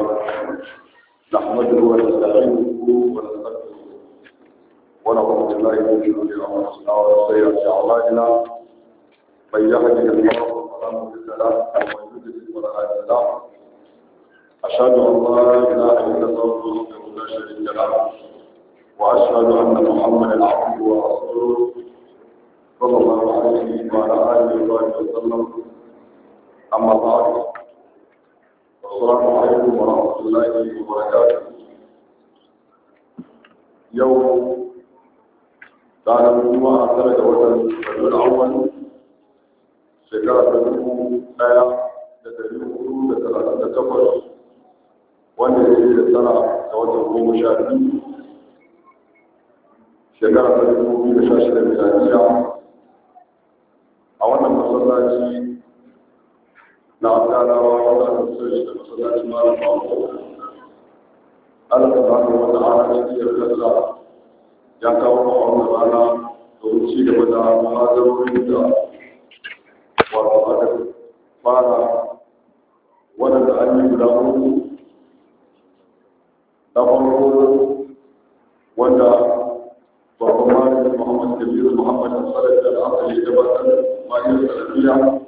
الرحيم نحمده ونستعينه ونستغفره ونعوذ بالله من شرور انفسنا ومن سيئات اعمالنا من يهده الله فلا مضل له ومن يضلل فلا هادي له اشهد ان لا اله الا الله وحده لا شريك له واشهد ان محمدا عبده ورسوله صلى الله عليه وعلى اله وصحبه وسلم اما بعد السلام عليكم ورحمة الله وبركاته يوم تعلم الجمعة ثلاثة وثلاثة رجل الأول شكرا تدركم آية تدركم تدركم تكفر وأن يجب السنة توتركم مشاهدين shekara ta dubu biyu da sha shida miladiya a wannan masallaci na wadana wa da masallacin malam mako Allah ta ba ya ya kawo wa wannan rana da wuce da da guda wanda babban malamin Muhammad Kabiru Muhammad Sallallahu Alaihi Wasallam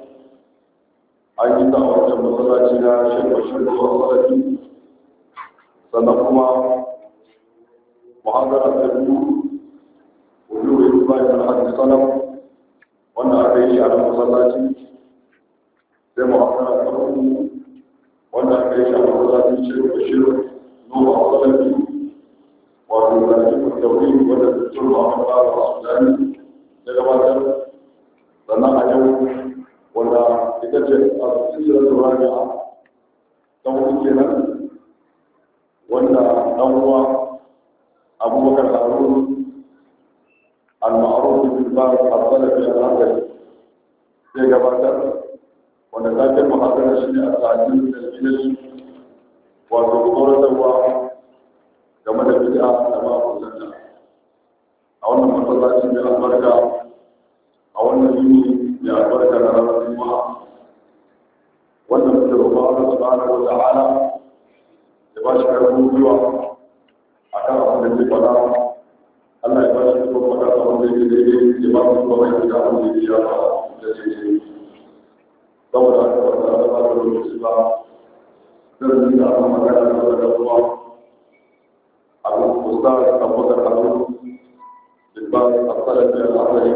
an yi ta wancan masallaci na shirkwashin ruwan sarki sannan kuma muhazara ta biyu wani wani bayan alhaji salam Wannan aka yi shi a masallaci sai muhazara ta uku wanda aka yi shi a masallaci shirkwashin ruwan sarki wato da jikin tauri wanda turba a fara wasu dani ya gabatar sannan a yau wanda ita ce a cikin rabi'a dan uku nan wanda dan uwa abubakar harun al-ma'ruf bil ba'd al-salafi al-hanafi sai gabatar wanda ta ce shi ne al-ta'dil da al-ilmi wato tsoratarwa game da bid'a da ma'amulanta a wannan masallaci mai albarka a wannan yini da albarkar ranar juma'a wannan muke roƙon Allah subhanahu wa ta'ala ya ba shi karfin gwiwa a kan abin da ke faɗa Allah ya ba shi kuma faɗa abin da ke daidai ya ba mu kuma mai gida abin ke ya ba da daidai saboda haka wanda Allah ba da lokaci ba zan yi da aka magana da wanda kuma abin kusa da abubakar abin bin ba a tsarin da ya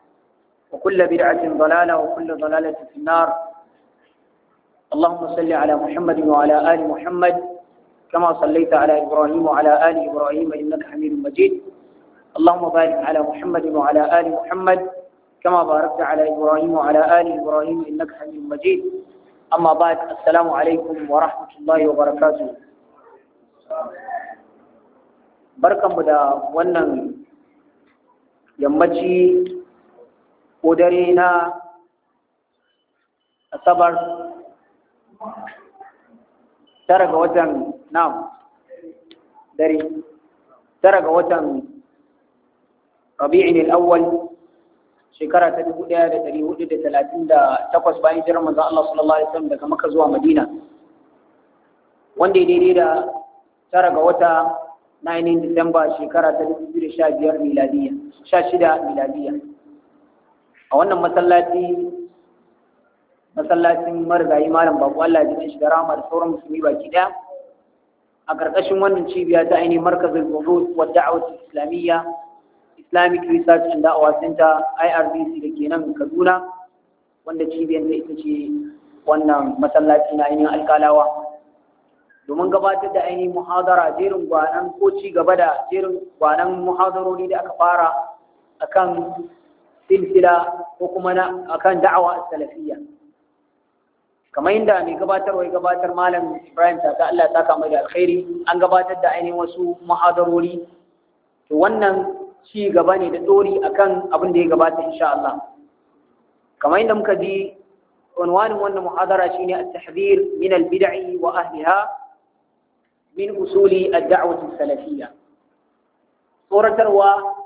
وكل بدعة ضلالة وكل ضلالة في النار اللهم صل على محمد وعلى آل محمد كما صليت على إبراهيم وعلى آل إبراهيم إنك حميد مجيد اللهم بارك على محمد وعلى آل محمد كما باركت على إبراهيم وعلى آل إبراهيم إنك حميد مجيد أما بعد السلام عليكم ورحمة الله وبركاته بركة مدى ونن يمجي ƙudarina a na tara ga watan nam dare tara ga watan rabi'in al shekara ta dubu ɗaya da ɗari hudu da talatin da takwas bayan jiran manzon Allah sallallahu alaihi wasallam daga Makka zuwa Madina wanda ya daidai da tara ga wata 9 Disamba shekara ta dubu biyu da sha biyar miladiyya sha shida miladiyya a wannan masallaci masallacin marigayi malam babu Allah ji shi da rahama da sauran musulmi baki daya a karkashin wannan cibiya ta ainihin markazin urus wa da'awat islamiyya islamic research and da'awa center irbc da ke nan kaduna wanda cibiyar ta ita ce wannan masallaci na ainihin alkalawa domin gabatar da ainihin muhadara jerin gwanan ko ci gaba da jerin gwanan muhadarori da aka fara akan silsila ko kuma na akan da'awa salafiyya kamar inda mai gabatarwa ya gabatar malam Ibrahim ta ga Allah ta kama da alkhairi an gabatar da ainihin wasu muhadarori to wannan ci gaba ne da dori akan abin da ya gabata insha Allah kamar inda muka ji unwanin wannan muhadara shine at-tahdhir min al-bid'i wa ahliha min usuli ad-da'wati salafiyya tsoratarwa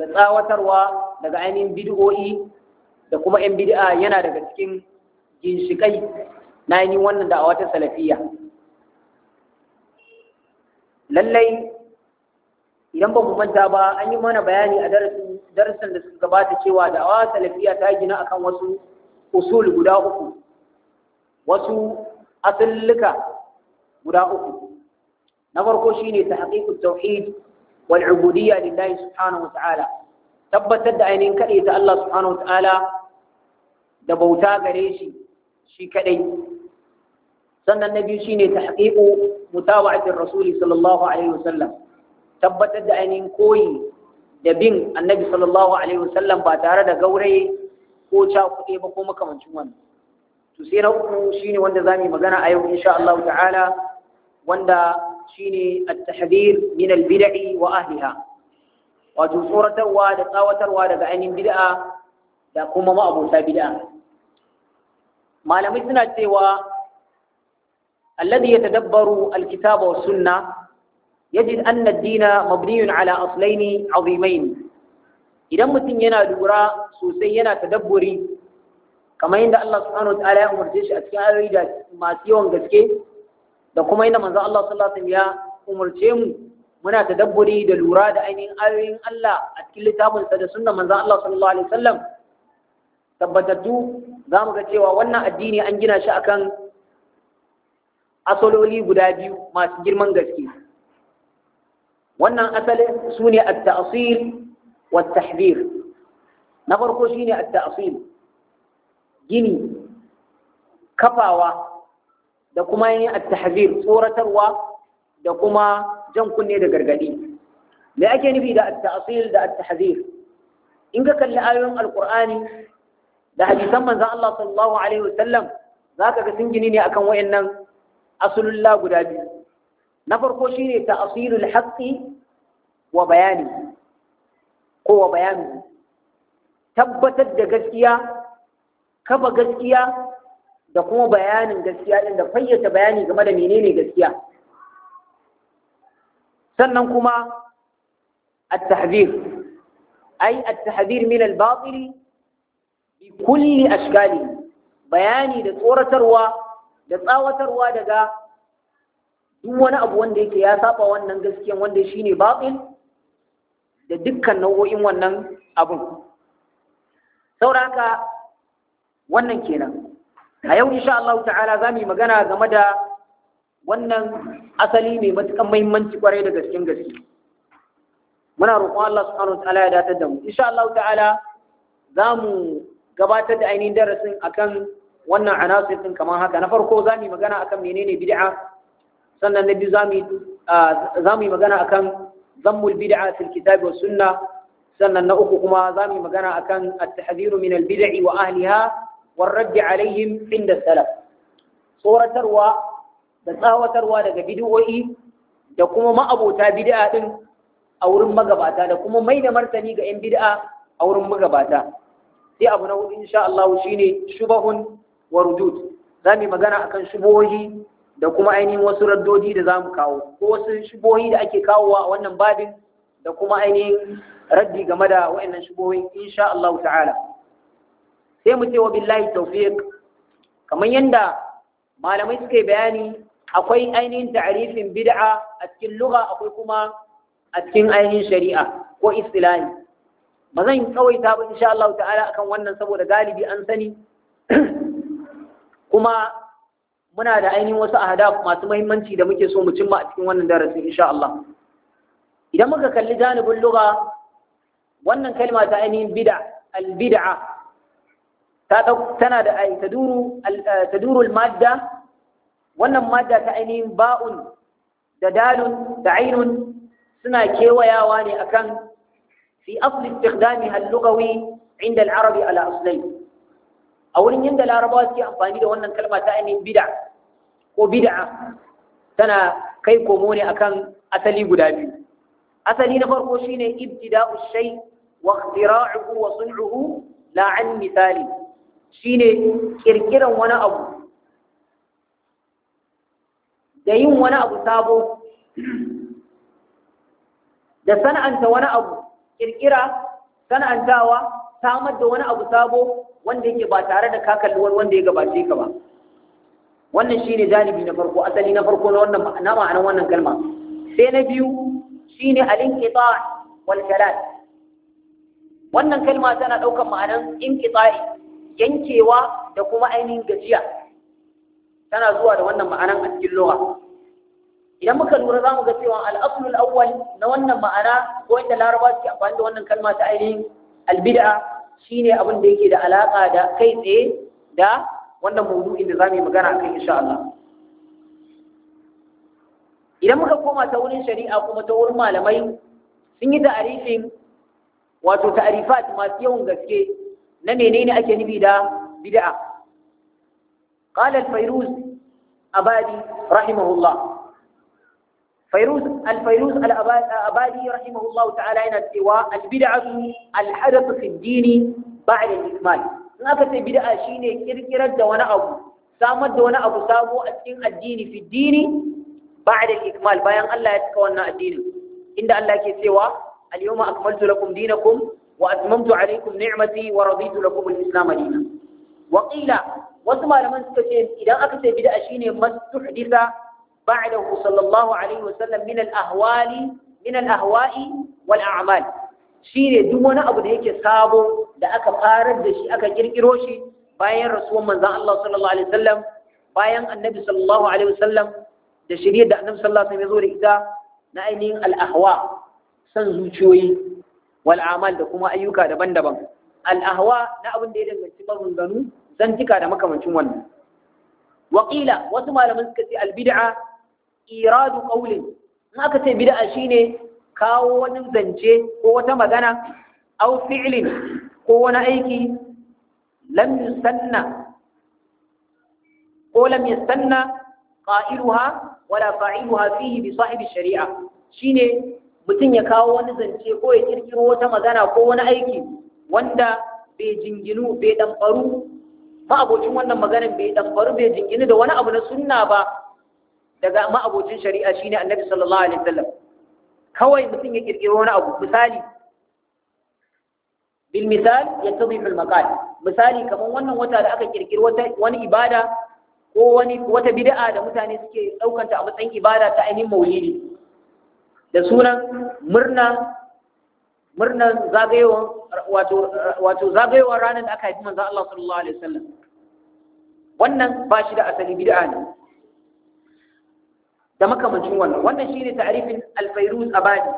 da tsawatarwa daga ainihin bid'o'i da kuma 'yan bid'a yana daga cikin ginshiƙai na ainihin wannan a wata salafiya lallai idan ba mu manta ba an yi mana bayani a darasin da suka gabata cewa da awa salafiya ta gina akan wasu usul guda uku wasu asalluka guda uku na farko shine tahqiqut tauhid wal ubudiyya lillahi subhanahu tabbatar da ainihin kaɗai ta Allah subhanahu da bauta gare shi shi kaɗai sannan na biyu shine tahqiqu mutaba'atir rasuli sallallahu alaihi wasallam tabbatar da ainihin koyi da bin annabi sallallahu ba tare da gauraye ko cakuɗe ba ko makamancin wannan to sai na uku shine wanda za mu yi magana a yau insha Allah ta'ala wanda شين التحذير من البدع وأهلها وجسورة ودقاوة ودقاوة بأن البدع يقوم ما أبو سابدا ما لم يثنى سوى الذي يتدبر الكتاب والسنة يجد أن الدين مبني على أصلين عظيمين إذا مثل دورا سوسينا تدبري كما عند الله سبحانه وتعالى أمر جيش أتكاري ما سيوان قسكي da kuma inda manzo Allah sallallahu alaihi wasallam ya umarce mu muna tadabburi da lura da ainihin ayoyin Allah a cikin littafin sa da sunnar manzo Allah sallallahu alaihi wasallam tabbatattu zamu ga cewa wannan addini an gina shi akan asaloli guda biyu masu girman gaske wannan asalin sune at-ta'sil wa na farko shine at-ta'sil gini kafawa da kuma yin at-tahzir tsoratarwa da kuma jan kunne da gargadi me ake nufi da at-ta'sil da at-tahzir in ka kalli ayoyin alqur'ani da hadisan manzon Allah sallallahu alaihi wasallam zaka ga sun gini ne akan wayannan asulullah guda biyu na farko shine ta'silul haqqi wa bayani ko wa bayani tabbatar da gaskiya kafa gaskiya da kuma bayanin gaskiya din da fayyace bayani game da menene gaskiya sannan kuma at-tahdhir ay at-tahdhir min al-batil bi kulli ashkali bayani da tsoratarwa da tsawatarwa daga duk wani abu wanda yake ya saba wannan gaskiyan wanda shine batil da dukkan nau'o'in wannan abun sauraka wannan kenan a yau insha Allah ta'ala za mu yi magana game da wannan asali mai matukan muhimmanci kwarai da gaskin gaske muna roƙon Allah subhanahu ta'ala ya datar da mu insha Allah ta'ala za mu gabatar da ainihin darasin akan wannan anasir din kamar haka na farko za mu yi magana akan menene bid'a sannan na biyu za mu yi magana akan zammul bid'a fil kitabi was sunna sannan na uku kuma za mu yi magana akan at-tahdhiru min al-bid'i wa ahliha والرد عليهم عند السلف صورة تروى تساوى تروى لك بدوئي لكم ما أبو تا بدعة أو رم مقباتا لكم martani ga 'yan بدعة أو رم مقباتا sai abu na hudu insha Allah shine shubahun wa rudud zamu magana akan shubohi da kuma ainihin wasu raddodi da zamu kawo ko wasu shubohi da ake kawowa a wannan babin da kuma ainihin raddi game da waɗannan shubohin insha Allah ta'ala sai mu ce wa billahi tawfiq kamar yanda malamai suka bayani akwai ainihin ta'arifin bid'a a cikin lugha akwai kuma a cikin ainihin shari'a ko istilahi ba zan tsawaita ba insha Allah ta'ala akan wannan saboda galibi an sani kuma muna da ainihin wasu ahdaf masu muhimmanci da muke so mu cimma a cikin wannan darasin insha Allah idan muka kalli janibin lugha wannan kalma ta ainihin bid'a al-bid'a ta tana da ai taduru eh, taduru madda wannan madda ta ainihin ba'un da dalun da ainun suna kewayawa ne akan fi asli istikhdamiha al-lughawi inda al-arabi ala aslai a wurin yadda larabawa suke amfani da wannan kalma ta ainihin bid'a ko bid'a tana kai komo ne akan asali guda biyu asali na farko shine ibtida'u shay wa ikhtiraa'uhu wa sun'uhu la misali Shi ne kirkiran wani abu da yin wani abu sabo da sana'anta wani abu kirkira sana'antawa samar da wani abu sabo wanda yake ba tare da ka kalli wanda ya gabace ka ba wannan shi ne janibi na farko asali na farko na wannan ma'anar wannan kalma sai na biyu shine al-inqita' wal kalat wannan kalma tana daukar ma'anar inqita'i yankewa da kuma ainihin gajiya tana zuwa da wannan ma'anan a cikin lugha idan muka lura za mu ga cewa al'asulul awwal na wannan ma'ana ko inda laraba suke amfani da wannan kalma ta ainihin albid'a shine abin da yake da alaka da kai tsaye da wannan mawdu'in da zamu yi magana akan insha Allah idan muka koma ta wurin shari'a kuma ta wurin malamai sun yi ta'arifin wato ta'arifat masu yawan gaske na menene ake nufi da bid'a qala al-fayruz abadi rahimahullah فيروز الفيروز الأبادي رحمه الله تعالى ينتوى البدعة الحدث في الدين بعد الإكمال نفس بدعة شيني كركرة دون أبو سامد دون أبو سابو أسين الدين في الدين بعد الإكمال بيان الله يتكونا الدين إن الله كسوى اليوم أكملت لكم دينكم وأتممت عليكم نعمتي ورضيت لكم الإسلام دينا وقيل وثم لمن سكتين إذا أكت بدأ شيني ما استحدث بعده صلى الله عليه وسلم من الأهوال من الأهواء والأعمال shine duk wani abu da yake sabo da aka farar da shi aka kirkiro shi bayan rasuwan manzon Allah sallallahu alaihi wasallam bayan annabi sallallahu alaihi wasallam da shirye da annabi sallallahu alaihi wasallam ya zo da ita na ainihin al-ahwa san zuciyoyi Wal'amal da kuma ayyuka daban-daban Al'ahwa na abin da ya danganci maganganu zantika da makamancin wannan Wakila wasu malaman suka ce al bid'a iradu qawlin in aka ce bid'a shine kawo wani zance ko wata magana aw fi'lin ko wani aiki lam yusanna ko lam yusanna qa'iluha wala fa'iluha fihi bi sahibi shari'a shine mutum ya kawo wani zance ko ya kirkiro wata magana ko wani aiki wanda bai jinginu bai damfaru ma'abocin wannan maganar bai damfaru bai jinginu da wani abu na sunna ba daga ma'abocin shari'a shine annabi sallallahu alaihi wasallam kawai mutum ya kirkiro wani abu misali bil misal yattadihu al maqal misali kaman wannan wata da aka kirkiro wani ibada ko wani wata bid'a da mutane suke daukanta a matsayin ibada ta ainihin maulidi da sunan murna murnan zagayewar wato zagayewar ranar da aka haifi manzo Allah sallallahu alaihi wasallam wannan ba shi da asali bid'a ne da makamancin wannan wannan shine ta'rifin al-fayruz abadi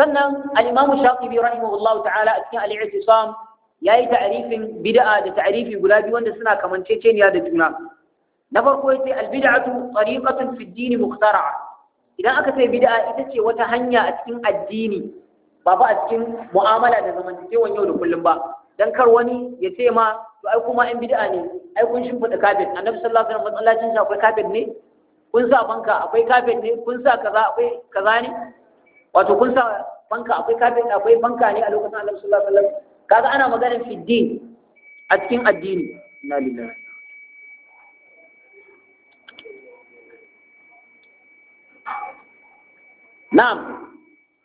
sannan al-imam shafi'i rahimahullahu ta'ala a cikin al-i'tisam yayi ta'rifin bid'a da ta'rifi guda biyu wanda suna kamanceceniya da juna na farko yace al-bid'atu tariqatun fi ad-din mukhtara'a idan aka ce bid'a ita ce wata hanya a cikin addini ba ba a cikin mu'amala da zamantakewan yau da kullum ba dan kar wani ya ce ma to ai kuma in bid'a ne ai kun fada kafet annabi sallallahu alaihi wasallam masallacin shi akwai kafet ne kun sa banka akwai kafet ne kun sa kaza akwai kaza ne wato kun sa banka akwai kafet akwai banka ne a lokacin annabi sallallahu alaihi wasallam kaga ana maganar fiddin a cikin addini inna lillahi na'am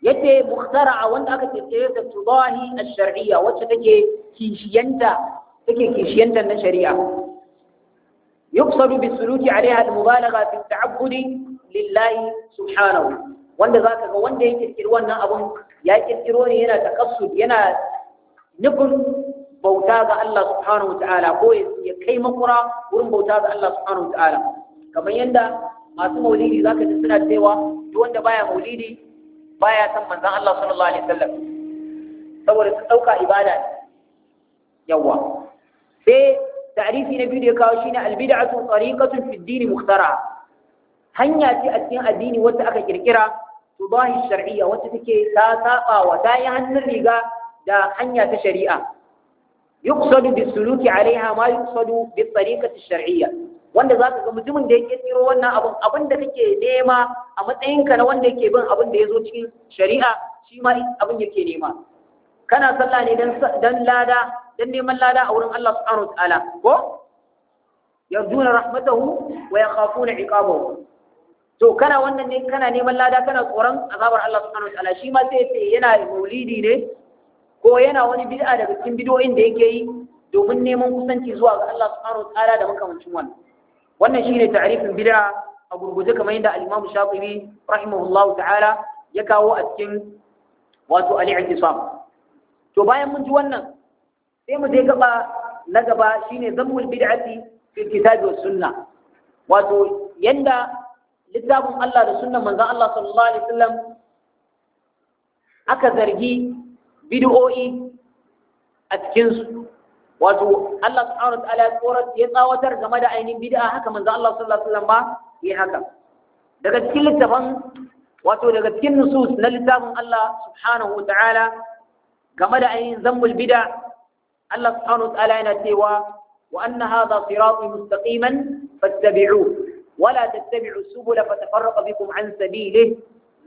yace a wanda aka ce da tudahi na shari'a wacce take kishiyanta take kishiyanta na shari'a yuqsadu bisuluki 'alayha al-mubalagha fi at lillahi subhanahu wanda ga wanda ya kirkiri wannan abun ya kirkiro ne yana takassud yana nufin bauta ga Allah subhanahu ta'ala ko ya kai makura wurin bauta ga Allah subhanahu wata'ala kamar yadda masu maulidi zaka ji suna cewa duk wanda baya maulidi baya san manzon Allah sallallahu alaihi wasallam saboda su dauka ibada yawa sai ta'rifi na biyu da ya kawo shine albid'atu tariqatun fi ad-din mukhtara hanya ce a cikin addini wacce aka kirkira tudahi shar'iyya wacce take ta saba wa ta yi hannun riga da hanya ta shari'a yuqsadu bisuluki alaiha ma yuqsadu bi tariqati shar'iyya wanda za ka ga mutumin da ya kirkiro wannan abun abin da kake nema a matsayinka na wanda yake bin abin da ya zo cikin shari'a shi ma abin yake nema kana sallah ne dan lada dan neman lada a wurin Allah subhanahu wa ta'ala ko yarjuna rahmatahu wa yakhafuna iqabahu to kana wannan ne kana neman lada kana tsoron azabar Allah subhanahu wa ta'ala shi ma sai sai yana maulidi ne ko yana wani bid'a daga cikin bid'o'in da yake yi domin neman kusanci zuwa ga Allah subhanahu wataala da makamancin wannan wannan shine ta'rifin bid'a a gurguje kamar yadda al-Imam Shafi'i rahimahullahu ta'ala ya kawo a cikin wato al-i'tisam to bayan mun ji wannan sai mu je gaba na gaba shine zammul bid'ati fi kitabi was sunna wato yanda littafin Allah da sunnan manzon Allah sallallahu alaihi wasallam aka zargi bid'o'i a cikinsu wato Allah subhanahu wa ta'ala ya tsawatar game da ainihin bid'a haka manzo Allah sallallahu alaihi wasallam ba yi haka daga cikin littafin wato daga cikin nusus na littafin Allah subhanahu wa ta'ala game da ainihin zambul bid'a Allah subhanahu wa ta'ala yana cewa wa anna hadha sirati mustaqiman fattabi'uhu ولا تتبعوا السبل فتفرق بكم عن سبيله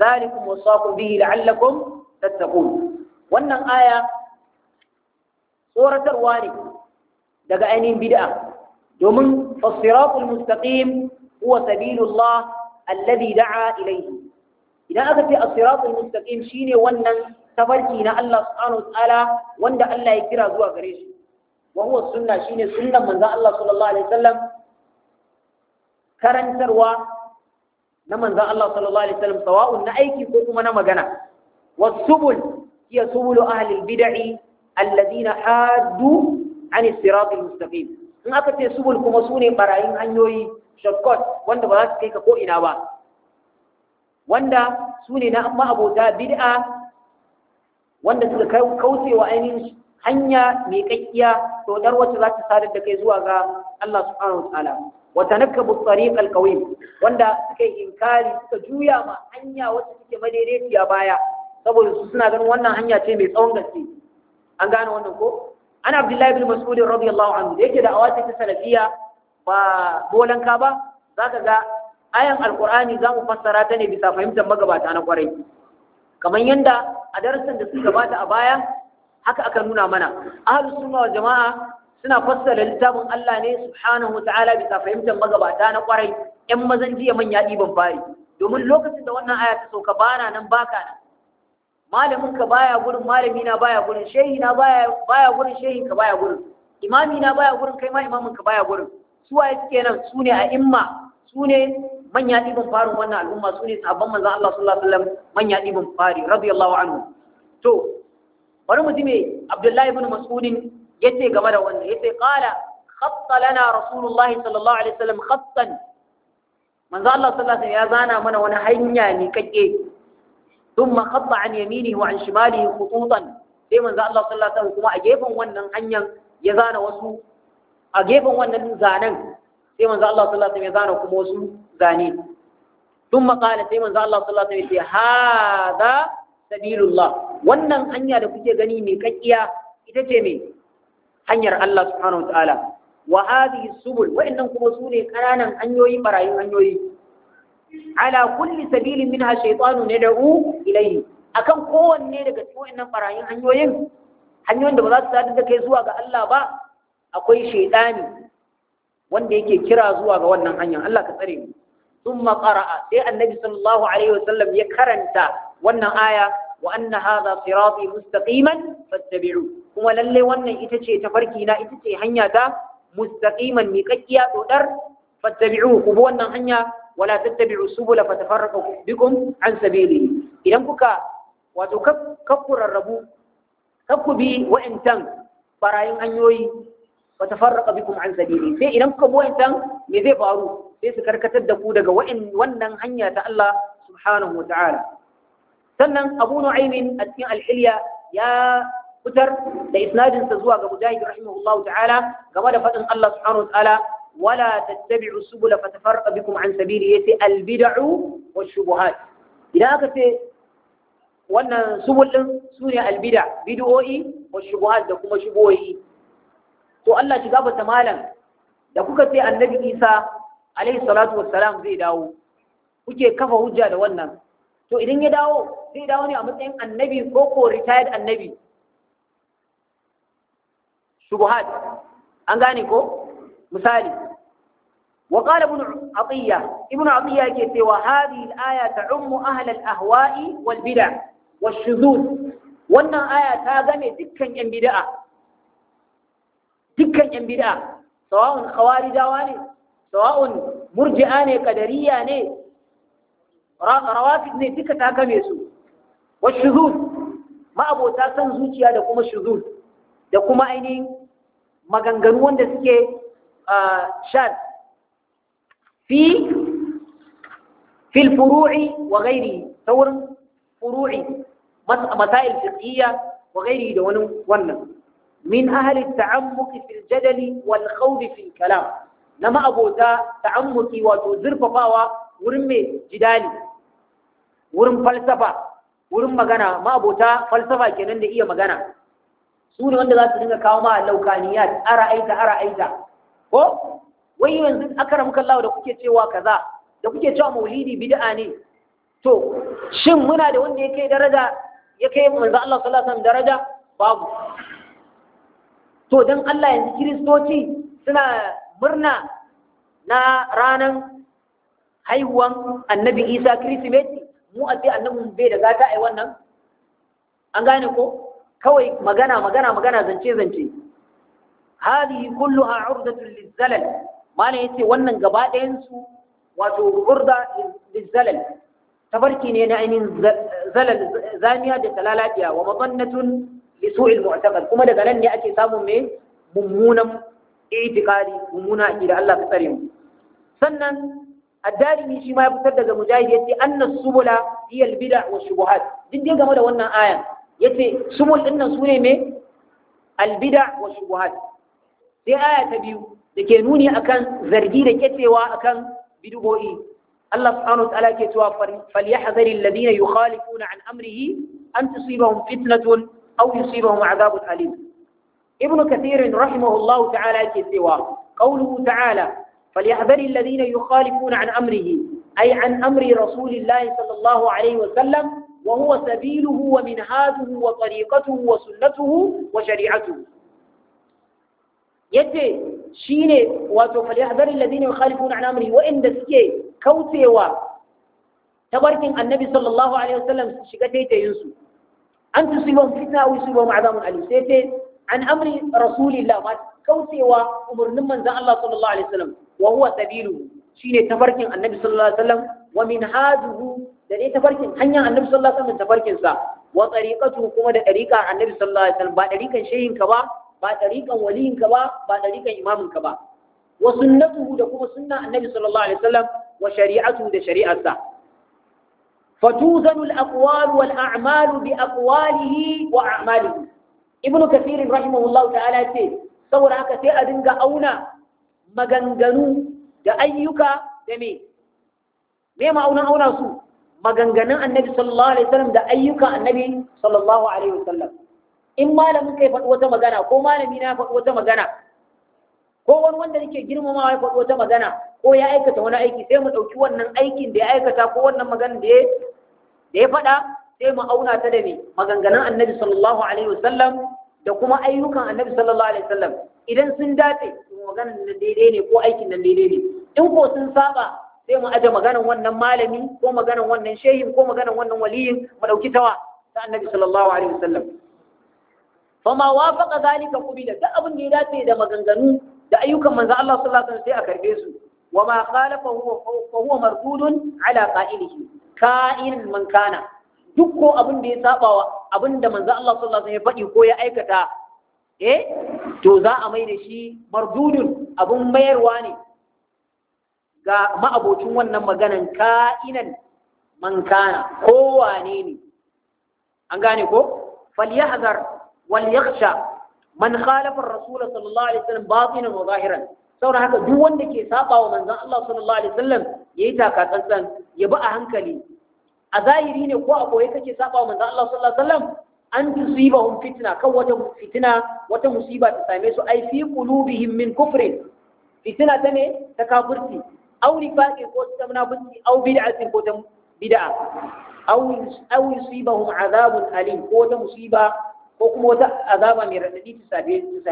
ذلكم وصاكم به لعلكم تتقون wannan aya tsoratarwa ne daga ainihin bid'a domin as-siratul mustaqim huwa sabilullah alladhi da'a ilayhi idan aka ce as-siratul mustaqim shine wannan tafarki na Allah subhanahu wa ta'ala wanda Allah ya kira zuwa gare shi wa huwa sunna shine sunnan manzon Allah sallallahu alaihi wasallam karantarwa na manzon Allah sallallahu alaihi wasallam sawa'un na aiki ko kuma na magana wasubul Jiya subulu ahli bid'i alladhina haddu an sirat mustaqim in aka ce subul kuma sune barayin hanyoyi shortcut wanda ba za su kai ka ko'ina ba wanda sune na amma abota bid'a wanda suka kaucewa ainihin hanya mai kakkiya to dar wacce za ta sadar da kai zuwa ga Allah subhanahu wataala wa tanakkabu tariq alqawim wanda suka inkari suka juya ma hanya wacce take a baya saboda su suna ganin wannan hanya ce mai tsawon gaske an gane wannan ko an abdullahi bin mas'ud radiyallahu anhu da yake da awace ta salafiya ba bolanka ba zaka ga ayan alkur'ani za mu fassara ta ne bisa fahimtar magabata na kwarai kamar yadda a darasin da suka gabata a baya haka aka nuna mana ahlus sunna wal jama'a suna fassara littafin Allah ne subhanahu wa ta'ala bisa fahimtar magabata na kwarai 'yan mazan jiya manya ɗiban fari domin lokacin da wannan aya ta sauka bana nan baka nan malamin ka baya gurin malami na baya gurin shehi na baya baya gurin shehin ka baya gurin imami na baya gurin kai ma imamin ka baya gurin su waye suke nan su ne a imma su ne manya ɗibin farin wannan al'umma su ne sabon manzan Allah sallallahu alaihi wasallam manya ɗibin fari radiyallahu anhu to bari mu ji me Abdullahi ibn Mas'udin yace game da wannan yace qala khatta lana rasulullahi sallallahu alaihi wasallam khattan manzo Allah sallallahu alaihi wasallam ya zana mana wani hanya ne kake thumma qatta an yaminihi wa an shimalihi khututan sai manzo Allah sallallahu alaihi kuma a gefen wannan hanyar ya zana wasu a gefen wannan zanen sai manzo Allah sallallahu alaihi ya zana kuma wasu zane thumma qala sai manzo Allah sallallahu alaihi ya ce hada sabilullah wannan hanya da kuke gani mai kakkiya ita ce me. hanyar Allah subhanahu wataala wa hadhihi subul wa'annan kuma su ne kananan hanyoyi barayin hanyoyi ala kulli sabilin minha da yad'u ilayhi akan kowanne daga cikin wannan barayin hanyoyin hanyoyin da ba za su sadar da kai zuwa ga Allah ba akwai shaytani wanda yake kira zuwa ga wannan hanyar Allah ka tsare mu thumma qara'a sai annabi sallallahu alaihi wasallam ya karanta wannan aya wa anna hadha sirati mustaqiman fattabi'u kuma lalle wannan ita ce tafarki na ita ce hanya ta mustaqiman miƙaƙƙiya dodar fattabi'u ku bi wannan hanya wala tattabi'u subula fatafarraqu bikum an sabili idan kuka wato kakkurarrabu kakku bi wa'intan barayin hanyoyi fatafarraqu bikum an sabili sai idan kuka bi wa'antan me zai faru sai su karkatar da ku daga wannan hanya ta Allah subhanahu wa ta'ala sannan Abu Nu'aymin a cikin al-Hilya ya fitar da isnadinsa zuwa ga Mujahid rahimahullahu ta'ala game da faɗin Allah subhanahu wa ta'ala wala tattabi'u subula fatafarqa bikum an sabili yace al bid'u wa shubuhat idan aka ce wannan subul din sune al bid'a wa shubuhat da kuma shubuhoyi to Allah shiga bata malam da kuka ce annabi Isa alaihi salatu wassalam zai dawo kuke kafa hujja da wannan to idan ya dawo zai dawo ne a matsayin annabi ko ko retired annabi an gane ko misali wa qala ibn atiya ibn atiya yake cewa hadhihi al-aya ta'ummu ahla al-ahwa'i wal bid'a washuzuz wannan aya ta game dukkan yan bid'a dukkan yan bid'a sawa'un khawarijawa ne sawa'un murji'a ne qadariyya ne rawafid ne duka ta game su washuzuz ma'abota san zuciya da kuma shuzuz da kuma ainihin maganganu wanda suke شاذ في في الفروع وغيره ثور فروعي مسائل فقهية وغيره دون ون من أهل التعمق في الجدل والخوض في الكلام لما أبوتا تعمقي وتوزر ففاوى ورمي جدالي ورم فلسفة wurin magana ma'abota falsafa kenan da iya magana su ne wanda za su dinga kawo ma laukaniyat ara aita ara aita ko wai yanzu muka lawa da kuke cewa kaza da kuke cewa maulidi bid'a ne to shin muna da wanda yake daraja yake manzo Allah sallallahu alaihi wasallam daraja babu to dan Allah yanzu kristoci suna murna na ranan haihuwan annabi Isa Kirsimeti mu a ce annabin bai da gata ai wannan an gane ko kawai magana magana magana zance zance hadihi kulluha urdatun lizzalal mana yace wannan gaba ɗayan su wato urda Ta tabarki ne na ainihin zalal zamiya da talalabiya wa madannatun lisu'il mu'taqad kuma daga nan ne ake samun me mummunan itikadi mummuna akida Allah ka tsare mu sannan addarimi shima ya fitar daga mujahid yace anna subula hiya albid'a wa shubuhat game da wannan ayan yace sumul din nan sune me albid'a wa shubuhat sai aya ta biyu da ke nuni akan zargi da kecewa akan bid'o'i Allah subhanahu wa ta'ala ke cewa falyahzaril ladina yukhalifuna an amrihi an tusibahum fitnatun aw yusibahum adhabun alim ibn kathir rahimahullahu ta'ala ke cewa qawluhu ta'ala falyahzaril ladina yukhalifuna an amrihi ay an amri rasulillahi sallallahu alaihi wa sallam wa سبيله wa sunnatuhu wa وشريعته yace shine wato falyahdharil ladina yukhalifuna an amri wa inda suke kaucewa tabarkin annabi sallallahu alaihi wasallam su shiga taitayin su an tusibum fitna aw yusibum azabun alim sai ce an amri rasulillah ma kaucewa umurnin manzon Allah sallallahu alaihi wasallam wa huwa sabilu shine tabarkin annabi sallallahu alaihi wasallam wa min haduhu da dai tabarkin hanyar annabi sallallahu alaihi wasallam tabarkin sa wa tariqatu kuma da dariqa annabi sallallahu alaihi wasallam ba dariqan shayin ka ba ba ɗariƙan waliyinka ba ba ɗariƙan imaminka ba wa sunnatuhu da kuma sunna annabi sallallahu alaihi wasallam wa shari'atu da shari'arsa fatuzanu al-aqwal wal a'malu bi aqwalihi wa a'malihi ibnu kathir rahimahullahu ta'ala ce saboda haka sai a dinga auna maganganu da ayyuka da me me ma'aunan auna su maganganun annabi sallallahu alaihi wasallam da ayyuka annabi sallallahu alaihi wasallam in malamin kai faɗi wata magana ko malami na faɗi wata magana ko wani wanda nake girmamawa ya faɗi wata magana ko ya aikata wani aiki sai mu ɗauki wannan aikin da ya aikata ko wannan magana da ya faɗa sai mu auna ta da me maganganun annabi sallallahu alaihi wasallam da kuma ayyukan annabi sallallahu alaihi wasallam idan sun dace maganar da daidai ne ko aikin nan daidai ne in ko sun saba sai mu aje maganan wannan malami ko maganan wannan shehin ko maganan wannan waliyin mu ɗauki tawa ta annabi sallallahu alaihi wasallam fama wafaqa zalika qubila duk abin da ya dace da maganganu da ayyukan manzo Allah sallallahu alaihi wasallam sai a karbe su wa ma qala fa huwa fa huwa mardudun ala qa'ilihi ka'in man kana duk ko abin da ya saba wa abin da manzo Allah sallallahu alaihi wasallam ya faɗi ko ya aikata eh to za a mai da shi mardudun abin mayarwa ne ga ma'abocin wannan maganan ka'inan man kana kowane ne an gane ko falyahzar wal yakhsha man khalafa ar-rasul sallallahu alaihi wasallam batinan wa zahiran saboda haka duk wanda ke saba wa manzon Allah sallallahu alaihi wasallam yayi taka tsantsan ya bi a hankali a zahiri ne ko a koye kake saba wa manzon Allah sallallahu alaihi wasallam an tusibahum fitna kan wata fitna wata musiba ta same su ai fi qulubihim min kufrin Fitna ta ne ta kafirci aw nifaqi ko ta munafiqi aw bid'atin ko ta bid'a aw aw yusibahum adhabun alim ko ta musiba ko kuma wata azaba mai raɗaɗi ta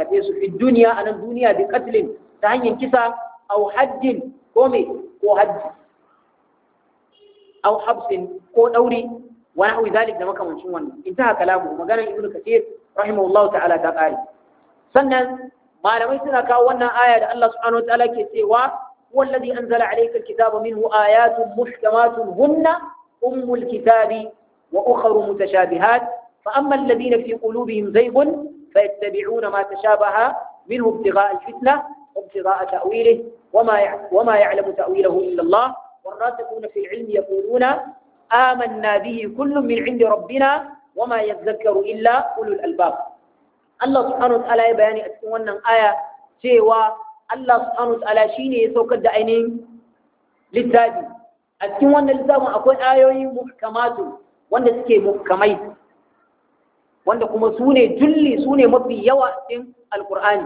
safe su fi duniya a nan duniya bi katlin ta hanyar kisa au hajjin ko mai ko haddi au habsin ko ɗauri wani hau zalik da makamancin wannan intaha kalamu maganar ibnu kathir rahimahullahu ta'ala ta ƙari. sannan malamai suna kawo wannan aya da Allah subhanahu wataala ke cewa wallazi anzala alayka alkitaba minhu ayatun muhkamatun hunna ummul kitabi wa ukhra mutashabihat فأما الذين في قلوبهم زيغ فيتبعون ما تشابه منه ابتغاء الفتنة وابتغاء تأويله وما وما يعلم تأويله إلا الله والراسخون في العلم يقولون آمنا به كل من عند ربنا وما يتذكر إلا أولو الألباب الله سبحانه وتعالى بياني أتكون آية cewa Allah subhanahu ta'ala shine ya saukar da ainihin littafi a cikin wannan littafin akwai ayoyi muhkamatu wanda suke muhkamai wanda kuma su ne julli su ne mafi yawa cikin alkur'ani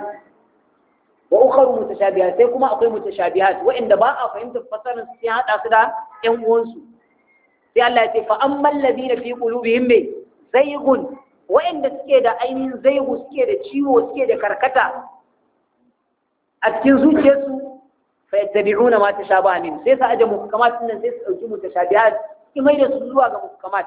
wa ukharu mutashabihat sai kuma akwai mutashabihat wa'inda ba a fahimtar fasarin sai hada su da ƴan uwansu sai Allah ya ce fa ammal ladina fi qulubihim zaygun wa'inda suke da ainihin zaigu suke da ciwo suke da karkata a cikin zuciyarsu fa yattabi'una ma tashabaha min sai su aje muhkamat nan sai su dauki mutashabihat ki da su zuwa ga muhkamat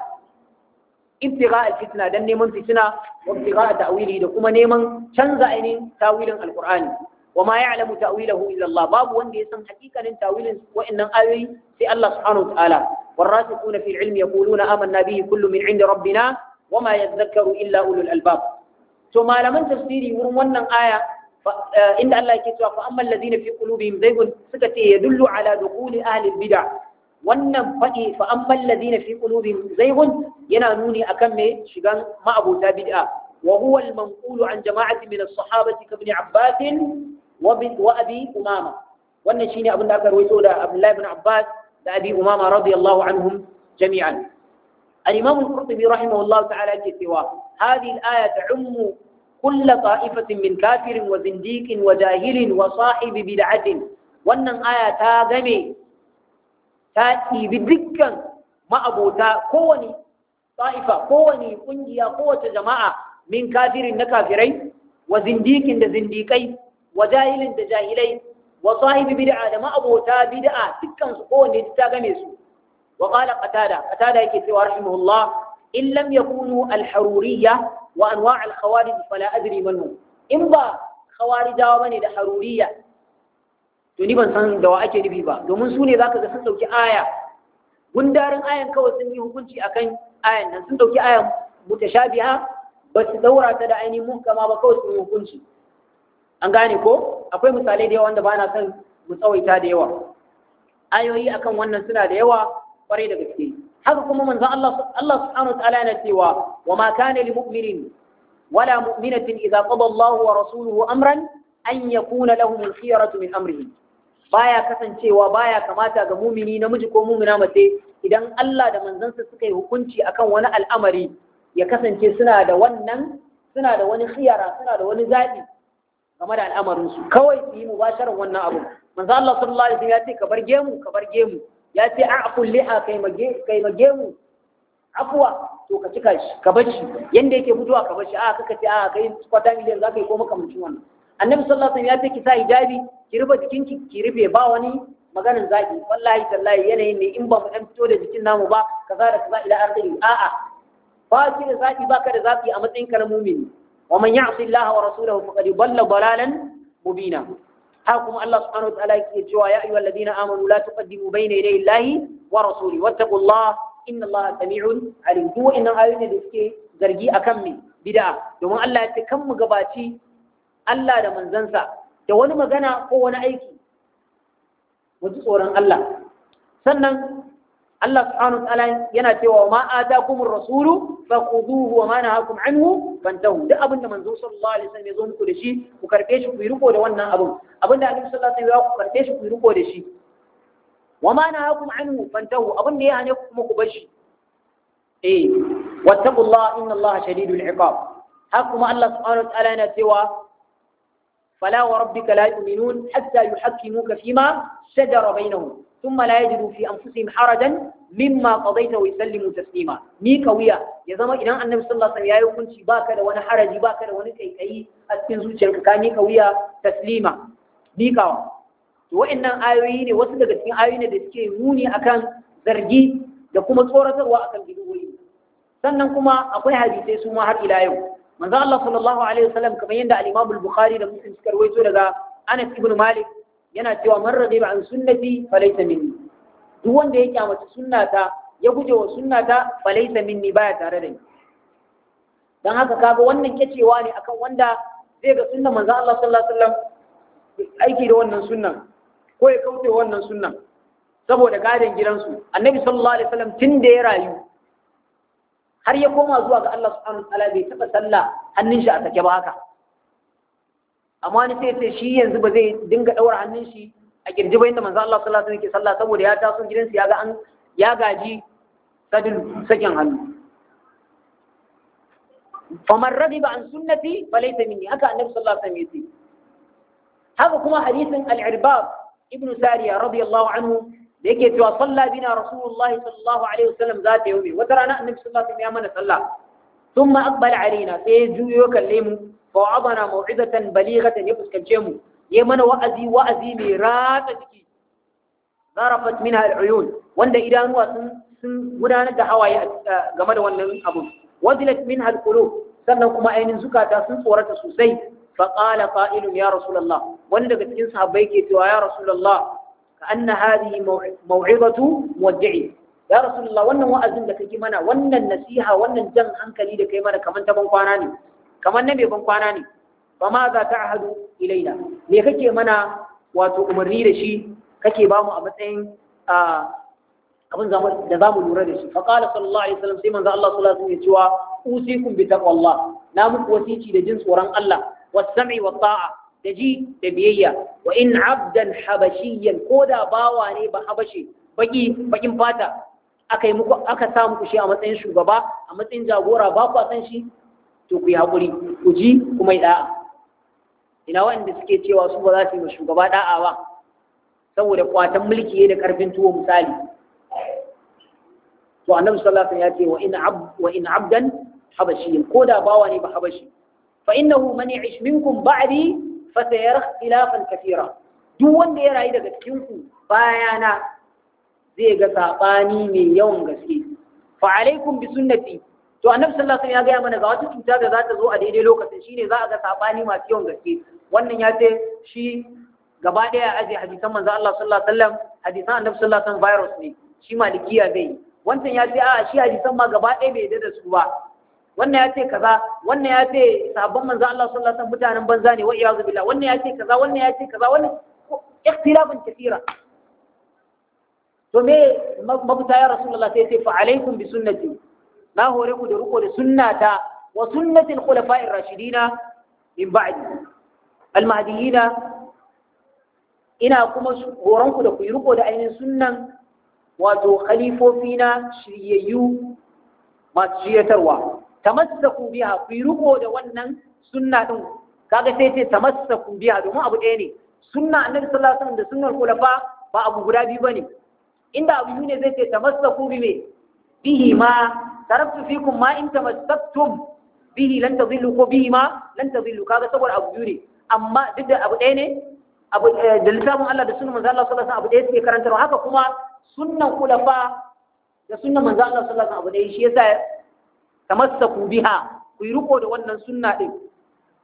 ibtiga al dan neman fitina wa ta'wili da kuma neman canza ainihin tawilin alqur'ani wa ma ya'lamu ta'wilahu illa Allah babu wanda ya san hakikanin tawilin wa'annan ayoyi sai Allah subhanahu wa ta'ala والراسخون في العلم يقولون آمنا به كل من عند ربنا وما يذكر إلا أولو الألباب ثم لمن تفسيري ورمونا آية إن الله كتوى فأما الذين في قلوبهم زيغ سكتي يدل على دخول أهل البدع wannan faɗi fa an ballazi na fi ƙulubin zaigun yana nuni akan mai shigan ma'abuta bid'a wa huwa al-manqulu an jama'ati min as-sahabati ka ibn Abbas wa Abi Umama wannan shine abin da aka rawaito da Abdullah ibn Abbas da Abi Umama radiyallahu anhum jami'an al-Imam al-Qurtubi rahimahullah ta'ala yake cewa hadhihi al-aya ta'ummu kull ta'ifatin min kafirin wa zindiqin wa jahilin wa sahibi bid'atin wannan aya ta game ta ɗibi dukkan ma'abota kowane ta'ifa kowane ƙungiya kowace jama'a min kafirin na kafirai wa zindikin da zindikai wa jahilin da jahilai wa sahibi bid'a da ma'abota bid'a dukkan su kowane ta game su wa qala qatada qatada yake cewa rahimahullah in lam yakunu al-haruriyya wa anwa' al-khawarij fala adri man in ba khawarijawa bane da haruriyya to ni ban san da wa ake nufi ba domin su ne za ka ga sun ɗauki aya gundarin ayan kawai sun yi hukunci akan ayan nan sun ɗauki ayan mutashabiha ba su daura ta da ainihin muhkama ba kawai sun yi hukunci an gane ko akwai misalai da yawa wanda ba na son mu tsawaita da yawa ayoyi akan wannan suna da yawa kwarai da gaske haka kuma manzon Allah Allah subhanahu wa yana cewa wa ma kana lil mu'minin wala mu'minatin idza qada Allahu wa rasuluhu amran an yakuna lahum al-khiyaratu min amrihim baya kasancewa baya kamata ga mumini namiji ko mumina mace idan Allah da manzansa suka yi hukunci akan wani al'amari ya kasance suna da wannan suna da wani khiyara suna da wani zaɓi game da al'amarin su kawai su yi mubasharar wannan abu manzo Allah sallallahu alaihi wasallam ya ce ka bar gemu ka bar gemu ya ce a'fu liha kai mage kai mu afwa to ka cika shi ka bar shi yanda yake fitowa ka bar shi a kaka ce a kai kwata miliyan zaka yi ko makamancin wannan annabi sallallahu alaihi wasallam ya ce ki sa hijabi ki rufe jikinki ki rufe ba wani maganin zaki wallahi tallahi yanayin ne in ba mu dan fito da jikin namu ba kaza da kaza ila akhiri a'a ba ki da zaki ba ka da zaki a matsayin ka mumin. mumini wa man ya'si Allah wa rasulahu faqad dalla dalalan mubina ha kuma Allah subhanahu wa ta'ala yake cewa ya ayyuhal ladina amanu la tuqaddimu bayna yaday Allahi wa rasuli wattaqullaha inna Allah sami'un alim duk wa'annan ayoyi da suke zargi akan me bid'a domin Allah ya ce kan mu gabaci Allah da manzansa da wani magana ko wani aiki mutu tsoron Allah sannan Allah subhanahu wa ta'ala yana cewa ma atakumur rasulu fakhuduhu wa ma nahakum anhu fantahu duk abin da manzo sallallahu alaihi wasallam ya zo muku da shi ku karbe shi ku yi riko da wannan abin abin da annabi sallallahu alaihi wasallam ya ku karbe shi ku yi riko da shi wa ma nahakum anhu fantahu abin da ya hane ku kuma ku bar shi eh wattaqullaha inna allaha shadidul iqab har kuma Allah subhanahu wa ta'ala yana cewa فلا وربك لا يؤمنون حتى يحكموك فيما شجر بينهم ثم لا يجدوا في أنفسهم حرجا مما قضيت ويسلموا تسليما ni kawiya ya zama idan annabi sallallahu alaihi wasallam yayi hukunci baka da wani haraji baka da wani kaikayi a cikin zuciyarka ka ni kawiya taslima ni kawa to wa'annan ayoyi ne wasu daga cikin ayoyi ne da suke muni akan zargi da kuma tsoratarwa akan bidiyoyi sannan kuma akwai hadisai su ma har ila yau manzo Allah sallallahu alaihi wasallam kamar yadda al-Imam al-Bukhari da Muslim suka rawaito daga Anas ibn Malik yana cewa man radiba an sunnati falaysa minni duk wanda ya kyamata sunnata ya guje wa sunnata falaysa minni baya tare da ni dan haka kaga wannan kecewa ne akan wanda zai ga sunnan manzo Allah sallallahu alaihi wasallam aiki da wannan sunnan ko ya kauce wannan sunnan saboda gadon gidansu annabi sallallahu alaihi wasallam tun da ya rayu har ya koma zuwa ga Allah subhanahu wa ta'ala bai taba sallah hannun shi a sake ba haka amma wani sai sai shi yanzu ba zai dinga daura hannun shi a kirji ba inda manzo Allah sallallahu alaihi wasallam ke sallah saboda ya taso gidansa ya ga an ya gaji sadin sakin hannu faman radiba an sunnati falaysa minni haka annabi sallallahu alaihi wasallam yace haka kuma hadisin al-irbab ibn sariya radiyallahu anhu yake cewa salla bina rasulullahi sallallahu alaihi wasallam za ta yaumi wata rana annabi sallallahu alaihi wasallam ya mana sallah thumma aqbala alaina sai ya juyo kalle mu fa wa'adana mau'izatan balighatan ya fuskance mu ya mana wa'azi wa'azi mai ratsa jiki zarafat minha al'uyun wanda idanuwa sun sun gudanar da hawaye game da wannan abu wazilat minha alqulub sannan kuma ainihin zukata sun tsorata sosai fa qala qa'ilun ya rasulullah wanda daga cikin sahabbai ke cewa ya rasulullah كأن هذه موعظة مودعي ya rasulullah wannan wa'azin da kake mana wannan nasiha wannan jan hankali da kai mana kaman ta ban kwana ne kaman na bai ban kwana ne fa ma za ta ahadu ilaina me kake mana wato umarni da shi kake ba mu a matsayin abin da za mu lura da shi fa qala sallallahu alaihi wasallam sai manzo Allah sallallahu alaihi wasallam ya cewa usikum bi taqwallah na muku wasici da jin tsoron Allah was sam'i wat ta'a da ji da biyayya wa in abdan habashiyyan ko da bawa ne ba habashi baki bakin fata aka yi muku aka sa muku shi a matsayin shugaba a matsayin jagora ba ku san shi to ku yi hakuri ku ji kuma yi da'a ina wanda suke cewa su ba za su yi shugaba da'a ba saboda kwatan mulki da karfin tuwo misali to annabi sallallahu alaihi wasallam ya ce wa in ab wa in abdan ko da bawa ne ba habashi fa innahu man ya'ish minkum ba'di Fasayar اختلافا kafira, duk wanda ya rayu daga cikinku bayana zai ga saɓani mai yawan gaske fa alaikum bi sunnati to annabi sallallahu alaihi wasallam ya gaya mana ga wata cuta da za ta zo a daidai lokacin shine za a ga saɓani masu yawan gaske wannan ya ce shi gaba ɗaya aje hadisan manzo Allah sallallahu alaihi wasallam hadisan annabi sallallahu alaihi wasallam virus ne shi malikiya zai wancan ya ce a shi hadisan ma gaba ɗaya bai yarda da su ba wannan ya ce kaza wannan ya ce sahabban manzo Allah sallallahu alaihi wasallam mutanen banza ne wa iyazu billah wannan ya ce kaza wannan ya ce kaza wannan ikhtilafun kathira to me mabuta ya rasulullah sai ce fa alaikum bi sunnati na hore ku da riko da sunnata wa sunnati al-khulafa'ir rashidina min ba'di al-mahdiyina ina kuma horon ku da ku yi riko da ainihin sunnan wato khalifofina shiryayyu masu shiyatarwa tamassaku biha ku riko da wannan sunna din kaga sai ce tamassaku biha domin abu ɗaya ne sunna annabi sallallahu alaihi wasallam da sunnar khulafa ba abu guda biyu bane inda abu biyu ne zai ce tamassaku bi me bihi ma taraktu fikum ma in tamassaktum bihi lan tadhillu ko bihi ma lan tadhillu kaga saboda abu biyu ne amma duk da abu ɗaya ne abu eh, da littafin Allah da sunnar manzo Allah sallallahu alaihi wasallam abu ɗaya suke karantarwa haka kuma sunnan khulafa da sunnan manzo Allah sallallahu alaihi wasallam abu ɗaya shi yasa tamassaku biha ku yi riko da wannan sunna din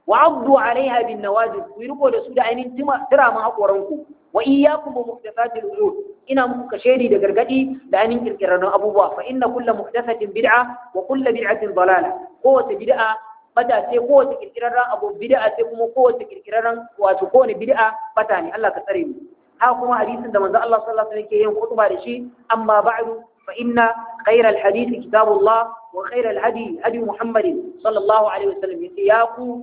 wa abdu alaiha bin nawajib ku yi riko da su da ainihin tira mun hakoran ku wa iyyakum bi muhdathatil umur ina muku ni da gargadi da ainihin kirkiran abubuwa fa inna kullu muhdathatin bid'a wa kullu bid'atin dalala kowace bid'a bata ce kowace kirkirarren abu bid'a ce kuma kowace kirkirarren wato kowane bid'a bata ne Allah ka tsare mu Ha kuma hadisin da manzo Allah sallallahu alaihi wasallam yake yin khutba da shi amma ba'du فإن خير الحديث كتاب الله وخير الهدي هدي محمد صلى الله عليه وسلم يتياكو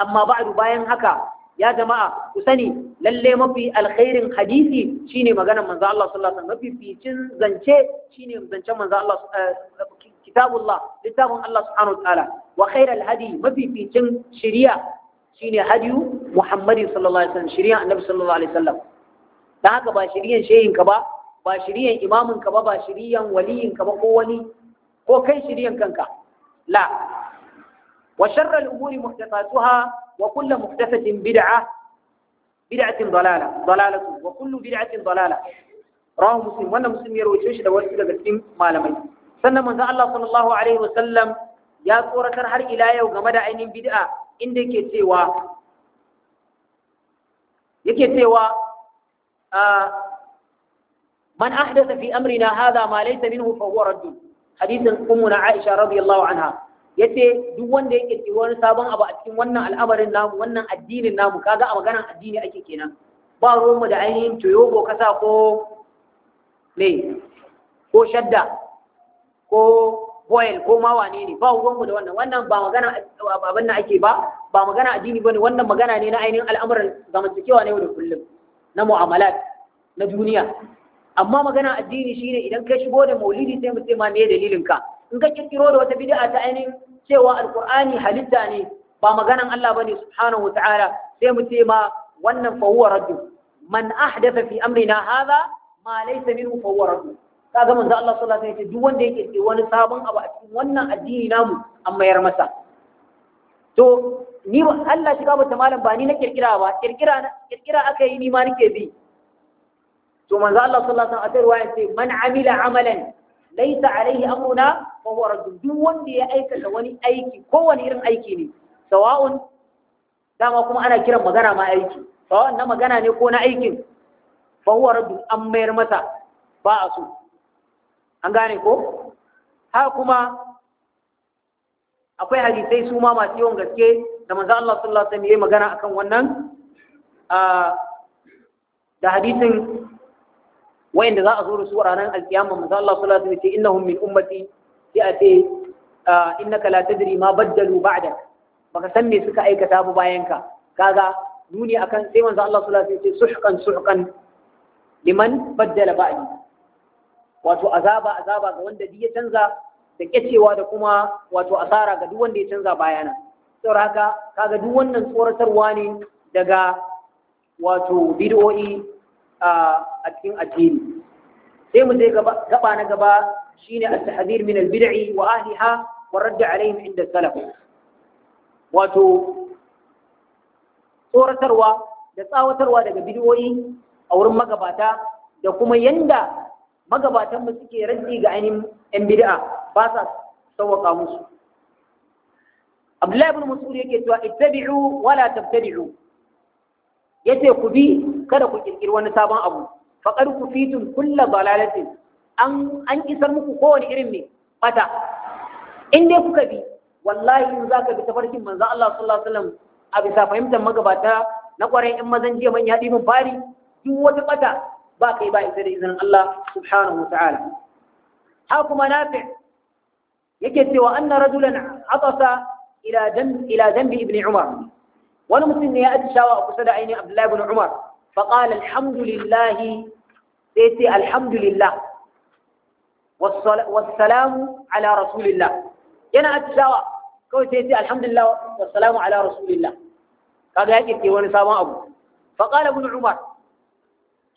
أما بعد باين هكا يا جماعة كسني lalle mafi alkhairin hadisi shine maganar manzo Allah sallallahu alaihi wasallam mafi ficin zance shine zancen manzo Allah kitabullah littafin Allah subhanahu wataala wa khairal hadi mafi ficin shari'a shine hadiyu Muhammadin sallallahu alaihi wasallam shari'a annabi sallallahu alaihi wasallam dan haka ba shari'an shehin ba ba shiriyan imamin ka ba ba shiriyan waliyin ka ba ko wani ko kai shiriyan kanka la wa sharral umuri muhdathatuha wa kullu muhdathatin bid'ah bid'atin dalala dalalatu wa kullu bid'atin dalala rawahu muslim wannan muslim ya rawaito shi da wasu daga cikin malamai sannan manzon Allah sallallahu alaihi wa sallam ya tsoratar har ila yau game da ainihin bid'a inda yake cewa yake cewa ah, man ahdatha fi amrina hadha ma laysa minhu fa huwa radd hadisin ummuna aisha radiyallahu anha yace duk wanda ya kirkiri wani sabon abu a cikin wannan al'amarin namu wannan addinin namu kaga a maganar addini ake kenan ba mu da ainihin toyogo kasa ko ne ko shadda ko boil ko ma wane ne ba mu da wannan wannan ba magana abin da ake ba ba magana addini ba wannan magana ne na ainihin al'amuran zamantakewa na yau da kullum na mu'amalat na duniya amma magana addini shine idan ka shigo da maulidi sai mu ce ma me dalilin ka in ka kirkiro da wata bid'a ta ainihin cewa alqur'ani halitta ne ba maganan Allah bane subhanahu wataala sai mu ce ma wannan fa huwa raddu man ahdatha fi amrina hadha ma laysa minhu fa huwa raddu kaga manzo Allah sallallahu alaihi wasallam duk wanda yake ce wani sabon abu a cikin wannan addini namu an mayar masa to ni Allah shi ka bata malam ba ni na kirkira ba kirkira kirkira aka yi ni ma nake bi to manzo Allah sallallahu alaihi wasallam a sai man amila amalan laysa alaihi amruna fa huwa raddun duk wanda ya aika aikata wani aiki kowane irin aiki ne sawa'un dama kuma ana kiran magana ma aiki sawa'un na magana ne ko na aikin fa huwa raddun an mayar mata ba a so an gane ko ha kuma akwai hadisai su ma masu yawan gaske da manzo Allah sallallahu alaihi wasallam yayi magana akan wannan da hadisin wayanda za a zo da su ranar alkiyama manzo Allah sallallahu alaihi wasallam ce innahum min ummati sai a ce innaka la tadri ma baddalu ba'dak baka san me suka aikata ba bayan ka kaga duniya akan sai manzo Allah sallallahu alaihi wasallam ce suhqan suhqan liman baddala ba'di wato azaba azaba ga wanda duk ya canza da kecewa da kuma wato asara ga duk wanda ya canza bayana saboda haka kaga duk wannan tsoratarwa ne daga wato bid'o'i a cikin addini sai mu je gaba na gaba shine at-tahdhir min al-bid'i wa ahliha wa radd alaihim inda salaf wato tsoratarwa da tsawatarwa daga bid'o'i a wurin magabata da kuma yanda magabatanmu suke raddi ga ainihin 'yan bid'a ba sa sauwaka musu. Abdullahi ibn Mas'ud yake cewa ittabi'u wala tabtadi'u yace ku bi kada ku ƙirƙiri wani sabon abu faƙar ku kufitun kullu dalalatin an an isar muku kowane irin ne fata in dai kuka bi wallahi in za ka bi tafarkin manzo Allah sallallahu alaihi wasallam a bisa fahimtar magabata na kwarai in mazan jiya man ya dimin bari, duk wata bata ba kai ba isa da izinin Allah subhanahu wa ta'ala ha kuma nafi yake cewa anna rajulan atasa ila ila dambi ibn umar wani mutum ne ya atishawa a kusa da ainihin abdullahi ibn umar فقال الحمد لله سيتي الحمد لله والسلام على رسول الله yana atishawa kawai sai ce alhamdulillah wa salamu ala rasulillah kaga ya kirke wani sabon abu fa qala ibn umar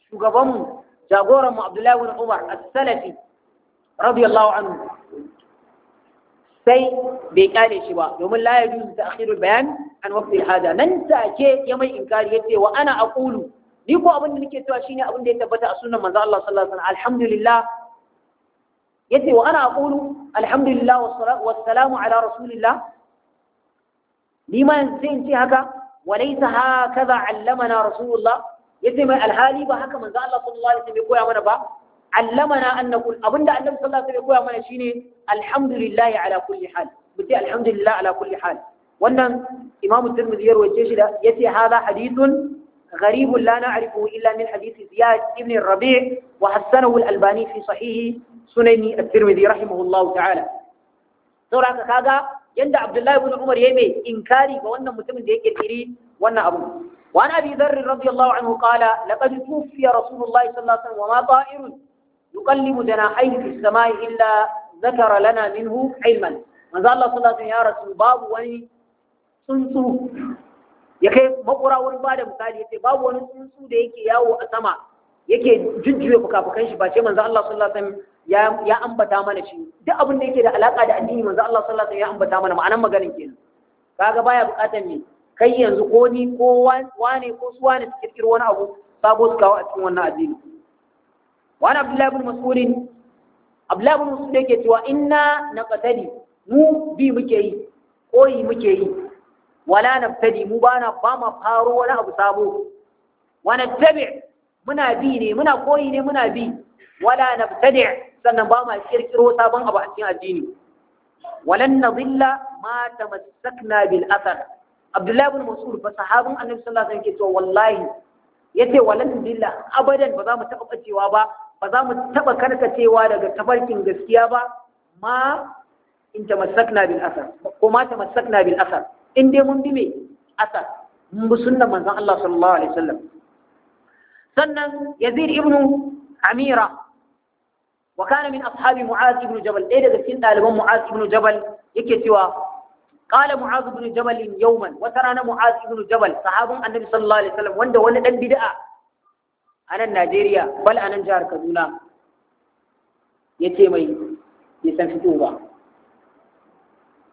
shugaban mu abdullahi ibn umar as-salafi anhu sai bai kale shi ba domin la yajuzu ta'khirul bayan an waqti haja nan take ya mai inkari yace wa ana aqulu ni ko abin da nake cewa shine abin da ya tabbata a sunan manzo Allah sallallahu alaihi wasallam alhamdulillah yace wa ana aqulu alhamdulillah wassalamu ala rasulillah ni ma sai in ce haka walaysa hakaza allamana rasulullah yace mai alhali ba haka manzo Allah sallallahu alaihi wasallam ya koya mana ba allamana an naqul abinda annabi sallallahu alaihi wasallam ya koya mana shine alhamdulillah ala kulli hal mutai alhamdulillah ala kulli hal wannan imamu tirmidhi ya rawaye shi da yace hadha hadithun غريب لا نعرفه إلا من حديث زياد بن الربيع وحسنه الألباني في صحيح سنن الترمذي رحمه الله تعالى سورة كذا يند عبد الله بن عمر يمي إنكاري وأن متم ذكر كري وأن أبو وعن أبي ذر رضي الله عنه قال لقد توفي رسول الله صلى الله عليه وسلم وما طائر يقلب جناحيه في السماء إلا ذكر لنا منه علما manzo Allah sallallahu alaihi wasallam ya rasu babu wani tsuntsu ya kai makura wani ba da misali ya ce babu wani tsuntsu da yake yawo a sama yake jujjuya fukafukan shi ba ce manzo Allah sallallahu alaihi wasallam ya ambata mana shi duk abin da yake da alaka da addini manzo Allah sallallahu alaihi wasallam ya ambata mana ma'anar maganin kenan kaga baya bukatar me kai yanzu ko ni ko wane ko su wane su kirkiro wani abu sabo su kawo a cikin wannan addini wani abdullahi bin mas'ulin abdullahi bin mas'ulin yake cewa inna naqtadi mu bi muke yi koyi muke yi wala nabtadi mu ba na ba ma faro wani abu sabo Wani tabi muna bi ne muna koyi ne muna bi wala nabtadi sannan ba ma kirkiro sabon abu a cikin addini walan nadilla ma tamassakna bil athar Abdullahi ibn Mas'ud fa sahabin Annabi sallallahu alaihi wasallam ke cewa wallahi yace walan nadilla abadan ba za mu taɓa bacewa ba ba za mu taɓa karkacewa daga tabarkin gaskiya ba ma in tamassakna bil athar ko ma tamassakna bil athar in dai mun bi me asar mun bi sunnan manzon Allah sallallahu alaihi wasallam sannan Yazid ibn Amira wa kana min ashabi Mu'az ibn Jabal ɗaya daga cikin ɗaliban Mu'az ibn Jabal yake cewa qala Mu'az ibn Jabal yawman wata rana Mu'az ibn Jabal sahabin Annabi sallallahu alaihi wasallam wanda wani dan bid'a a nan Najeriya bal a nan jihar Kaduna yace mai bai san fito ba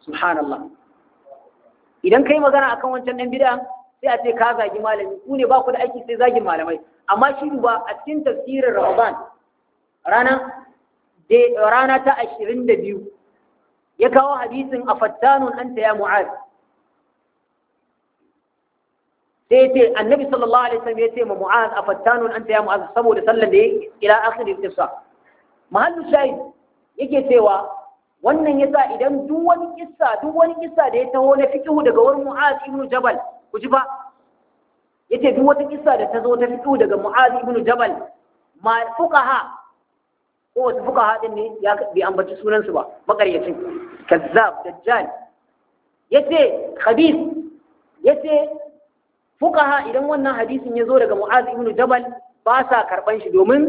subhanallah idan kai magana akan wancan dan bid'a sai a ce ka zagi malami ku ne ba ku da aiki sai zagin malamai amma shi duba a cikin tafsirin Ramadan rana rana ta 22 ya kawo hadisin fattanun anta ya mu'az sai ce annabi sallallahu alaihi wasallam ya ce ma mu'az fattanun anta ya mu'az saboda sallan da ila akhir al-qissa mahallu shahid yake cewa wannan yasa idan duk wani kissa duk wani kissa da ya taho na fiqhu daga wurin Mu'az ibn Jabal ku ji ba yace duk wata kissa da ta zo ta fiqhu daga Mu'az ibn Jabal ma fuqaha ko wasu fuqaha din ne ya bai ambaci sunan su ba makaryacin kazzab dajjal yace khabith yace fuqaha idan wannan hadisin ya zo daga Mu'az ibn Jabal ba sa karban shi domin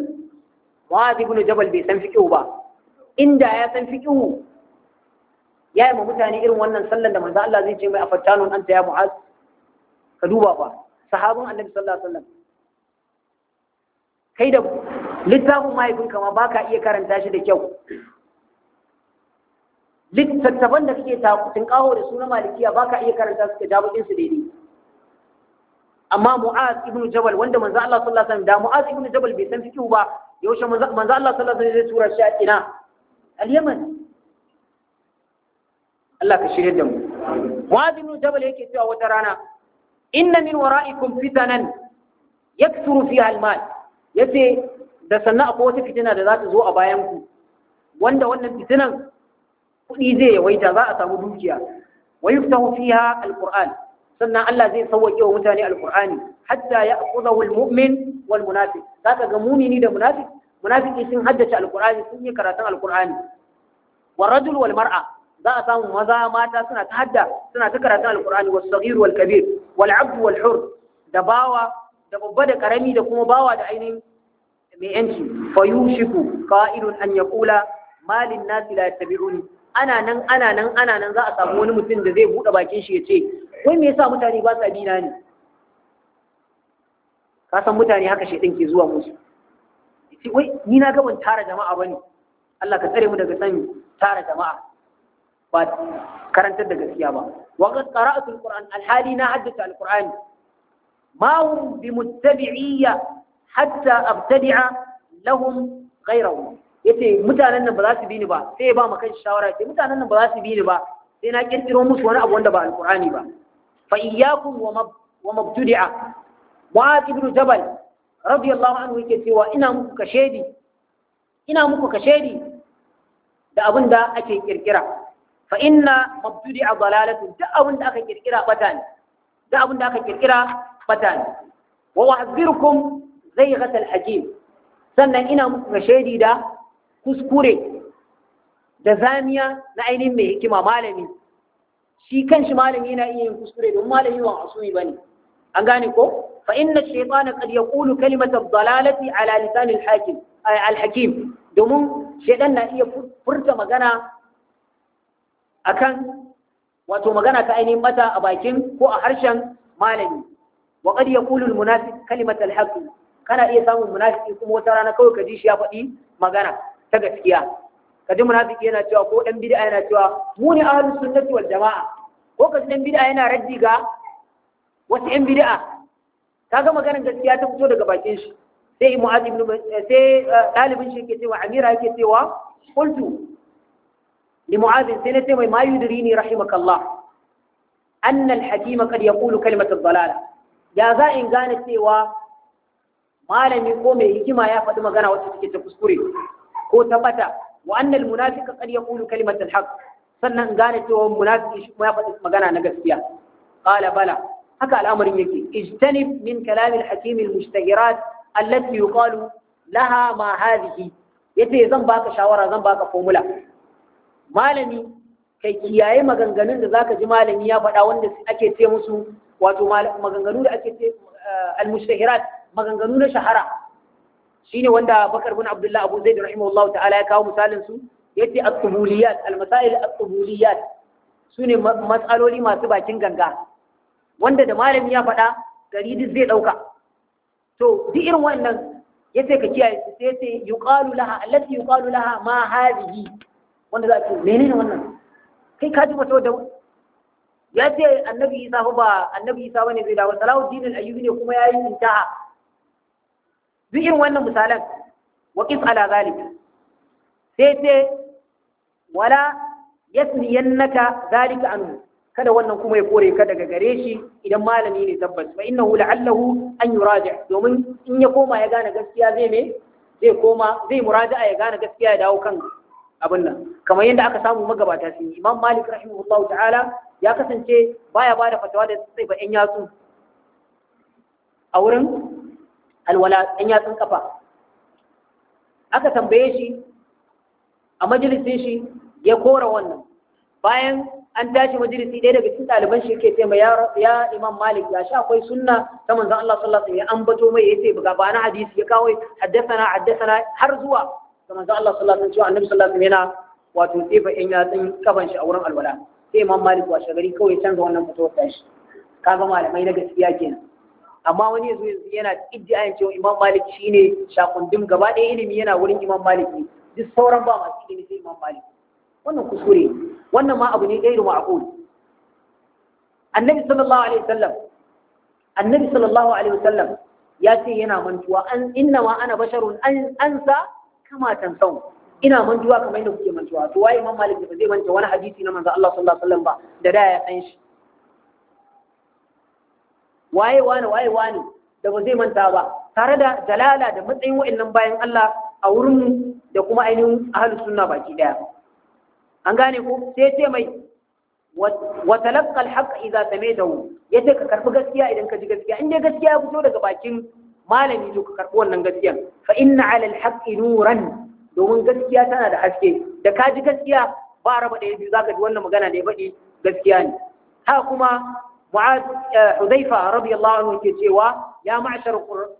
Mu'az ibn Jabal bai san fiqhu ba inda ya san fiqhu ya yi mutane irin wannan sallan da manzo Allah zai ce mai afattanun anta ya mu'az ka duba ba. Sahabun annabi sallallahu alaihi wasallam kai da littafin mahaifinka kama baka iya karanta shi da kyau littattafan da kake kawo da sunan malikiya baka iya karanta su da jabukin su daidai amma mu'az ibnu jabal wanda manzo Allah sallallahu alaihi wasallam da mu'az ibnu jabal bai san fiqhu ba yaushe manzo Allah sallallahu alaihi wasallam zai tura shi a ina al-yaman Allah ka shirye da mu wazinu jabal yake cewa wata rana inna min wara'ikum fitanan yakthuru al-mal yace da sannan akwai wata fitina da za ta zo a bayan ku wanda wannan fitinan kuɗi zai yawaita za a samu dukiya wa yuftahu fiha al sannan Allah zai sauwaƙe wa mutane alƙur'ani hatta ya akuzahu almu'min wal zaka ga mumini da munafiq munafiki sun haddace alqur'ani sun yi karatun alkur'ani wa rajul wal mar'a za a samu maza mata suna ta hadda suna ta karatun alqur'ani was saghir wal kabir wal abd wal hur da bawa da babba da karami da kuma bawa da ainihin mai yanci fa yushiku qa'ilun an yaqula malin nasi la yattabi'uni ana nan ana nan ana nan za a samu wani mutum da zai buɗe bakin shi ya ce wai me yasa mutane ba sa bina ne ka san mutane haka shedin ke zuwa musu sai wai ni na gaban tara jama'a bane Allah ka tsare mu daga san tara jama'a ba karantar da gaskiya ba wa qad qara'tu alquran alhali na al alquran ma hum bimuttabi'iyya hatta abtadi'a lahum ghayrahu yace mutanen nan ba za su bi ni ba sai ba mu kan shawara ce mutanen nan ba za su bi ni ba sai na kirkiro musu wani abu wanda ba al alqurani ba fa iyyakum wa mabtudi'a mu'adh ibn jabal radiyallahu anhu yake cewa ina muku kashedi ina muku kashedi da abin da ake kirkira fa inna mabdudi a dalalatu duk abin da aka kirkira bata ne duk abin da aka kirkira bata ne wa wa'azirkum zai al-hakim sannan ina muku kashedi da kuskure da zamiya na ainihin mai hikima malami shi kan shi malami yana iya yin kuskure domin malami ba asumi bane an gane ko fa inna shaytana qad kalimata dalalati ala lisan al-hakim al-hakim domin shaytan na iya furta magana akan wato magana ta ainihin mata a bakin ko a harshen malami wa qad yaqulu al kalimata al kana iya samun munafiki kuma wata rana kawai ka ji shi ya faɗi magana ta gaskiya ka ji yana cewa ko dan yana wal jama'a ko ka ji raddi ga wasu yan bid'a kaga magana gaskiya ta fito daga bakin shi sai mu'adh ibn eh, sai dalibin eh, shi yake cewa amira yake cewa qultu li mu'adh mai ma yudrini rahimakallah an al hakim qad yaqulu kalimat al dalala ya za in gane cewa malami ko mai hikima ya faɗi magana wacce take ta kuskure ko ta wa an al munafiq qad yaqulu kalimat sannan gane cewa munafiki shi ya faɗi magana na gaskiya qala bala haka al'amarin yake ijtanib min kalam hakim al-mushtahirat allati yuqalu laha ma hadhihi yace zan baka shawara zan baka formula malami kai kiyaye maganganun da zaka ji malami ya faɗa wanda ake ce musu wato maganganu da ake ce eh, al-mushtahirat maganganu na shahara shine wanda Bakar bin Abdullah Abu Zaid rahimahullahu ta'ala ya kawo misalin su yace at-tubuliyat al-masail at-tubuliyat sune matsaloli masu bakin ganga wanda da malami ya faɗa gari duk zai ɗauka to duk irin wannan ya ce ka kiyaye su sai ce yuqalu laha allati yuqalu laha ma hadhihi wanda za a ce menene wannan kai ka ji mata wadda ya ce annabi isa fa ba annabi isa bane zai dawo salahuddin al-ayyubi ne kuma yayi intaha duk irin wannan misalan waqif ala zalik sai sai, wala yasmiyannaka zalika anhu kada wannan kuma ya kore ka daga gare shi idan malami ne tabbas fa innahu la'allahu an yuraja domin in ya koma ya gane gaskiya zai me zai koma zai muraja'a ya gane gaskiya ya dawo kan abin nan kamar yadda aka samu magabata sun yi imam malik rahimahullahu ta'ala ya kasance baya bada fatawa da sai ba yan yatsu a wurin alwala yan yatsun kafa aka tambaye shi a majalisin shi ya kora wannan bayan an tashi majalisi ɗaya daga cikin ɗaliban shi yake ce ya imam malik ya sha akwai sunna ta manzon Allah sallallahu alaihi wasallam ya ambato mai yace ga ba na hadisi ya kawo haddathana haddathana har zuwa ga manzon Allah sallallahu alaihi wasallam annabi sallallahu alaihi wasallam yana wato tsefa in ya tsin kafan shi a wurin alwala sai imam malik wa shagari kawai canza wannan fitowar tashi kaga malamai na gaskiya kenan amma wani yanzu yanzu yana iddiayin cewa imam malik shine shakundum gaba ɗaya ilimi yana wurin imam malik ne duk sauran ba masu ilimi sai imam malik wannan kuskure wannan ma abu ne gairu ma'qul annabi sallallahu alaihi wasallam annabi sallallahu alaihi wasallam ya ce yana mantuwa an inna ma ana basharun an ansa kama tansau ina mantuwa kamar yadda kuke mantuwa to waye imam malik ba zai manta wani hadisi na manzo Allah sallallahu alaihi wasallam ba da da ya san shi waye wani waye wani da ba zai manta ba tare da jalala da matsayin wa'annan bayan Allah a wurin da kuma ainihin ahlus sunna baki daya an gane ko sai ce mai wa talaqqa al same idza ya ce ka karbi gaskiya idan ka ji gaskiya in gaskiya ya fito daga bakin malami to ka karbi wannan gaskiya fa inna 'ala al-haqq nuran domin gaskiya tana da haske da ka ji gaskiya ba raba da yaji zaka ji wannan magana da ya faɗi gaskiya ne ha kuma Mu'ad eh, Hudhaifa radiyallahu anhu ke cewa ya ma'shar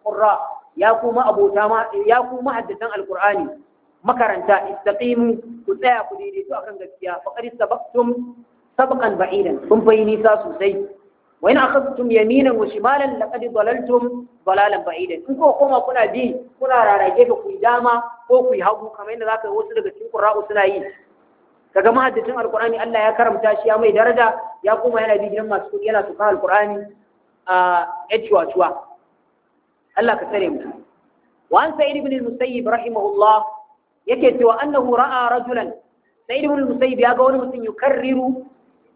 qurra ya kuma abota ya kuma haddatan alqur'ani makaranta istaqimu ku tsaya ku daidaito akan gaskiya faqad sabaqtum sabqan ba'idan kun bai nisa sosai wa in akhadtum yaminan wa shimalan laqad dalaltum dalalan ba'idan in ko koma kuna bi kuna rarage ka ku dama ko ku hagu kamar yadda zaka wasu daga cikin qurra'u suna yi kaga mahaddacin alqur'ani Allah ya karamta shi ya mai daraja ya koma yana bi gidan masu kudi yana suka alqur'ani a yaciwa Allah ka tsare mu wa an sa'id ibn al-musayyib rahimahullah yake cewa annahu ra'a rajulan sai ibn musayyib ya ga wani mutum yukarriru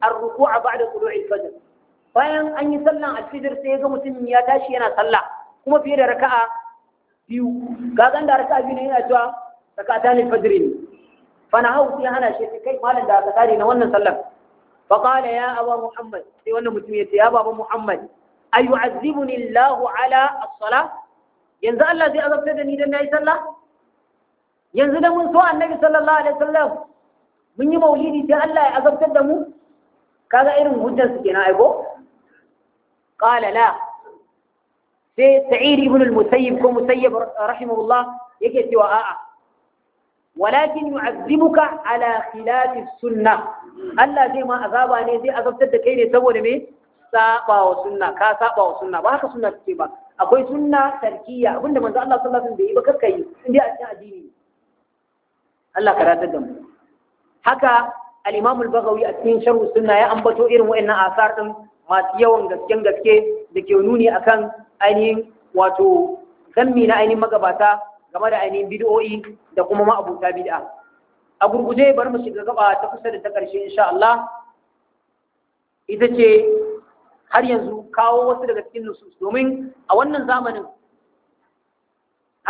ar-ruku'a ba'da tulu'i al-fajr bayan an yi sallan al-fajr sai ya ga mutum ya tashi yana sallah kuma fiye da raka'a biyu ga ga da raka'a biyu ne yana cewa raka'atan al-fajr ne fa na hau sai hana shi kai malam da aka tsare na wannan sallar. fa qala ya aba muhammad sai wannan mutum ya ce ya baba muhammad ayu'azzibuni allah ala as-salah yanzu allah zai azabta da ni dan nayi sallah yanzu da mun so annabi sallallahu alaihi wasallam mun yi maulidi sai Allah ya azabtar da mu kaga irin hujjar su kenan aiko qala la sai sa'id ibn al-musayyib ko musayyib rahimahullah yake cewa a'a walakin yu'azzibuka ala khilaf as Allah zai ma azaba ne zai azabtar da kai ne saboda me saba wa sunna ka saba wa sunna ba haka sunna take ba akwai sunna tarkiya abinda manzo Allah sallallahu alaihi wasallam bai yi ba kakkai inda a cikin addini Allah ka ratar da mu haka al-Imam al-Baghawi a cikin sharh sunna ya ambato irin wa'annan asar din masu yawan gasken gaske da ke nuni akan ainihin wato zammi na ainihin magabata game da ainihin bid'o'i da kuma ma'abuta bid'a a gurguje bar mu shiga gaba ta kusa da ta karshe insha Allah ita ce har yanzu kawo wasu daga cikin nusus domin a wannan zamanin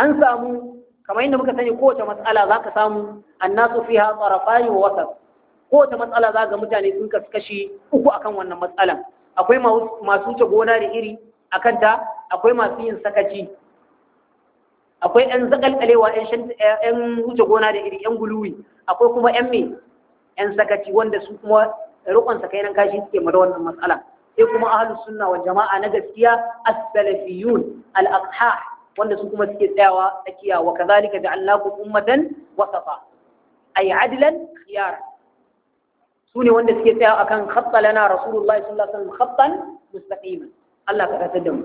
an samu kamar inda muka sani kowace matsala za ka samu annasu fiha tsarafani wa wata kowace matsala za ga mutane sun kasu kashi uku akan wannan matsalan akwai masu wuce gona da iri a kanta akwai masu yin sakaci akwai 'yan zakalkalewa 'yan wuce gona da iri 'yan guluwi akwai kuma 'yan mai 'yan sakaci wanda su kuma rikon nan kashi suke mada wannan matsala sai kuma ahalus sunna wa jama'a na gaskiya as-salafiyun al-aqha wanda su kuma suke tsayawa tsakiya wa kazalika ja'alnakum ummatan wasafa ay adlan khiyara su ne wanda suke tsayawa akan khatta lana rasulullahi sallallahu alaihi wasallam khattan mustaqiman Allah ka kasar da mu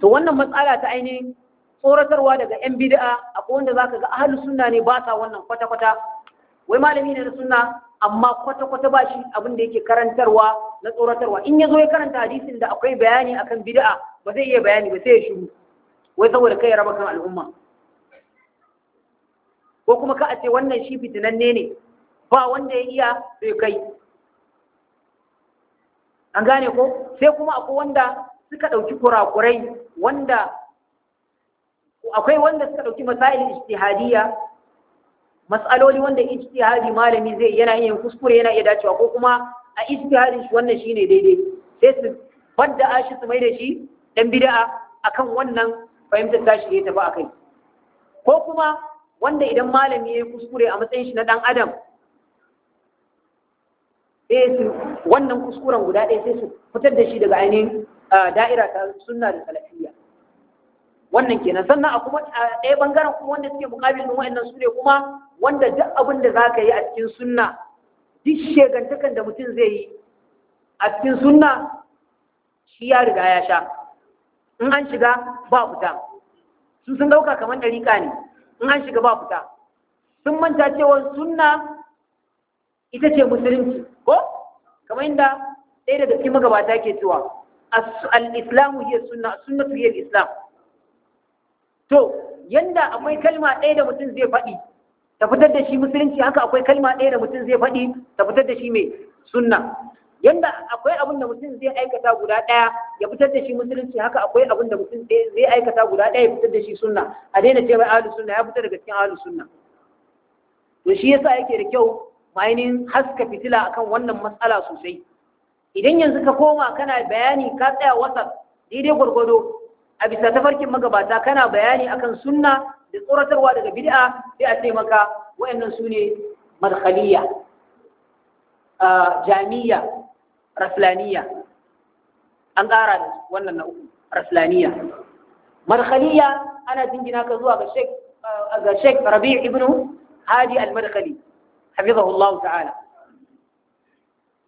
to wannan matsala ta ainihin tsoratarwa daga yan bid'a akwai wanda zaka ga ahlus sunna ne ba sa wannan kwata kwata wai malami ne na sunna amma kwata kwata ba shi abin da yake karantarwa na tsoratarwa in ya zo ya karanta hadisin da akwai bayani akan bid'a ba zai iya bayani ba sai ya shiru wai saboda kai raba kan al'umma ko kuma ka a ce wannan shi fitinanne ne ba wanda ya iya sai kai an gane ko sai kuma akwai wanda suka ɗauki kurakurai wanda akwai wanda suka ɗauki masail ijtihadiyya mas'aloli wanda ijtihadi malami zai yana yin kuskure yana iya dacewa ko kuma a ijtihadin shi wannan shine daidai sai su fadda ashi su mai da shi Ɗan bida'a a akan wannan fahimtar tashi ya tafi kai. ko kuma wanda idan malami ya yi kuskure a matsayin shi na ɗan adam sai eh, su wannan kuskuren guda ɗaya sai su fitar da shi daga ainihin ah, da'ira ta sunna da salafiyya wannan kenan sannan a kuma ɗaya bangaren kuma wanda suke mukabilin wa'annan su ne kuma wanda duk abin da za ka yi a cikin sunna duk shegantakan da mutum zai yi a cikin sunna shi ya riga ya sha in an shiga ba fita su sun dauka kamar ɗariƙa ne in an shiga ba fita sun manta cewa sunna ita ce musulunci ko kamar inda ɗaya daga cikin magabata ke cewa al-islamu hiya sunna sunnatu hiya al-islam to yanda akwai kalma ɗaya da mutum zai faɗi ta fitar da shi musulunci haka akwai kalma ɗaya da mutum zai faɗi ta fitar da shi mai sunna yanda akwai abin da mutum zai aikata guda ɗaya ya fitar da shi musulunci haka akwai abin da mutum zai aikata guda ɗaya ya fitar da shi sunna a daina cewa ahlus sunna ya fitar daga cikin ahlus sunna to shi yasa yake da kyau ma'anin haska fitila akan wannan matsala sosai idan yanzu ka koma kana bayani ka tsaya wasa daidai gwargwado a bisa tafarkin magabata kana bayani akan sunna da tsoratarwa daga bid'a sai a ce maka wayannan su ne madkhaliya ah, jamiya raslaniya an ƙara da wannan na uku raslaniya markhaliya ana jingina ka zuwa ga sheik ga sheik rabi ibn hadi al-madkhali hafizahullahu ta'ala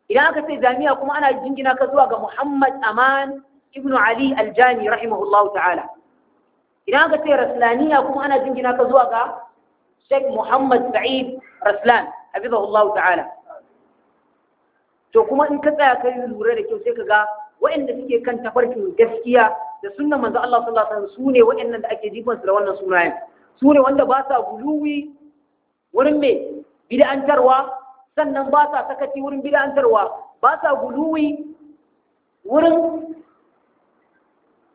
idan aka ce jami'a kuma ana jingina ka zuwa ga muhammad aman ibn ali al-jani rahimahullahu ta'ala idan aka ce raslaniya kuma ana jingina ka zuwa ga sheik muhammad sa'id raslan hafizahullahu ta'ala to kuma in ka tsaya kai lura da kyau sai ka ga waɗanda suke kan tafarkin gaskiya da sunna manzo Allah sallallahu alaihi wasallam sune waɗannan da ake jifan su da wannan sunayen sune wanda ba sa guluwi wurin me bid'antarwa sannan ba sa sakaci wurin bid'antarwa ba sa guluwi wurin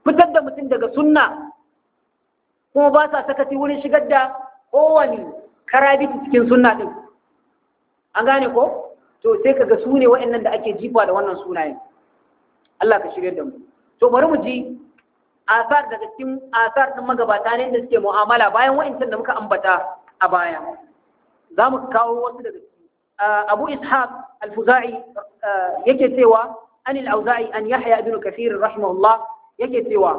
fitar da mutum daga sunna kuma ba sa sakaci wurin shigar da kowane karabiti cikin sunna din an gane ko to sai kaga su ne waɗannan da ake jifa da wannan sunayen Allah ka shirya da mu to bari mu ji asar daga cikin asar din magabata ne da suke mu'amala bayan waɗancan da muka ambata a baya za mu kawo wasu daga Abu Ishaq Al-Fuza'i eh, yake cewa an al-Auza'i an Yahya ibn Kathir rahimahullah yake cewa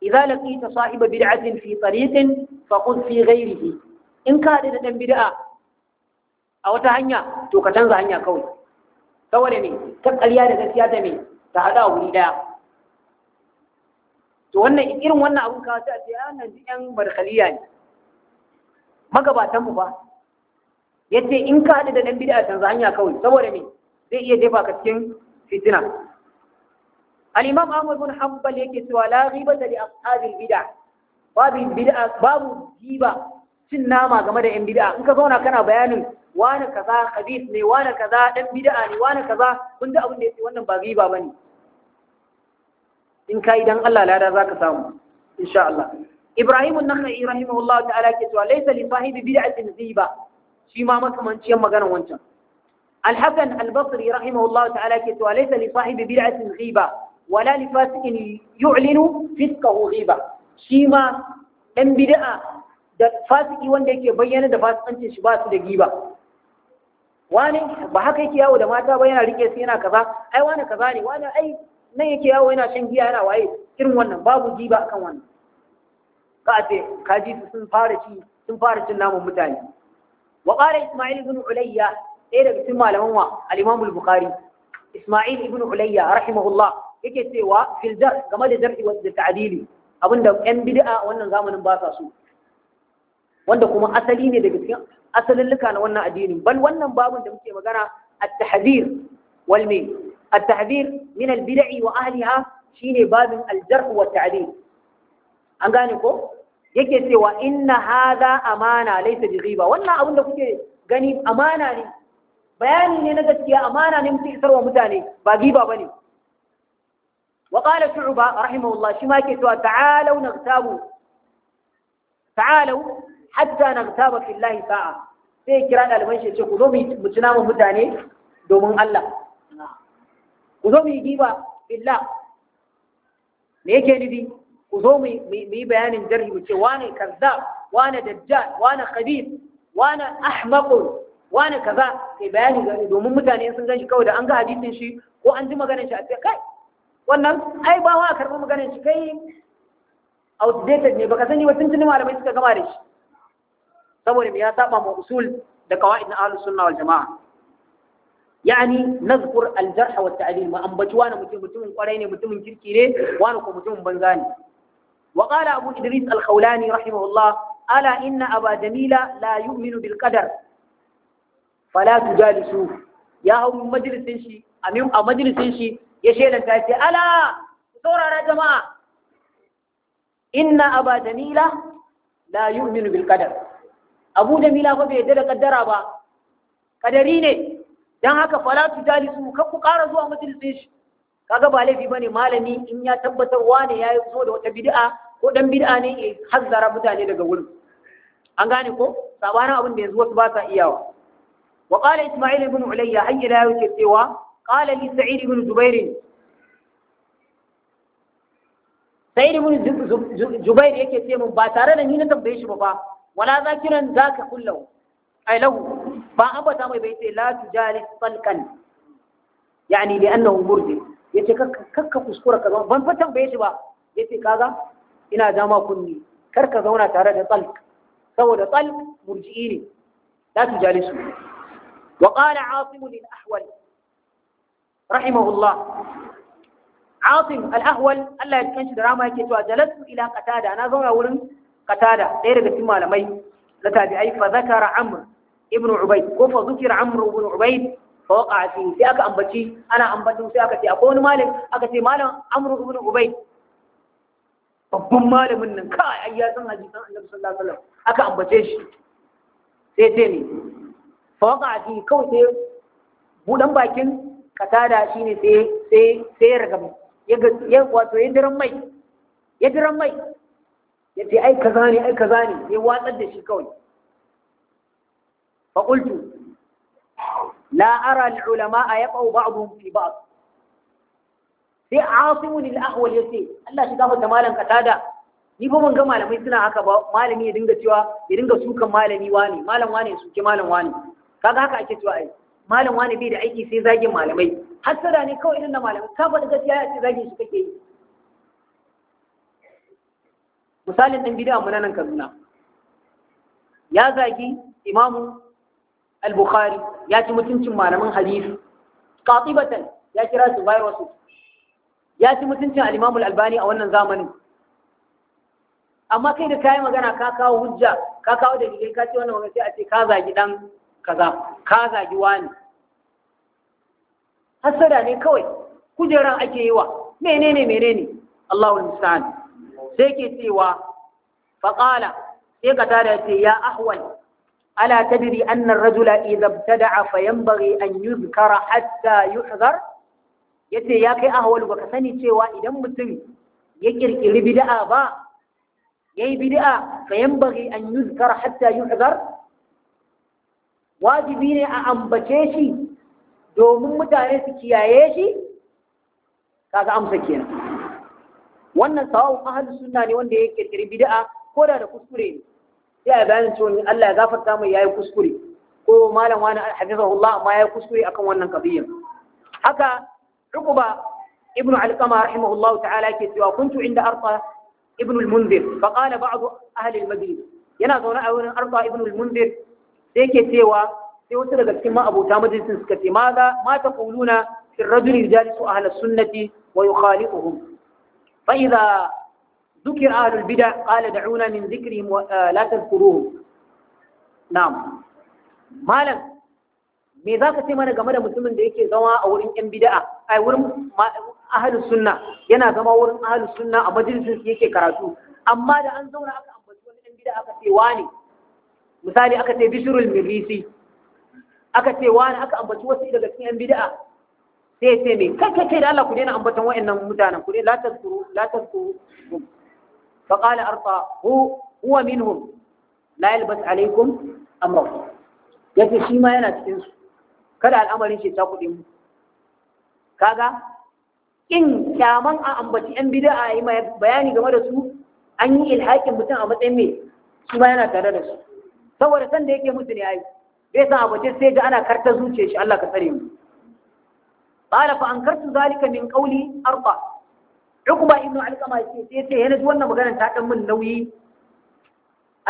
idza laqita sahiba bid'atin fi tariqin faqul fi ghayrihi in ka da dan bid'a a wata hanya to ka canza hanya kawai saboda me ta ƙarya da gaskiya ta me ta hada a wuri ɗaya to wannan irin wannan abun ka ta a ya ah, nan yan barkaliya ne magabatan mu ba yace in ka haɗu da dan bid'a canza hanya kawai saboda me zai iya jefa ka cikin fitina al-imam Ahmad bin Hanbal yake cewa la ghibata li ashabil bid'a babu bid'a babu jiba cin nama game da yan bid'a in ka zauna kana bayanin wani kaza khabis ne wani kaza dan bid'a ne wani kaza kun da abin da yake wannan ba riba bane in kai dan Allah lada zaka samu insha Allah Ibrahim an-Nakhai rahimahullahu ta'ala ke cewa laysa li sahibi bid'atin riba shi ma makamanciyar maganar wancan Al-Hasan Al-Basri rahimahullahu ta'ala ke cewa laysa li sahibi bid'atin riba wala li fasiqin yu'linu fisqahu riba shi ma dan bid'a da fasiki wanda yake bayyana da fasikancin shi ba su da giba wani ba haka yake yawo da mata ba yana rike su yana kaza ai wani kaza ne wani ai nan yake yawo yana shan giya yana waye irin wannan babu giba akan wannan ka ce kaji su sun fara ci sun fara cin namun mutane wa qala isma'il ibn ulayya ɗaya daga cikin malaman wa al-imam al-bukhari isma'il ibn ulayya rahimahullah yake cewa fil jar game da jar'i wa ta'dili abinda yan bid'a wannan zamanin ba sa so wanda kuma asali ne daga cikin asalulluka na wannan addinin bal wannan babun da muke magana at-tahdhir wal min at-tahdhir min al-bid'i wa ahliha shine babin al-jarh wa ta'dil an gane ko yake cewa inna hadha amana laysa bi ghiba wannan abin da kuke gani amana ne bayani ne na gaskiya amana ne mutum isarwa mutane ba giba ba ne wa ƙala shu'uba rahimahullah shi ma ke cewa ta'alau na tabu ta'alau hatta na mutaba fillahi sa'a sai kira ɗaliban shi ce ku zo mu ci namun mutane domin Allah ku zo mu yi giba billah me yake nufi ku zo mu yi bayanin jarhi mu ce wane kaza? wane dajjal wane khabib wane ahmaqun wane kaza kai bayani gani domin mutane sun gan shi kawai da an ga hadisin shi ko an ji maganar shi a ce kai wannan ai ba wa karɓi maganar shi kai outdated ne baka sani ba tun tuni malamai suka gama da shi saboda ya saba ma usul da qawaid na ahlus sunna wal jamaa yani nazkur al jarh wa ta'dil ma ambaci wani mutum mutumin kwarai ne mutumin kirki ne wani ko mutumin banza ne wa qala abu idris al khawlani rahimahullah ala inna aba jamila la yu'minu bil qadar fala tujalisu ya hau majalisin shi a majalisin shi ya shelanta ce ala saurara jama'a inna aba jamila la yu'minu bil qadar abu mila fa bai yadda da kaddara ba kadari ne dan haka fala tu jalisu ka ku ƙara zuwa majalisin shi kaga ba laifi bane malami in ya tabbatar wane ya yi zo da wata bid'a ko dan bid'a ne ya hazzara mutane daga wurin an gane ko sabanin abin da yanzu wasu ba sa iyawa wa qala isma'il ibn ulayya hayya la yake cewa qala li sa'id ibn zubair sa'id ibn zubair yake ce mun ba tare da ni na tambaye shi ba wala zakiran zaka kullahu ai lahu ba ambata mai bai ce la tujalis talqan yani bi annahu murdi yace kakka kuskura ka ban fa tambaye shi ba yace kaga ina dama kunni kar ka zauna tare da talq saboda talq murji'i ne la jalisu. wa qala asim lil ahwal Allah. asim al ahwal Allah ya kanshi da rama yake cewa jalastu ila qatada ana zauna wurin qatada ɗaya daga cikin malamai na tabi'ai fa zakara amr ibn ubayd ko fa zukira amr ibn ubayd fa waqa fi sai aka ambaci ana ambaci sai aka ce akwai wani malam aka ce malam amr ibn ubayd babban malamin nan kai ai ya san hadisan annabi sallallahu alaihi wasallam aka ambace shi sai ce ne fa waqa fi kawai sai budan bakin katada shine ne sai ya raga ya wato ya diran mai ya diran mai ya ce ai kaza ne ai kaza ne ya watsar da shi kawai fa qultu la ara al ulama yaqau ba'dhum fi ba'd sai asimu lil ahwal ce Allah shi gafa da malam katada ni ba mun ga malamai suna haka ba malami ya dinga cewa ya dinga sukan malami wani malam wani ya suke malam wani kaga haka ake cewa ai malam wani bai da aiki sai zagin malamai hasara ne kawai irin na malamai ka da gaskiya ya ce zagin shi kake yi misalin ɗan gida mu nan Kaduna ya zagi imam'u Al-Bukhari ya ci mutuncin malamin hadisi qatibatan ya kira su wasu ya ci mutuncin al Al-Albani a wannan zamanin amma kai da kayi magana ka kawo hujja ka kawo da ka ce wannan wani sai a ce ka zagi ɗan kaza ka zagi wani hasada ne kawai kujeran ake yi wa menene menene Allahu musta'an سيكي سيوا فقال سيكا تارتي يا أحوال ألا تدري أن الرجل إذا ابتدع فينبغي أن يذكر حتى يحذر يتي ياكي أحوال وكثاني سيوا إذا مبتن يكرك اللي بدعا با يي بدعا فينبغي أن يذكر حتى يحذر واجبين أعم بكيشي دومم تارتي كيايشي هذا أمسكينا wannan sawawun ahalus sunna ne wanda ya kirkiri bid'a ko da da kuskure ne sai a bayanin cewa Allah ya gafarta mai yayi kuskure ko malam wani hadithahullah amma yayi kuskure akan wannan qadiyya haka Uqba ibn al-Qama rahimahullah ta'ala ke cewa kuntu inda arqa ibn al-Munzir fa qala ba'd ahli al-Madina yana zaune a wurin arqa ibn al-Munzir sai yake cewa sai wasu daga cikin ma'abota majalisin suka ce ma ta kuluna fi ar-rajuli jalisu ahli sunnati wa yukhaliquhum فإذا ذكر أهل البدع قال دعونا من ذكرهم لا تذكروهم نعم مالا me za ka ce mana game da mutumin da yake zama a wurin yan bida'a ai wurin ahalus sunna yana zama wurin ahalus sunna a majalisin su yake karatu amma da an zauna aka ambaci wani yan bida'a aka ce wani misali aka ce bishrul mirisi aka ce wani aka ambaci wasu daga cikin yan bida'a sai sai mai kai kai da Allah ku daina ambaton wa'annan mutanen ku dai la tazkuru la tazkuru fa qala arfa hu huwa minhum la yalbas alaikum amra yace shi ma yana cikin su kada al'amarin shi ta kuɗi mu kaga in kyaman a ambaci yan bid'a yi bayani game da su an yi ilhakin mutum a matsayin mai shi ma yana tare da su saboda san da yake mutu ne ai bai san abace sai da ana karta zuciyar shi Allah ka tsare mu qala fa ankartu zalika min qawli arba ukba ibnu alqama yace sai sai yana wannan maganar ta dan min nauyi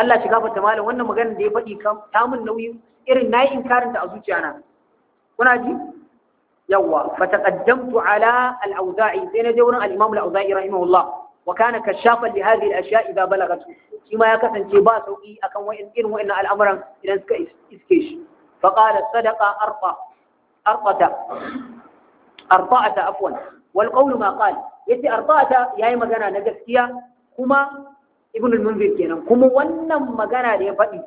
Allah shiga fata malam wannan maganar da ya faɗi kan ta min nauyi irin nayi inkarin ta a zuciyana kuna ji yawa fa taqaddamtu ala al-awza'i sai na je wurin al-imam al-awza'i rahimahullah Lihadi كشافا لهذه الاشياء اذا بلغته كما ya kasance ba sauki akan wayan irin wayan al'amuran idan suka iske shi فقال صدق ارقى ارقى arba'ata afwan wal qawlu ma qala yace arba'ata yayi magana na gaskiya kuma ibn al-munzir kenan kuma wannan magana da ya faɗi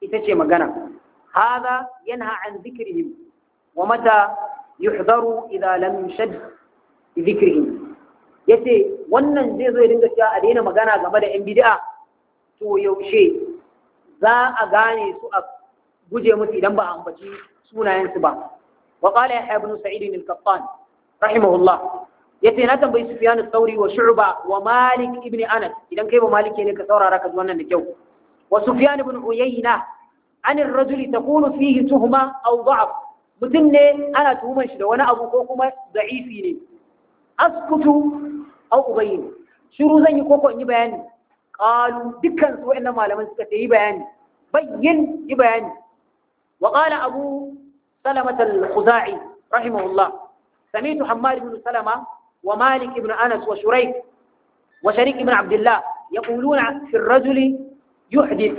ita ce magana hada yanha an zikrihim wa mata yuhdaru idza lam yushad zikrihim yace wannan zai zo ya dinga cewa a daina magana game da yan bid'a to yaushe za a gane su a guje musu idan ba a ambaci sunayensu ba wa qala yahya ibn sa'id al-qattan yace na tambayi sufyan al-thawri wa shu'ba wa malik ibn anas idan kai ba malike ne ka saurara ka ji wannan da kyau wa sufyan ibn uyayna an ar-rajul taqulu fihi tuhma aw da'f mutun ne ana tuhumar shi da wani abu ko kuma da'ifi ne askutu aw ubayyin shiru zan yi koko in yi bayani qalu dukkan su wa'annan malaman suka ce yi bayani bayyin yi bayani wa qala abu سلمة الخزاعي رحمه الله سمعت حمار بن سلمة ومالك بن أنس وشريك وشريك بن عبد الله يقولون في الرجل يحدث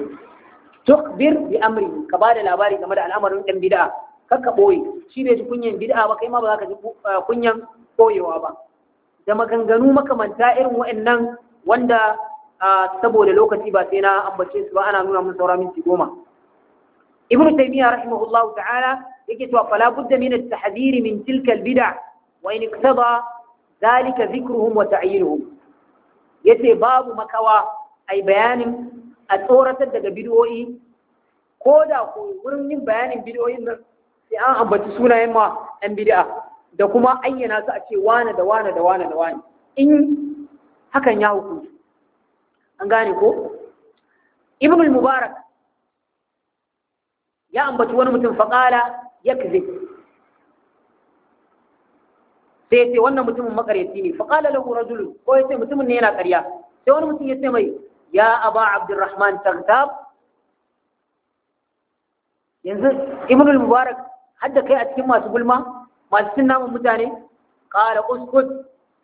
تخبر بأمره كبار الأبار كما دع الأمر من بدعة ككبوي شيء كنيا بدعة وكما بذاك كنيا كوي وابا da maganganu makamanta irin wa'annan wanda saboda lokaci ba sai na ambace su ba ana nuna mun saura minti goma ibnu taymiya rahimahullahu ta'ala yake cewa fala budda min at min tilka bida wa in iqtada zalika dhikruhum wa ta'yinuhum yace babu makawa ai bayanin a tsoratar daga bid'o'i ko da ko wurin yin bayanin bid'o'in nan sai an ambaci sunayen ma an bid'a da kuma ayyana su a ce wane da wane da wane da wane in hakan ya hukunta an gane ko ibn mubarak ya ambaci wani mutum faƙala ya kaze sai ce wannan mutumin makaryaci ne faƙala lahu rajul ko ya ce mutumin ne yana ƙarya sai wani mutum ya ce mai ya aba abdurrahman tagtab yanzu ibn mubarak hadda kai a cikin masu gulma masu cin namun mutane qala uskut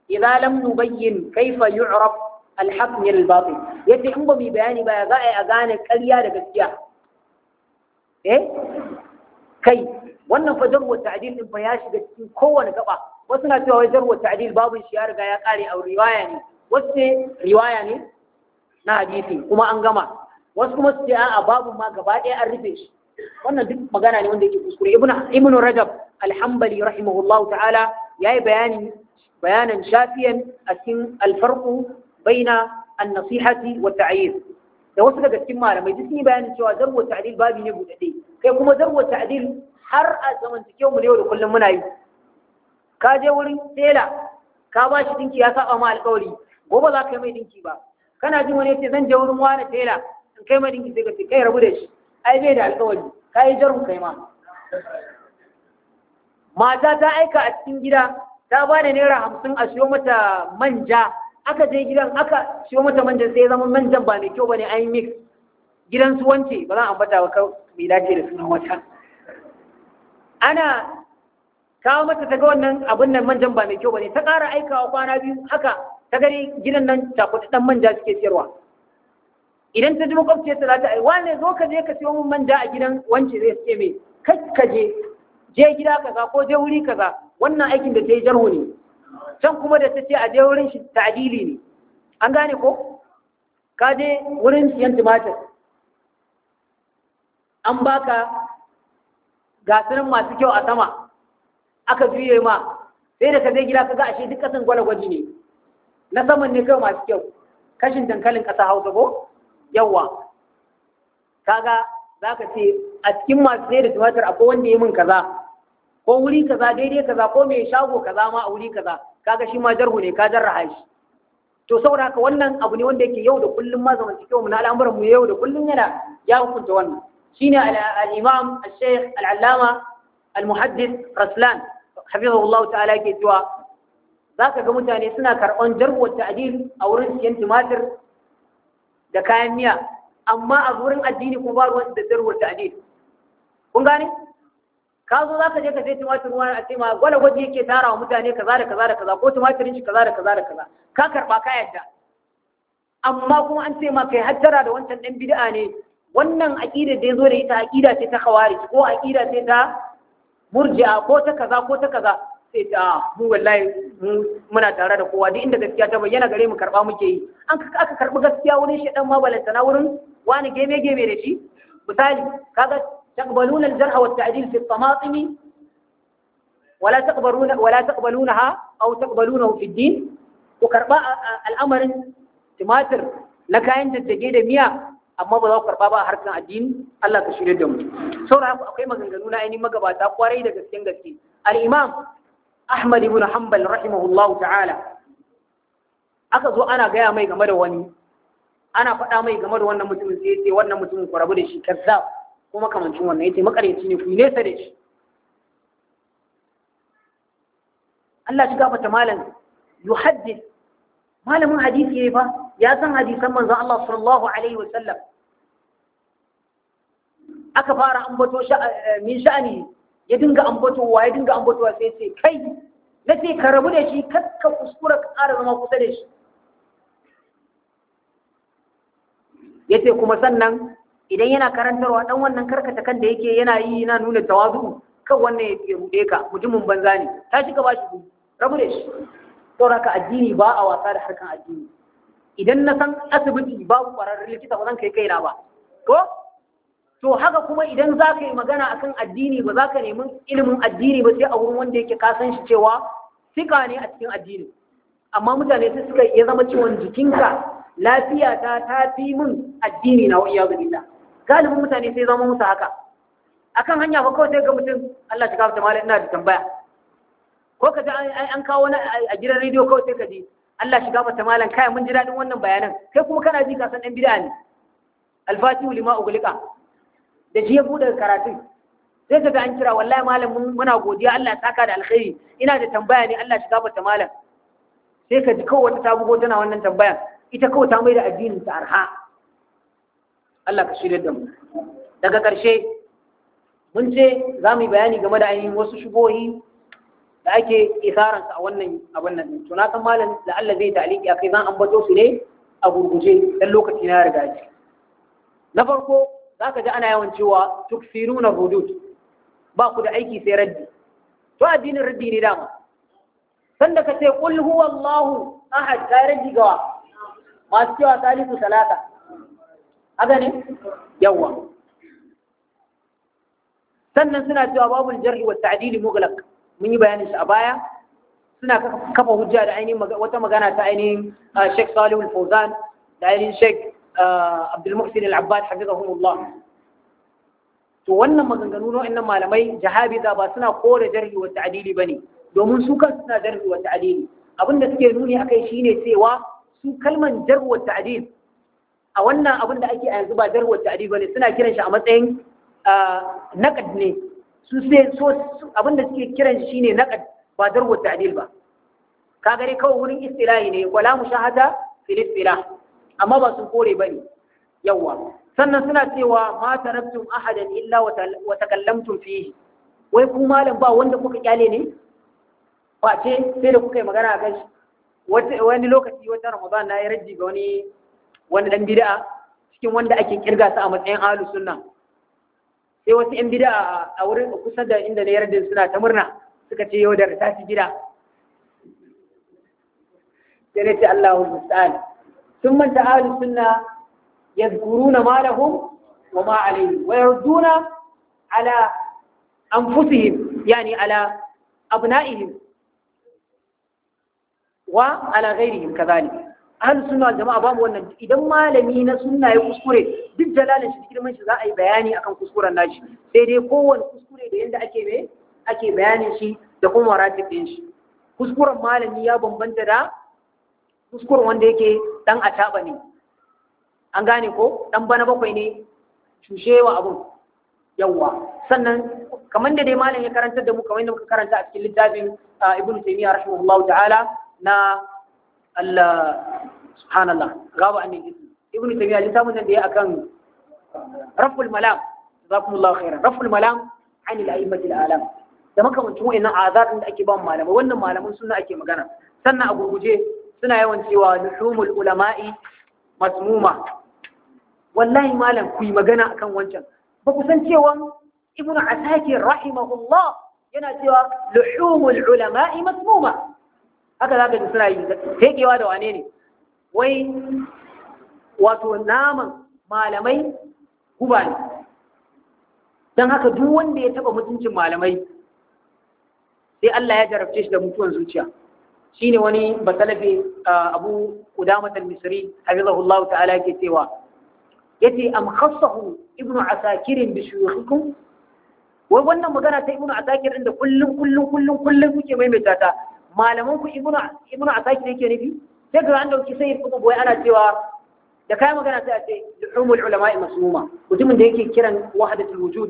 idza lam nubayyin kaifa yu'raf al-haqq min al-batil yace in ba mu bayani ba ya za a gane ƙarya da gaskiya eh kai wannan fa jarwa ta'dil din fa ya shiga cikin kowane gaba wasu na cewa wai jarwa ta'dil babu shi ya riga ya kare a riwaya ne wasu ce riwaya ne na hadisi kuma an gama wasu kuma su ce a'a babu ma gaba ɗaya an rufe shi wannan duk magana ne wanda yake kuskure ibnu ibnu rajab Alhambali hanbali rahimahullahu ta'ala yayi bayani bayanan shafiyan a cikin al-farqu baina an-nasihati wa ta'yid da wasu daga cikin malamai duk sun yi bayanin cewa zarwa ta'dil babi ne buɗaɗe kai kuma zarwa ta'dil har a zamantakewa mu ne da kullum muna yi ka je wurin tela ka ba shi dinki ya saba ma alƙawari gobe za ka yi mai dinki ba kana jin wani yace zan je wurin wani tela in kai mai dinki sai ka ce kai rabu da shi ai bai da alƙawari ka yi jarum kai ma mata ta aika a cikin gida ta ba naira hamsin a siyo mata manja aka je gidan aka siyo mata manjan sai zama manjan ba mai kyau bane an yi mix gidan su wance ba za a ambata ba kawai mai dace da sunan wata ana kawo mata ta ga wannan abin nan manjan ba mai kyau bane ta ƙara aikawa kwana biyu haka ta gari gidan nan cakuɗi ɗan manja suke siyarwa idan ta ji makwabciyar ta za ta wane zo ka je ka siyo min manja a gidan wance zai ce mai ka je gida kaza ko je wuri kaza wannan aikin da ta yi jarhu ne can kuma da ta ce a je wurin shi ta'adili ne an gane ko ka je wurin siyan tumatir an baka gasirin masu kyau a sama aka juye ma sai da ka je gida ka ga ashe duk kasan gwalagwaji ne na saman ne kai masu kyau kashin dankalin kasa hausa ko yawa kaga za ka ce a cikin masu sai da tumatir akwai wanda ya min kaza ko wuri kaza daidai kaza ko mai shago kaza ma a wuri kaza kaga shi ma jarhu ne ka jarra shi to saboda haka wannan abu ne wanda yake yau da kullum ma zaman cikin mu na al'amuran mu yau da kullum yana ya hukunta wannan shine al-imam al-shaykh al-allama al-muhaddith raslan hafizahullahu ta'ala yake cewa zaka ga mutane suna karɓan jarhuwar ta'dil a wurin siyan tumatir da kayan miya amma a wurin addini kuma babu ruwan da jarhuwar ta'dil kun gane ka zo za ka je ka sai tumatir wani a ce ma gwada gwaji yake tara wa mutane kaza da kaza da kaza ko tumatirin shi kaza da kaza da kaza ka karba ka yadda amma kuma an ce ma kai haddara da wancan ɗan bid'a ne wannan aƙida da ya zo da ita aƙida ce ta kawari ko aƙida ce ta murji'a ko ta kaza ko ta kaza sai ta mu wallahi muna tare da kowa duk inda gaskiya ta bayyana gare mu karba muke yi an aka karbi gaskiya wurin shedan ma balantana wurin wani geme geme da shi misali kaga تقبلون الجرح والتعديل في الطماطم ولا تقبلون ولا تقبلونها أو تقبلونه في الدين وكرباء الأمر تماتر لك أنت تجد مياه amma ba za ku karɓa ba a harkar addini Allah ka shirya da mu saboda haka akwai maganganu na ainihin magabata kwarai da gasken gaske al-imam Ahmad ibn Hanbal rahimahullah ta'ala aka ana gaya mai game da wani ana faɗa mai game da wannan mutumin sai ce wannan mutumin ku da shi kazzab ko makamancin wannan yace makareci ne ku yi nesa da shi Allah shi gafata malam yuhaddith malamin hadisi yayi fa ya san hadisan manzon Allah sallallahu alaihi wa sallam aka fara ambato eh, min sha'ani ya dinga ambatowa ya dinga ambatowa sai ce kai na ce ka rabu da shi kakka kuskura ka ƙara zama kusa da shi ya ce kuma sannan idan yana karantarwa dan wannan karkata kan da yake yana yi yana nuna tawazu kan wannan ya rude ka mutumin banza ne ta shiga ba shi rabu da shi sauraka addini ba a wasa da harkan addini idan na san asibiti babu kwararren likita ba zan kai kaina ba ko to haka kuma idan za ka yi magana akan addini ba za ka nemi ilimin addini ba sai a wurin wanda yake kasan shi cewa sika ne a cikin addini amma mutane sai suka ya zama ciwon jikinka lafiya ta tafi fi min addini na wa'iya zubita galibin mutane sai zama musu haka akan hanya ba kawai sai ga mutum Allah ta kafa mala ina da tambaya ko ka ji an kawo wani a gidan rediyo kawai sai ka ji Allah shiga mata malan kai mun ji dadin wannan bayanan kai kuma kana ji ka san dan bid'a ne al-fatihu lima da ji ya bude karatun sai ka ga an kira wallahi malam muna godiya Allah ya saka da alkhairi ina da tambaya ne Allah shiga mata malam sai ka ji kawai wata ta bugo tana wannan tambaya ita kawai ta mai da addinin ta arha Allah ka shirya da mu daga ƙarshe mun ce za mu yi bayani game da ainihin wasu shubohi da ake isaransa a wannan abin nan to na san malam da Allah zai taliki akai zan ambato su ne a gurguje dan lokaci na riga ji na farko zaka ji ana yawan cewa tukfiruna hudud ba ku da aiki sai raddi to addinin raddi ne dama sanda ka ce qul huwallahu ahad ka raddi gawa masu cewa salisu salata haka ne yawa sannan suna cewa babu jar'i wa ta'dili mughlaq mun yi bayanin shi a baya suna kafa hujja da ainihin wata magana ta ainihin uh, Sheikh Salih Al-Fawzan da ainihin Sheikh uh, Abdul Muhsin Al-Abbad hafizahumullah to wannan maganganu na wannan malamai jahabiza ba suna kore jarhi wa ta'dili bane domin su kansu suna jarhi wa ta'dili abinda suke nuni akai shine cewa su kalman jarhi wa ta'dil a wannan abin da ake a yanzu ba jarwar ta'adi ba ne suna kiran shi a matsayin naƙad ne su so abin da suke kiran shi ne naƙad ba jarwar ta'adil ba ka gare kawai wurin istilahi ne wala mu shahada istilah amma ba sun kore ne yawa sannan suna cewa ma tarabtum ahadan illa wa takallamtum fihi wai ku malam ba wanda kuka kyale ne face sai da kuka yi magana a kai wani lokaci wata ramadan na yi raji ga wani wani dan bid'a cikin wanda ake kirga su a matsayin ahlus sunna sai wasu yan bida'a a wurin kusa da inda na yarda suna ta murna suka ce yau da ta ci gida sai ne ce Allahu musta'an sun manta ahlus sunna yadhkuruna ma lahum wa ma alayhi wa yarduna ala anfusihim yani ala abna'ihim wa ala ghairihim kadhalik ahal suna jama'a ba mu wannan idan malami na sunna ya kuskure duk dalalin shi girman shi za a yi bayani akan kuskuren nashi sai dai kowane kuskure da yanda ake me ake bayanin shi da kuma waratin din shi kuskuren malami ya bambanta da kuskuren wanda yake dan ataba ne an gane ko dan bana bakwai ne cushewa abun yawwa sannan kamar da dai malam ya karanta da mu kamar da muka karanta a cikin littafin ah, ibnu taymiya rahimahullahu ta'ala na Allah subhanallah gaba an ne ibn tabiya ji samun da ya akan raful malam jazakumullahu khairan raful malam an al alam da makamancin wayannan azarin da ake ba malamai wannan malaman sunna ake magana sannan a gurguje suna yawan cewa nuhumul ulama'i masmuma wallahi malam ku yi magana akan wancan ba ku san cewa ibnu asakir rahimahullah yana cewa luhumul ulama'i masmuma haka zaka ji suna yi tekewa da wane ne wai wato naman malamai guba ne don haka duk wanda ya taba mutuncin malamai sai Allah ya jarabce shi da mutuwan zuciya Shi ne wani basalafe ah, abu qudamah al-misri hafizahullahu ta'ala ke cewa ya ce am khassahu ibnu Asakirin bi shuyukhikum wai wannan magana ta ibnu asakir din da kullum kullum kullum kullum kuke maimaita ta malaman ku ibnu ibnu asakir yake nufi sai ga an dauki sai kuma boye ana cewa da kai magana sai a ce luhumul ulama'i masmuma mutumin da yake kiran wahdatul wujud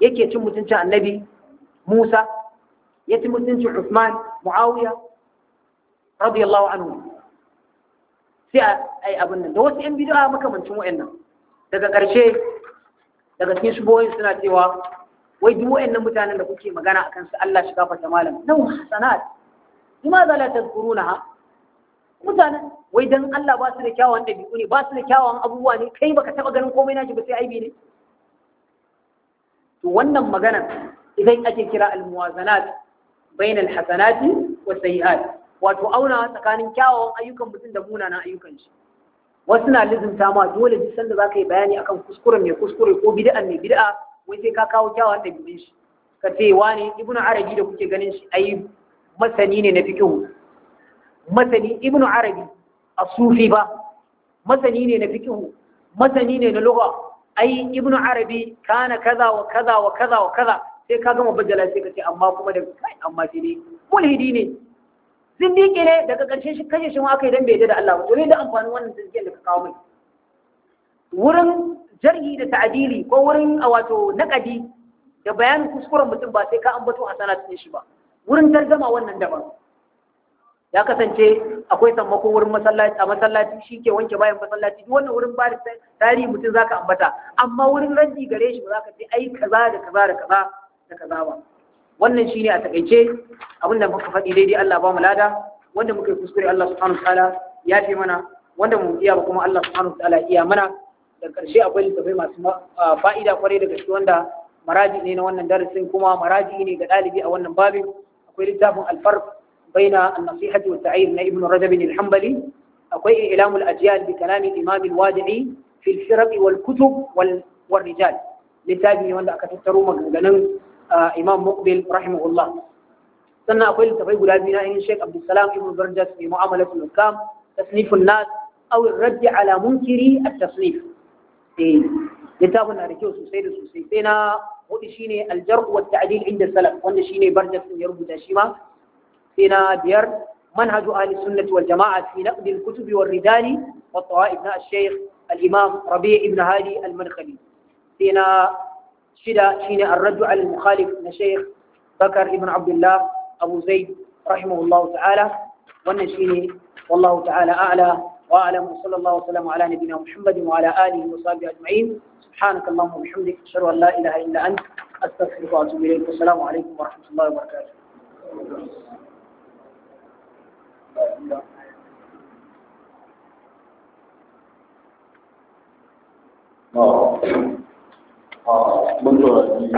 yake cin mutuncin annabi Musa ya ci mutuncin Uthman Muawiya radiyallahu anhu sai a yi abin nan da wasu yan bid'a makamancin wa'annan daga ƙarshe daga cikin shubohin suna cewa wai duk wa'annan mutanen da kuke magana akan su Allah shi gafarta malam nan hasanat limadha la tadhkurunaha mutanen wai dan Allah ba su da kyawawan ɗabi'u ne ba su da kyawawan abubuwa ne kai baka taɓa ganin komai nashi ba sai aibi ne to wannan magana idan ake kira Al-Muwazana almuwazanat bain alhasanati wa sayi'at wato auna tsakanin kyawawan ayyukan mutum da munanan ayyukan shi wasu na lizinta ma dole duk sanda zaka yi bayani akan kuskure mai kuskure ko bid'a mai bid'a wai sai ka kawo kyawawan ɗabi'un shi ka ce wani ibnu arabi da kuke ganin shi ai masani ne na fikihu masani ibnu arabi a sufi ba masani ne na fikihu masani ne na lugha ai ibnu arabi kana kaza wa kaza wa kaza wa kaza sai ka gama bajala sai ka ce amma kuma da kai amma sai dai mulhidi ne zindiki ne daga ƙarshe shi kashe shi ma aka yi dan bai da Allah ba to ne da amfanin wannan zindikin da ka kawo mai wurin jarhi da ta'adili ko wurin a wato naƙadi da bayanin kuskuren mutum ba sai ka ambato hasanat ɗin shi ba wurin tarjama wannan daban ya kasance akwai sammakon wurin masallaci a masallaci shi ke wanke bayan masallaci duk wannan wurin ba da tarihi mutum za ka ambata amma wurin ranji gare shi ba za ka ce ai kaza da kaza da kaza da kaza ba wannan shine a takaice abin da muka faɗi daidai Allah ba mu lada wanda muka yi kuskure Allah subhanahu wataala ya fi mana wanda mu iya kuma Allah subhanahu wataala iya mana da karshe akwai littafai masu fa'ida kwarai da gaske wanda maraji ne na wannan darasin kuma maraji ne ga ɗalibi a wannan babin akwai littafin alfarq بين النصيحة والتعير من ابن رجب الحنبلي أقوي إعلام الأجيال بكلام الإمام الوادعي في الفرق والكتب والرجال لتابي وانا أكتبترو مغنن إمام مقبل رحمه الله سنة أقوي لتفاي قلابنا إن شيخ عبد السلام ابن برجس في معاملة الحكام تصنيف الناس أو الرد على منكري التصنيف إيه. littafin na da kyau sosai da sosai sai na hudu shine aljar wa ta'dil inda salaf wanda shine barjas ya rubuta shi ma سينا بير منهج أهل السنة والجماعة في نقد الكتب والرجال والطوائف الشيخ الإمام ربيع بن هادي المنخلي سينا شدا شين الرد على المخالف الشيخ بكر بن عبد الله أبو زيد رحمه الله تعالى والنشين والله تعالى أعلى وأعلم وصلى الله وسلم على نبينا محمد وعلى آله وصحبه أجمعين سبحانك اللهم وبحمدك أشهد أن لا إله إلا أنت أستغفرك وأتوب إليك والسلام عليكم ورحمة الله وبركاته mun saurari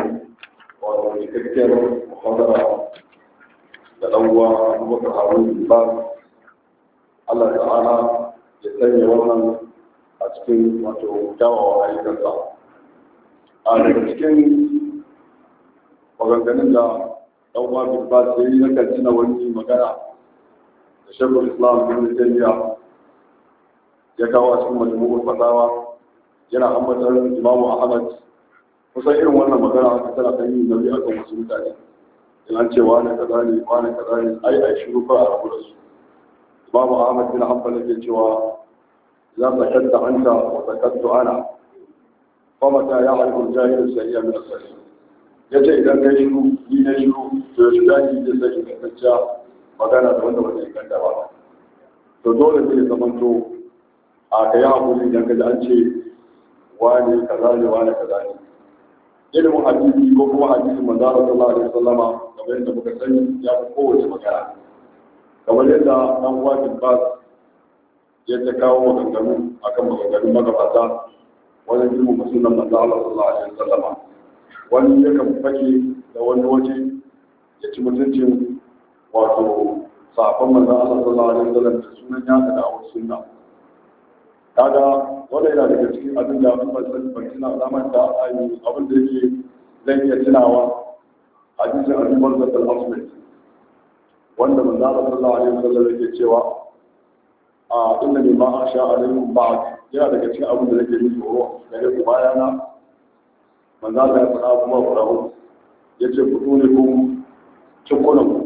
wato cikakkiyar muhammara da ɗanwa abubakar ba allah ya wannan a cikin wato kyawawan ayyukansa a cikin maganganun da ba sai na kan tuna wani magana da shagul islam bin taymiya ya kawo a cikin majmu'ul fatawa yana ambatar imamu ahmad kusan irin wannan magana aka tana kan yi nauyi akan wasu mutane ina cewa na kaza ne ba na kaza ne ai ai shiru ba a rabu da su imamu ahmad bin hanbal yake cewa za ka kanta anta wa sakantu ana fa mata ya alkul jahil sayya min as Ya ce idan ka yi shiru ni na shiru to ya shiga ni da sai ka magana da wanda wata inganta ba to dole ne zaman to a ka yi hakuri idan ka ji an ce wani kaza ne wani kaza ne ilimin hadisi ko kuma hadisin manzo Allah sallallahu alaihi wasallama kamar yadda muka sani ya fi kowace magana kamar yadda dan wajin bas ya ta kawo maganganu akan maganganu magabata wajen girmama sunan manzo Allah sallallahu alaihi wasallama wani yakan fake da wani waje ya ci mutuncin wato safon manzan Allah sallallahu alaihi da sunan ya da da'awar suna kaga wanda yana daga cikin abin da mun san ban tuna zaman da yi abin da yake zan iya tunawa a Abu Bakar al-Asmi wanda manzan yake cewa a inda ne ma a sha alaikum ba'd yana daga cikin abin da yake yi tsoro daga ku bayana ya faɗa kuma ku rawo ku cikunan ku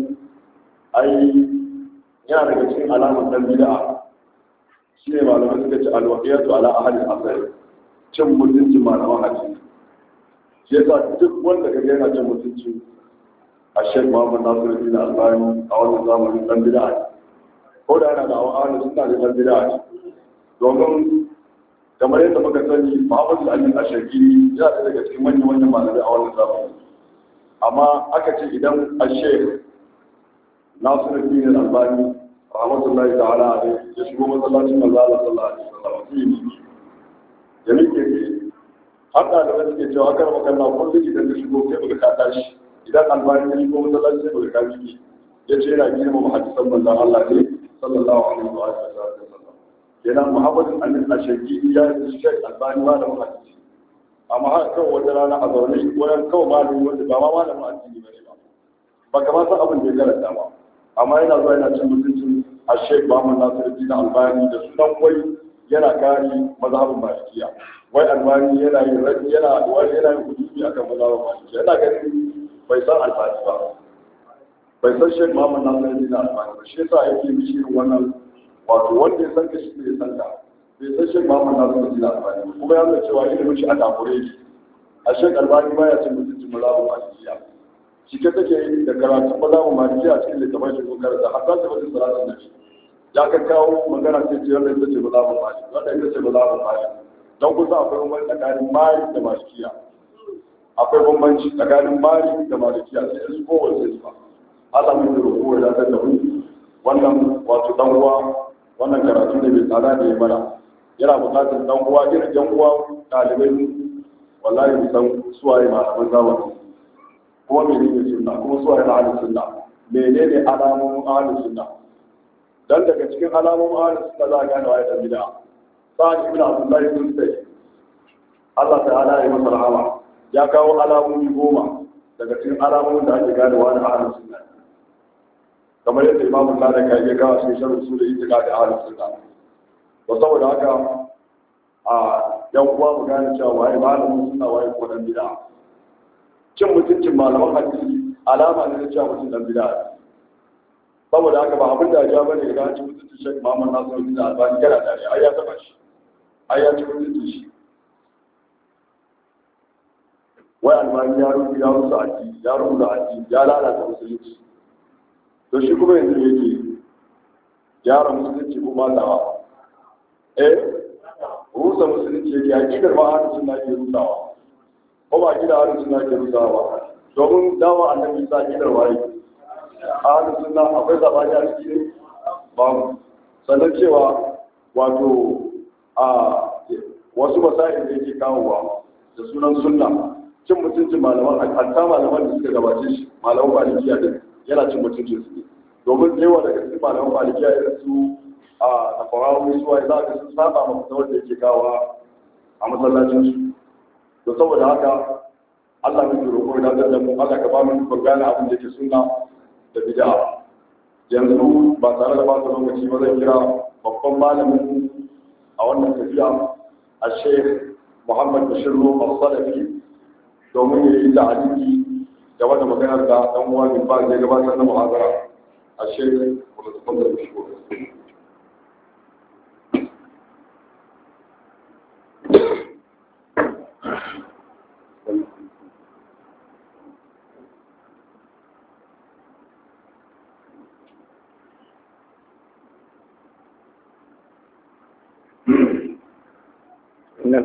ai yana daga cikin alamar dan bid'a shi ne malamai suka ce alwaqiyatu ala ahli al-asr cin mutunci malaman hadisi shi yasa duk wanda kaga yana cin mutunci a shek Muhammad Nasiruddin Albani a wannan zamanin dan bid'a ne ko da yana da awon ahli sunna ne dan bid'a ne domin kamar yadda muka sani Muhammad Ali Ashakiri yana daga cikin manyan manyan malamai a wani zamani. amma aka ce idan a nasiruddin al-albani rahmatullahi ta'ala alaihi ya shigo masallacin manzo Allah sallallahu alaihi wasallam ya miƙe ke hada da wasu ke cewa haka maka na kullu idan ka shigo kai baka ka tashi idan albani ya shigo masallaci sai baka ka miƙe ya ce yana girma muhaddisan manzon Allah ne sallallahu alaihi wa sallam yana ma da amma har kan wata rana a zaune kawai wanda ba ma malamin addini bane ba ba abin da ya karanta ba amma yana zuwa yana cin mutuncin a sheik da jina albani da sunan wai yana kare mazhabin malikiya wai albani yana yin rani yana wani yana yin hujjubi kan mazhabin malikiya yana ganin bai san albani ba bai san sheik da jina albani ba shi yasa yake shi wannan wato wanda ya san ka shi ne ya san ka bai san sheik da jina albani kuma ya zai cewa ilimin shi a takure shi a sheik albani baya cin mutuncin mazhabin malikiya cike take yi da karatu ba za mu maliki a cikin littafin shi kokar da hatta ta wajen salatin nabi ya ka kawo magana ce ce wanda ita ce ba za mu mali wanda ita ce ba za mu mali don kusa akwai wani tsakanin mali da malikiya akwai bambanci tsakanin mali da malikiya sai su kowace su ba Allah mun yi roƙo da ta tafi wannan wato dan uwa wannan karatu ne mai tsada da ya mana yana buƙatar dan uwa irin dan uwa ɗalibai wallahi mu san suwaye malaman zamani kuma menene sunna kuma suwa yana ahlus sunna menene alamomin ahlus sunna dan daga cikin alamomin ahlus sunna za a gane waye dan bid'a sa'ad ibn abdullahi ibn sai Allah ta'ala ya masa rahama ya kawo alamomi goma daga cikin alamomin da ake gane wani ahlus sunna kamar yadda imam sada ya yi kawo cikin sharri su da yi tuka da ahlus sunna to saboda haka a yan uwa mu gane cewa ya malamin sunna waye ko dan bid'a cin mutuncin malaman hadisi alama ne na cewa mutum dan bid'a saboda haka ba abin da ya ne ga cin mutuncin Sheikh nasu Nasir bin Albani kana da ai ya taba shi ayya ya ci mutuncin shi wai albani ya rubu ya rusa aji ya rubu aji ya lalata musulunci to shi kuma yanzu yake yaran musulunci kuma dawa eh rusa musulunci yake aqidar ma hadisin na ke rusawa ko ba gida ahlus sunna ke rusa ba domin dawa a annabi sa gidar waye ahlus na akwai sabani a cikin ba sannan cewa wato a wasu masail da yake kawowa da sunan sunna cin mutuncin malaman hatta malaman da suka gabace shi malaman malikiya din yana cin mutuncin su ne domin da yawa daga cikin malaman malikiya irin su a tafarawa mai suwa ya za ka sun saba ma fitowar da yake kawa a masallacin su to saboda haka Allah mai roƙo da da mu Allah ka ba mu ku gane abin da ke sunna da bid'a yanzu ba tare da ba ta lokaci ba zan kira babban malamin a wannan tafiya a Sheikh Muhammad Bashir Al-Salafi domin ya yi hadisi da wata maganar da ɗan uwa ne ba zai gabatar da muhazara a Sheikh Muhammad Bashir Al-Salafi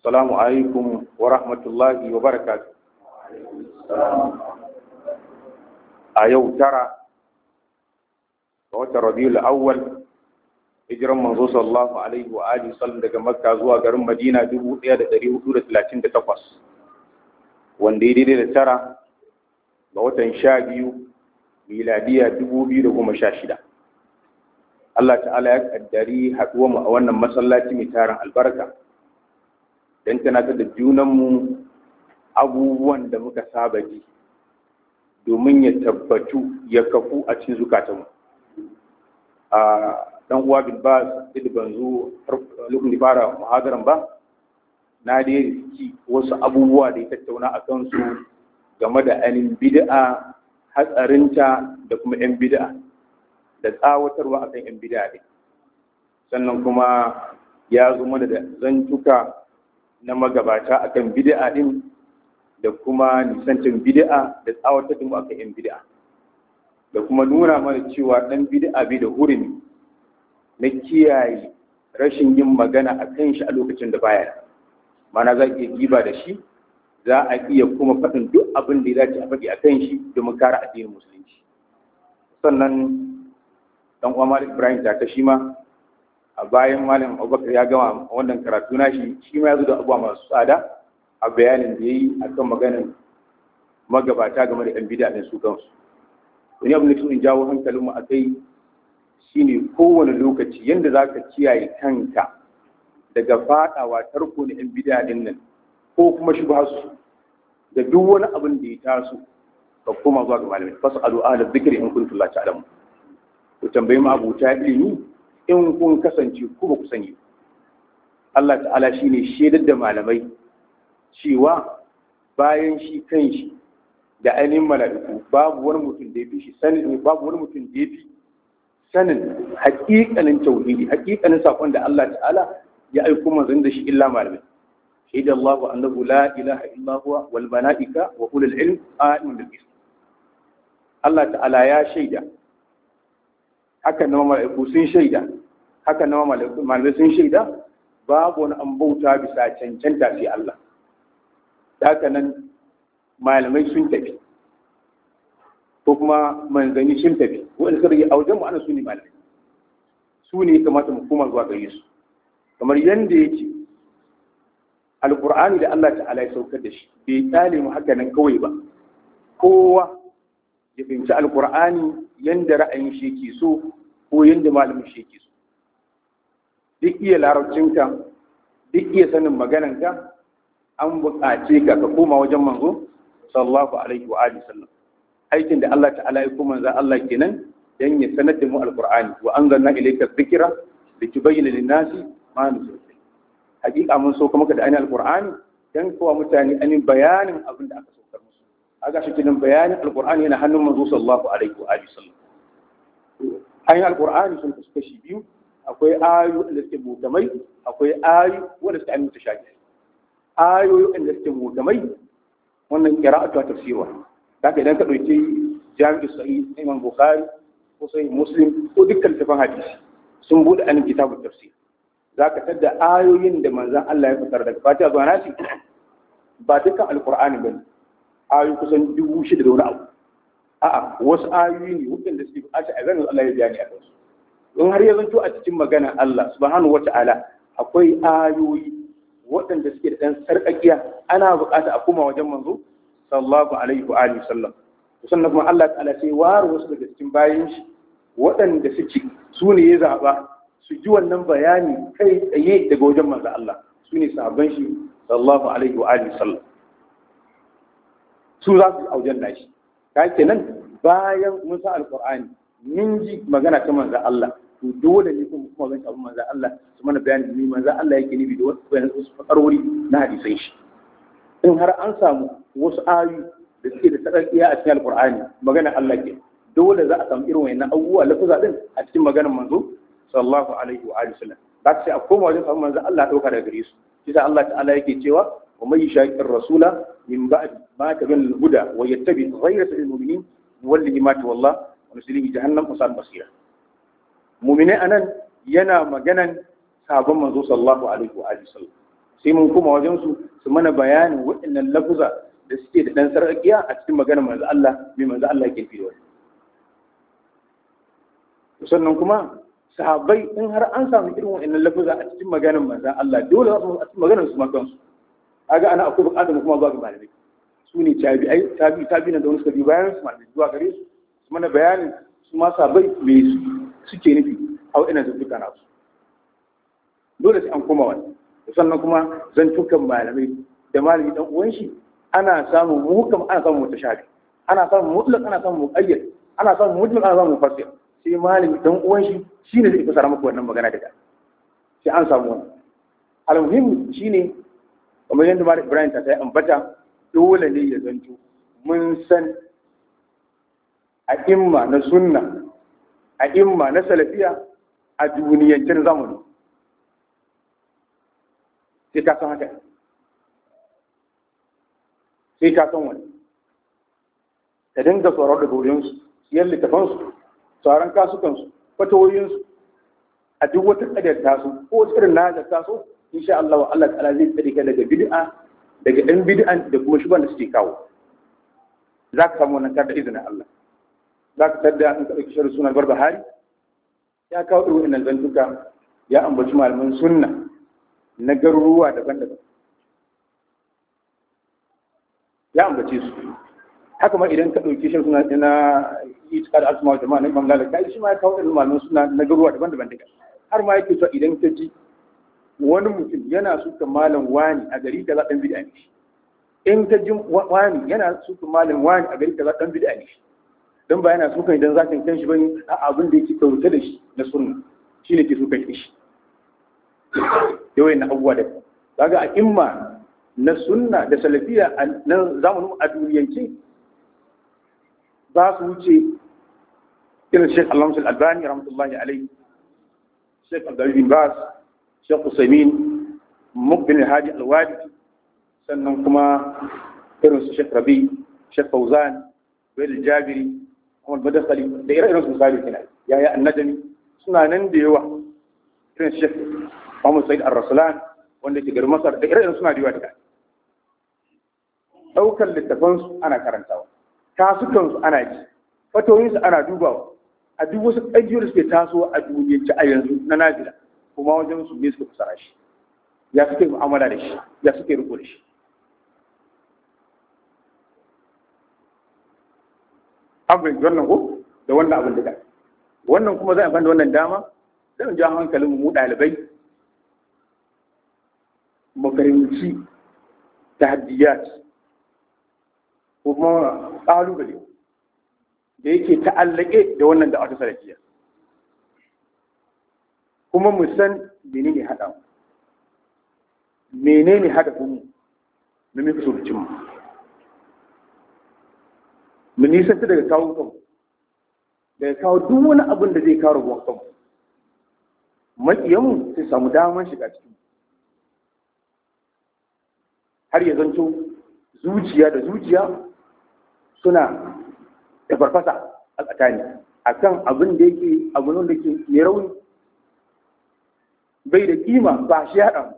Salamu alaikum wa rahmatullahi wa barakatu. A yau tara ga watan Rabiul Awwal hijiran manzo sallallahu alaihi wa alihi sallam daga Makka zuwa garin Madina 1438 wanda ya daidai da tara ga watan sha biyu miladiya 2016 Allah ta'ala ya kaddari haɗuwa mu a wannan masallaci mai tarin albarka don tunatar da mu abubuwan da muka saba ji domin ya tabbatu ya kafu a cikin zukatanmu a dan uwa bin ba ban zo lokacin da fara muhadaran ba na da ciki wasu abubuwa da ya tattauna a kansu game da ainihin bid'a hatsarinta da kuma 'yan bid'a da tsawatarwa a kan 'yan bid'a ɗin sannan kuma ya zo mana da zantuka na magabata akan bidi'a din da kuma nisancin bid'a da tsawatar da aka yin bid'a da kuma nuna mana cewa dan bidi'a bai da hurumi na kiyaye rashin yin magana a kan shi a lokacin da baya mana za a iya giba da shi za a iya kuma faɗin duk abin da ya dace a faɗi a kan shi domin kare addinin musulunci sannan dan uwa Malik Ibrahim ta shi ma a bayan malam abubakar ya gama wannan karatu na shi ma ya zo da abuwa masu tsada a bayanin da ya yi a kan maganin magabata game da 'yan bida ɗin su kansu wani abu da jawo hankalin mu a kai shine kowane lokaci yadda za ka kiyaye kanka daga faɗawa tarko na 'yan bida ɗin nan ko kuma shi su da duk wani abin da ya taso ka koma zuwa ga malamai fasu alu'a zikiri in kuntum la ta'lamu ku tambayi ma abota ilimi in kun kasance ku ba ku sani Allah ta'ala shi ne shaidar da malamai cewa bayan shi kan shi da ainihin mala'iku babu wani mutum da ya fi shi sanin babu wani mutum da ya fi sanin haƙiƙanin tauhidi haƙiƙanin saƙon da Allah ta'ala ya aiko manzon da shi illa malamai shaida Allah annahu la ilaha illa huwa wal mala'ika wa ulul ilm qa'imun bil Allah ta'ala ya shaida haka na mala'iku sun shaida haka nama mala'iku sun shaida babu wani an bauta bisa cancanta sai Allah haka nan malamai sun tafi ko kuma manzanni sun tafi Wani suka rage a wajen mu ana su ne malamai su ne ya kamata mu koma zuwa gare su kamar yadda yake Alƙur'ani da Allah ta'ala ya saukar da shi bai kyale mu haka nan kawai ba kowa ya fahimci alkur'ani yanda ra'ayin shi ke so ko yanda malamin shi ke so duk iya larabcinka duk iya sanin magananka an buƙace ka ka koma wajen manzo sallallahu alaihi wa alihi sallam aikin da Allah ta'ala ya kuma za Allah kenan dan ya sanar da mu alqur'ani wa anzalna ilayka dhikra litubayyana lin-nasi ma nuzila hakika mun so kuma ka da ainihin alqur'ani dan kowa mutane ainihin bayanin abin da aka saukar aga shi kinan bayanin alqur'ani yana hannun manzo sallallahu alaihi wa alihi sallam ayin alqur'ani sun kasu kashi biyu akwai ayu da suke mutamai akwai ayu wanda suke ayu tashaki ayoyin da suke mutamai wannan qira'atu ta tafsirwa kaga idan ka dauki jami'u sahih imam bukhari ko sahih muslim ko dukkan tafan hadisi sun bude an kitabut tafsir zaka tada ayoyin da manzon Allah ya fitar daga fatiha zuwa nasi ba dukkan alqur'ani bane ayu kusan dubu shida da wani abu a'a wasu ayoyi ne waɗanda suke buƙatar a zanen Allah ya biya ni a kansu don har ya zanto a cikin magana Allah subhanahu wata'ala akwai ayoyi waɗanda suke da ɗan sarƙaƙiya ana buƙata a koma wajen manzo sallallahu alaihi wa alihi sallam kusan kuma Allah ta'ala sai ware wasu daga cikin bayan shi waɗanda suke su ne ya zaɓa su ji wannan bayani kai tsaye daga wajen manzo Allah su ne sahabban shi sallallahu alaihi wa alihi sallam su za su aujen da shi ka nan bayan musa al alqur'ani mun ji magana ta manza Allah to dole ne kuma kuma zan abin manza Allah su mana bayani ne manza Allah yake nufi da wasu bayanan wasu fakarori na hadisan shi in har an samu wasu ayu da suke da sadaqiya a cikin alqur'ani magana Allah ke dole za a samu irin wayannan abubuwa lafuza din a cikin maganar manzo sallallahu alaihi wa alihi wasallam ba ta ce a koma wajen samun manza Allah dauka daga gare su shi Allah ta'ala yake cewa wa mai shaƙin rasula من بعد ما تبين الهدى ويتبع غير سبيل المؤمنين نوله ما تولى ونسليه جهنم وصار مصيره mu'minai anan yana maganan sabon manzo sallallahu alaihi wa alihi sallam sai mun kuma wajen su su mana bayanin waɗannan lafuza da suke da ɗan sarƙiya a cikin maganar manzo Allah mai manzo Allah ke fi wani sannan kuma sahabbai in har an samu irin waɗannan lafuza a cikin maganar manzo Allah dole a cikin maganar su ma kansu Aga ana akwai bukatar kuma zuwa ga malamai su ne tabi'ai tabi'i na da wani suka bi bayan su malamai zuwa gare su su mana bayanin su ma sabai me suke nufi a waɗannan zantuka na su dole sai an koma wani sannan kuma zan tukan malamai da malami dan uwan shi ana samun muhukam ana samun shafi ana samun mutlaq ana samun muqayyad ana samun mutlaq ana samun mufassir sai malami dan uwan shi shine zai fasara muku wannan magana daga sai an samu wannan almuhim shine kamar yadda mara ibrahim ta sai ambata dole ne ya zanto mun san a imma na sunna a imma na salafiya a duniyancin zamani sai ka san haka sai ka san wani ka dinga tsoron da gorinsu siyan littafansu tsoron kasukansu fatawoyinsu a duk wata kadar tasu ko wata na nazar tasu insha Allah Allah ta'ala zai tsare ka daga bid'a daga ɗan bid'an da kuma shi da suke kawo za ka samu wannan kada izinin Allah za ka tadda in ka ɗauki shirin sunan barbahari ya kawo irin wannan zantuka ya ambaci malaman sunna na garuruwa daban-daban ya ambace su haka ma idan ka ɗauki shirin sunan na kada asma jama'a na imam lalaka shi ma ya kawo irin malaman sunna na garuruwa daban-daban daga har ma yake so idan ka ji wani mutum yana suka malam wani a gari kaza dan bid'a ne in ka ji wani yana suka malam wani a gari kaza dan bid'a ne Don ba yana suka idan zakin kanshi bane a abin da yake kauce da shi na sunna ne ke suka shi yawai na abuwa da kaga a imma na sunna da salafiya na zamanin a duniyance za su wuce irin Sheikh Alhamdul Albani rahmatullahi alaihi Sheikh Abdul Bin Bas Sheikh Usaimin Mubin Hadi Alwadi sannan kuma irin su Sheikh Rabi Sheikh Fauzan Wail Jabiri Ahmad Badakhali da ire-iren su misali kenan yaya annadami suna nan da yawa irin Sheikh Muhammad Said Ar-Rasulan wanda ke garin Masar da ire-iren suna da yawa da daukar littafansu ana karantawa su ana ji fatoyinsu ana dubawa a duk wasu ƙajiyoyi da suke tasowa a duniyance a yanzu na Najeriya kuma wajen su me suka fasara shi ya suke mu'amala da shi ya suke riko da shi an fahimci wannan ko da wannan abin da wannan kuma zai amfani da wannan dama zan ja hankalin mu ɗalibai mu fahimci hadiyya ko kuma ƙalubale da yake ta'allake da wannan da wata salafiya kuma mu san menene haɗa mene menene haɗa kuma na mai kaso mu mu ta daga kawo kanmu daga kawo duk wani abin da zai kawo ruwan kan maƙiyanmu sai samu damar shiga cikin har ya zanto zuciya da zuciya suna da farfasa a tsakani akan abin da yake abin da ke mai rauni bai da kima ba shi haɗa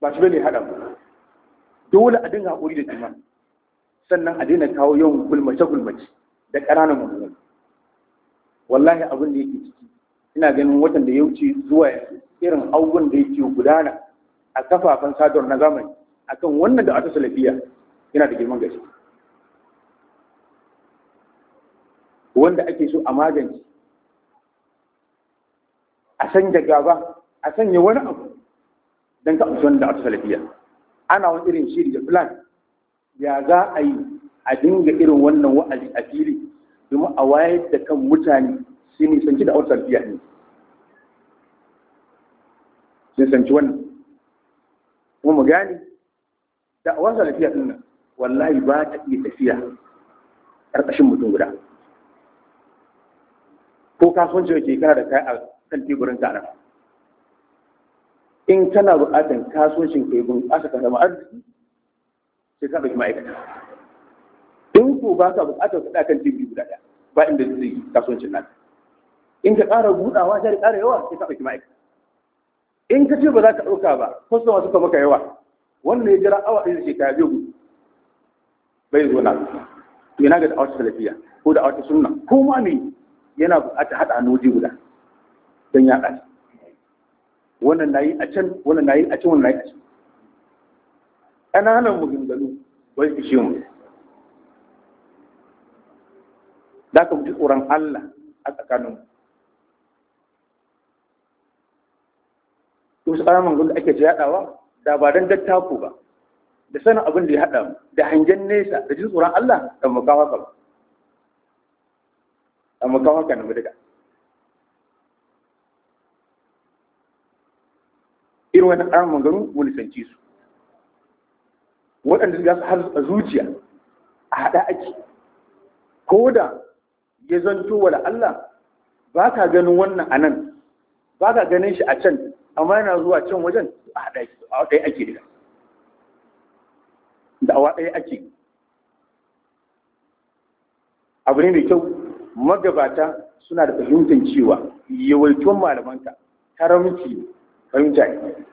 ba shi bane haɗa dole a dinga haƙuri da kima sannan a daina kawo yawan gulmace gulmace da ƙananan mutum wallahi abin da yake ciki ina ganin watan da ya wuce zuwa irin abubuwan da yake gudana a kafafen sadar na zamani akan wannan da ata salafiya yana da girman gaske wanda ake so a magance a sanya gaba a sanya wani abu don ka amshi wanda a salafiya ana wani irin shiri da plan ya za a yi a dinga irin wannan wa'azi a fili domin a wayar da kan mutane ne sanci da autar salafiya ne sanci wannan kuma mu gane da a wasu lafiya ɗin nan wallahi ba ta iya tafiya ƙarƙashin mutum guda ko kasuwanci yake kana da kai a kan teburin taron in kana buƙatar kasuwancin kai gun bunƙasa ka zama arziki sai ka ɗauki ma'aikata in ko ba ka buƙatar kuɗa kan teburi guda ɗaya ba inda zai yi kasuwancin nan. in ka ƙara buɗawa sai ƙara yawa sai ka ɗauki ma'aikata in ka ce ba za ka ɗauka ba kwastoma suka maka yawa wannan ya jira awa ɗaya da shekara zai gudu bai zo na to yana ga da awata salafiya ko da awata sunna ko ma me yana buƙatar haɗa hannu guda don ya ɗata wannan na yi a can wannan na yi a can wannan na yi a can ƙananan maganganu wai fi shi mu da ka ji tsoron Allah a tsakanin mu wasu ƙananan maganganu ake ce yaɗawa da ba don dattako ba da sanin abin da ya haɗa mu da hangen nesa da jin tsoron Allah da mu kawo haka ba da mu kawo haka na mu daga irin wannan ƙarin mangaru mu nisanci su waɗanda za su har zuciya a haɗa ake ko da ya zanto wa Allah ba ka ganin wannan a nan ba ka ganin shi a can amma yana zuwa can wajen a haɗa ake a ɗaya ake da da awa ɗaya ake abu ne mai kyau magabata suna da fahimtar cewa yawaitun malamanka karamci, fahimta ne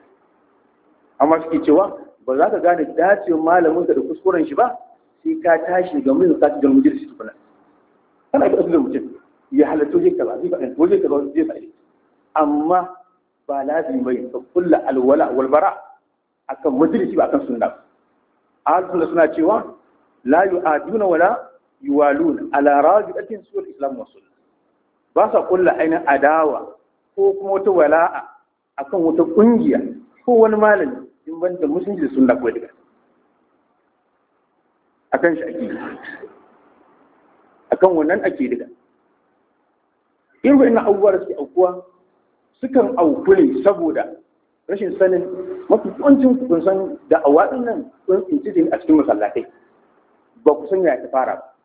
amma suke cewa ba za ka gane dacewar malaminka da kuskuren shi ba sai ka tashi ga mun ka ci galmujir shi tukuna kana ga azumin mutum ya halatto zai kaza zai faɗin wajen kaza zai faɗi amma ba lazimi bai ka kulla alwala walbara a kan majalisi ba a akan sunna ahlus suna cewa la yu'aduna wala yuwaluna ala raji'atin sur islam wa sunna ba sa kulla ainihin adawa ko kuma wata wala'a akan wata ƙungiya. ko wani malami in ban da musulunci da sunna kuwa daga akan shi ake kan wannan ake daga irin wani abubuwa da suke aukuwa sukan auku ne saboda rashin sanin mafi kwancin kusan san da a waɗin nan kun tsinci a cikin masallatai ba ku sanya ya ta fara ba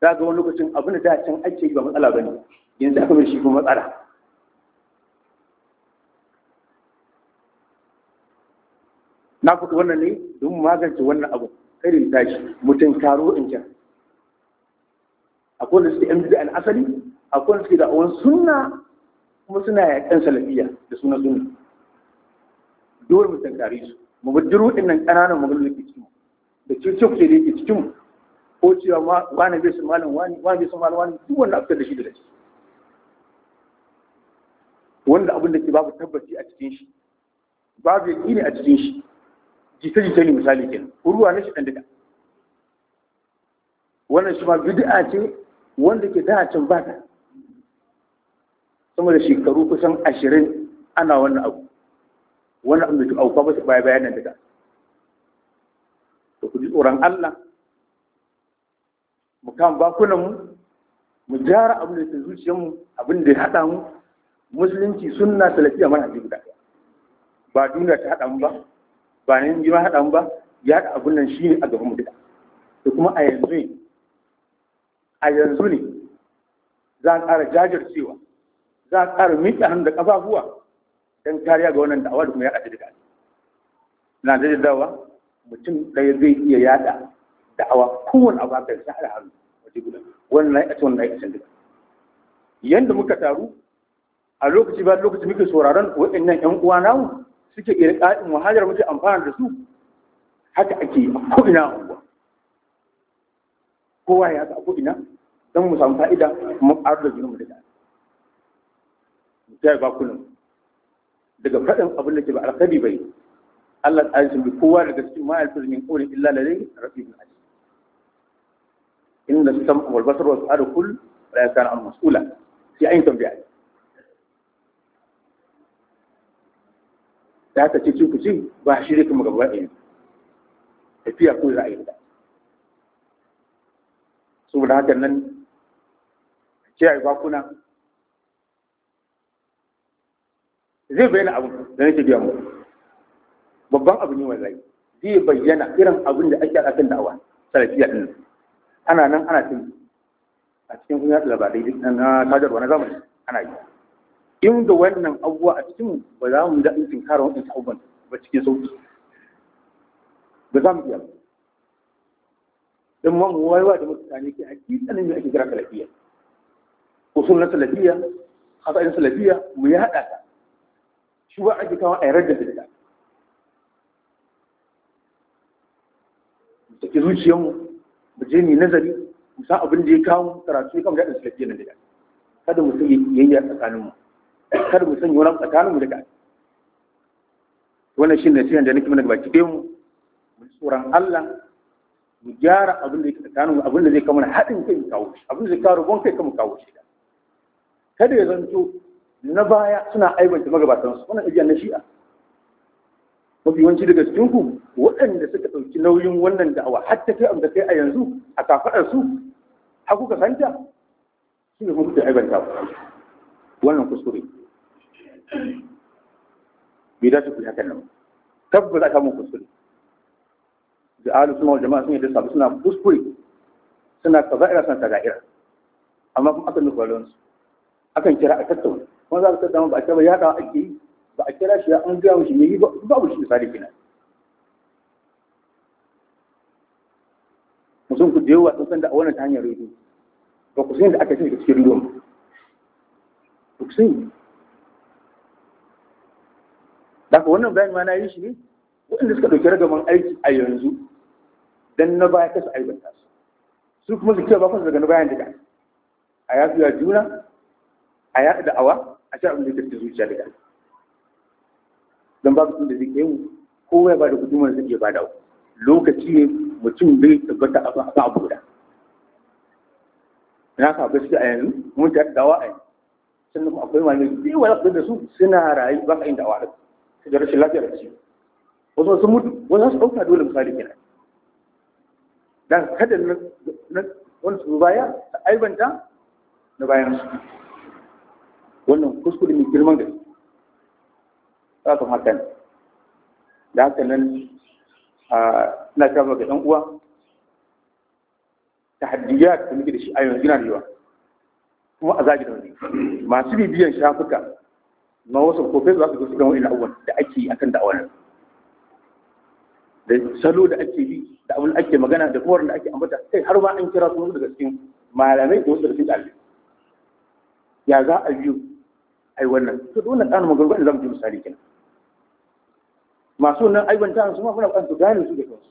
za ga wani lokacin abin da ta can ake ba matsala ba ne yanzu aka mai shi kuma matsala na faɗi wannan ne don magance wannan abu karin tashi mutum karo in can akwai da suke yan an asali akwai da suke da awon suna kuma suna yaƙan salafiya da suna suna dole mutum tankare su mu bi duru din nan ƙananan magana da ke cikin da da ke cikin ko cewa wani bai su malam wani wani bai su malam wani duk wanda aka da shi da shi wanda abin da ke babu tabbaci a cikin shi babu yaƙini a cikin shi jita-jita ne misali ke ruwa na shiɗan duka wannan shi ma bid'a ce wanda ke da can ba ta sama da shekaru kusan ashirin ana wannan abu wannan abu da auka ba su baya bayanan duka to ku ji tsoron Allah mu kan bakunan mu mu jara abin da ke zuciyar mu abin da ya haɗa mu musulunci sunna salafiya mana guda ba duniya ta haɗa mu ba ba ne yi ma haɗa mu ba ya haɗa abun nan shi ne a gaban mu duka da kuma a yanzu ne a yanzu ne za a ƙara jajircewa za a ƙara miƙe hannu da ƙafafuwa don kariya ga wannan da'awa da kuma yaɗa ta duka na da dawa mutum ɗaya zai iya yaɗa da'awa kowane abu haka ya haɗa hannu waje guda wannan na yaɗa wannan na duka yanda muka taru a lokaci ba lokaci muke sauraron waɗannan ƴan uwa namu suke iri irƙa'in wahalar mace amfana da su haka ake a ko'ina a unguwa kowa ya ta ko'ina don mu samu fa'ida mu ƙaru da junanmu da ta ta yi bakunan daga faɗin abin da ke ba alkhairi bai Allah ta sun bi kowa daga cikin ma'aikatan min qawlin illa rafi raqibun atid inda su samu basara wa al da ya yakana an masu'ula sai ayin tambaya da aka ce cin kuci ba shi ne kuma gaba ɗaya tafiya ko za a yi da saboda haka nan kiyaye bakuna zai bayyana abu da nake biya mu babban abu ne wallahi zai bayyana irin abin da ake akan da'awa salafiya ɗin ana nan ana cin a cikin kunya labarai na sadarwa na zamani ana yi inda wannan abubuwa a cikin ba za mu daɗin tinkara wannan abubuwan ba cikin sauƙi ba za mu iya ba don ma mu wayewa da mutane ke ne mai ake kira salafiya usul na salafiya hasa'in salafiya mu ya haɗa ta shi ba ake kawo a yarar da ta take zuciyarmu mu je mu nazari mu san abin da ya kawo karatu ya kama daɗin talafiya na gida kada mu sai yayya tsakaninmu kada mu sanya wani tsakanin mu daga wannan shi ne nasihan da nake mana baki ɗayan mu mu tsoron Allah mu gyara abin da yake tsakanin mu abin da zai kawo haɗin kai mu kawo shi abin da zai kawo rubon kai mu kawo shi kada ya zanto na baya suna aibanta magabatan su wannan ɗabi'a na shi'a mafi yawanci daga cikin ku waɗanda suka ɗauki nauyin wannan da'awa har ta kai da kai a yanzu a kafaɗar su har kuka santa shi ne kuma kuka aibanta wannan kuskure bai dace ku hakan nan tabbas aka mun kuskure da ahlu sunna wal jama'a sun yi sabu suna kuskure suna kaza'ira suna kaza'ira amma kuma akan nufa lawan su akan kira a tattauna kuma za ka tattauna ba a kira ya da ake yi ba a kira shi ya an gaya mishi me yi ba, babu shi misali kenan mutum ku da yawa sun san da a wannan ta hanyar rediyo ba ku san da aka ce daga cikin rediyo ba ku san Daga wannan bayani ma na yi shi ne waɗanda suka ɗauki ragaman aiki a yanzu dan na baya kasu aibanta su. Su kuma su ba bakon daga na bayan daga. A ya fiya juna, a yaɗa awa, a sha abin da ke zuciya daga. Don babu da zai kai ko kowa ya ba da gudunmawar zai iya ba da lokaci ne mutum bai tabbata a ba abu Da Na ka gaskiya a yanzu, mun ta dawa a yanzu. Sannan akwai malamai da yawa da su suna rayu ba ka yin awa da su. da rashin lafiya da ciwo wasu sun mutu wasu su ɗauka dole misali kenan dan kada na wani su baya ta aibanta na bayan su wannan kuskure mai girman gaske tsakon haka ne da haka nan ina ta ga ɗan uwa ta haddiya da muke da shi a yanzu yana da yawa kuma a zagi da wani masu bibiyan shafuka ma wasu kofai za su zo su gan abubuwan da ake yi akan da'awar da salo da ake yi da abin ake magana da kowar da ake ambata kai har ma an kira su daga cikin malamai da wasu daga cikin ɗalibai ya za a biyu ai wannan to da wannan ƙanin magana za mu ji misali kenan masu nan aibanta su ma muna kwanta su gane su da kansu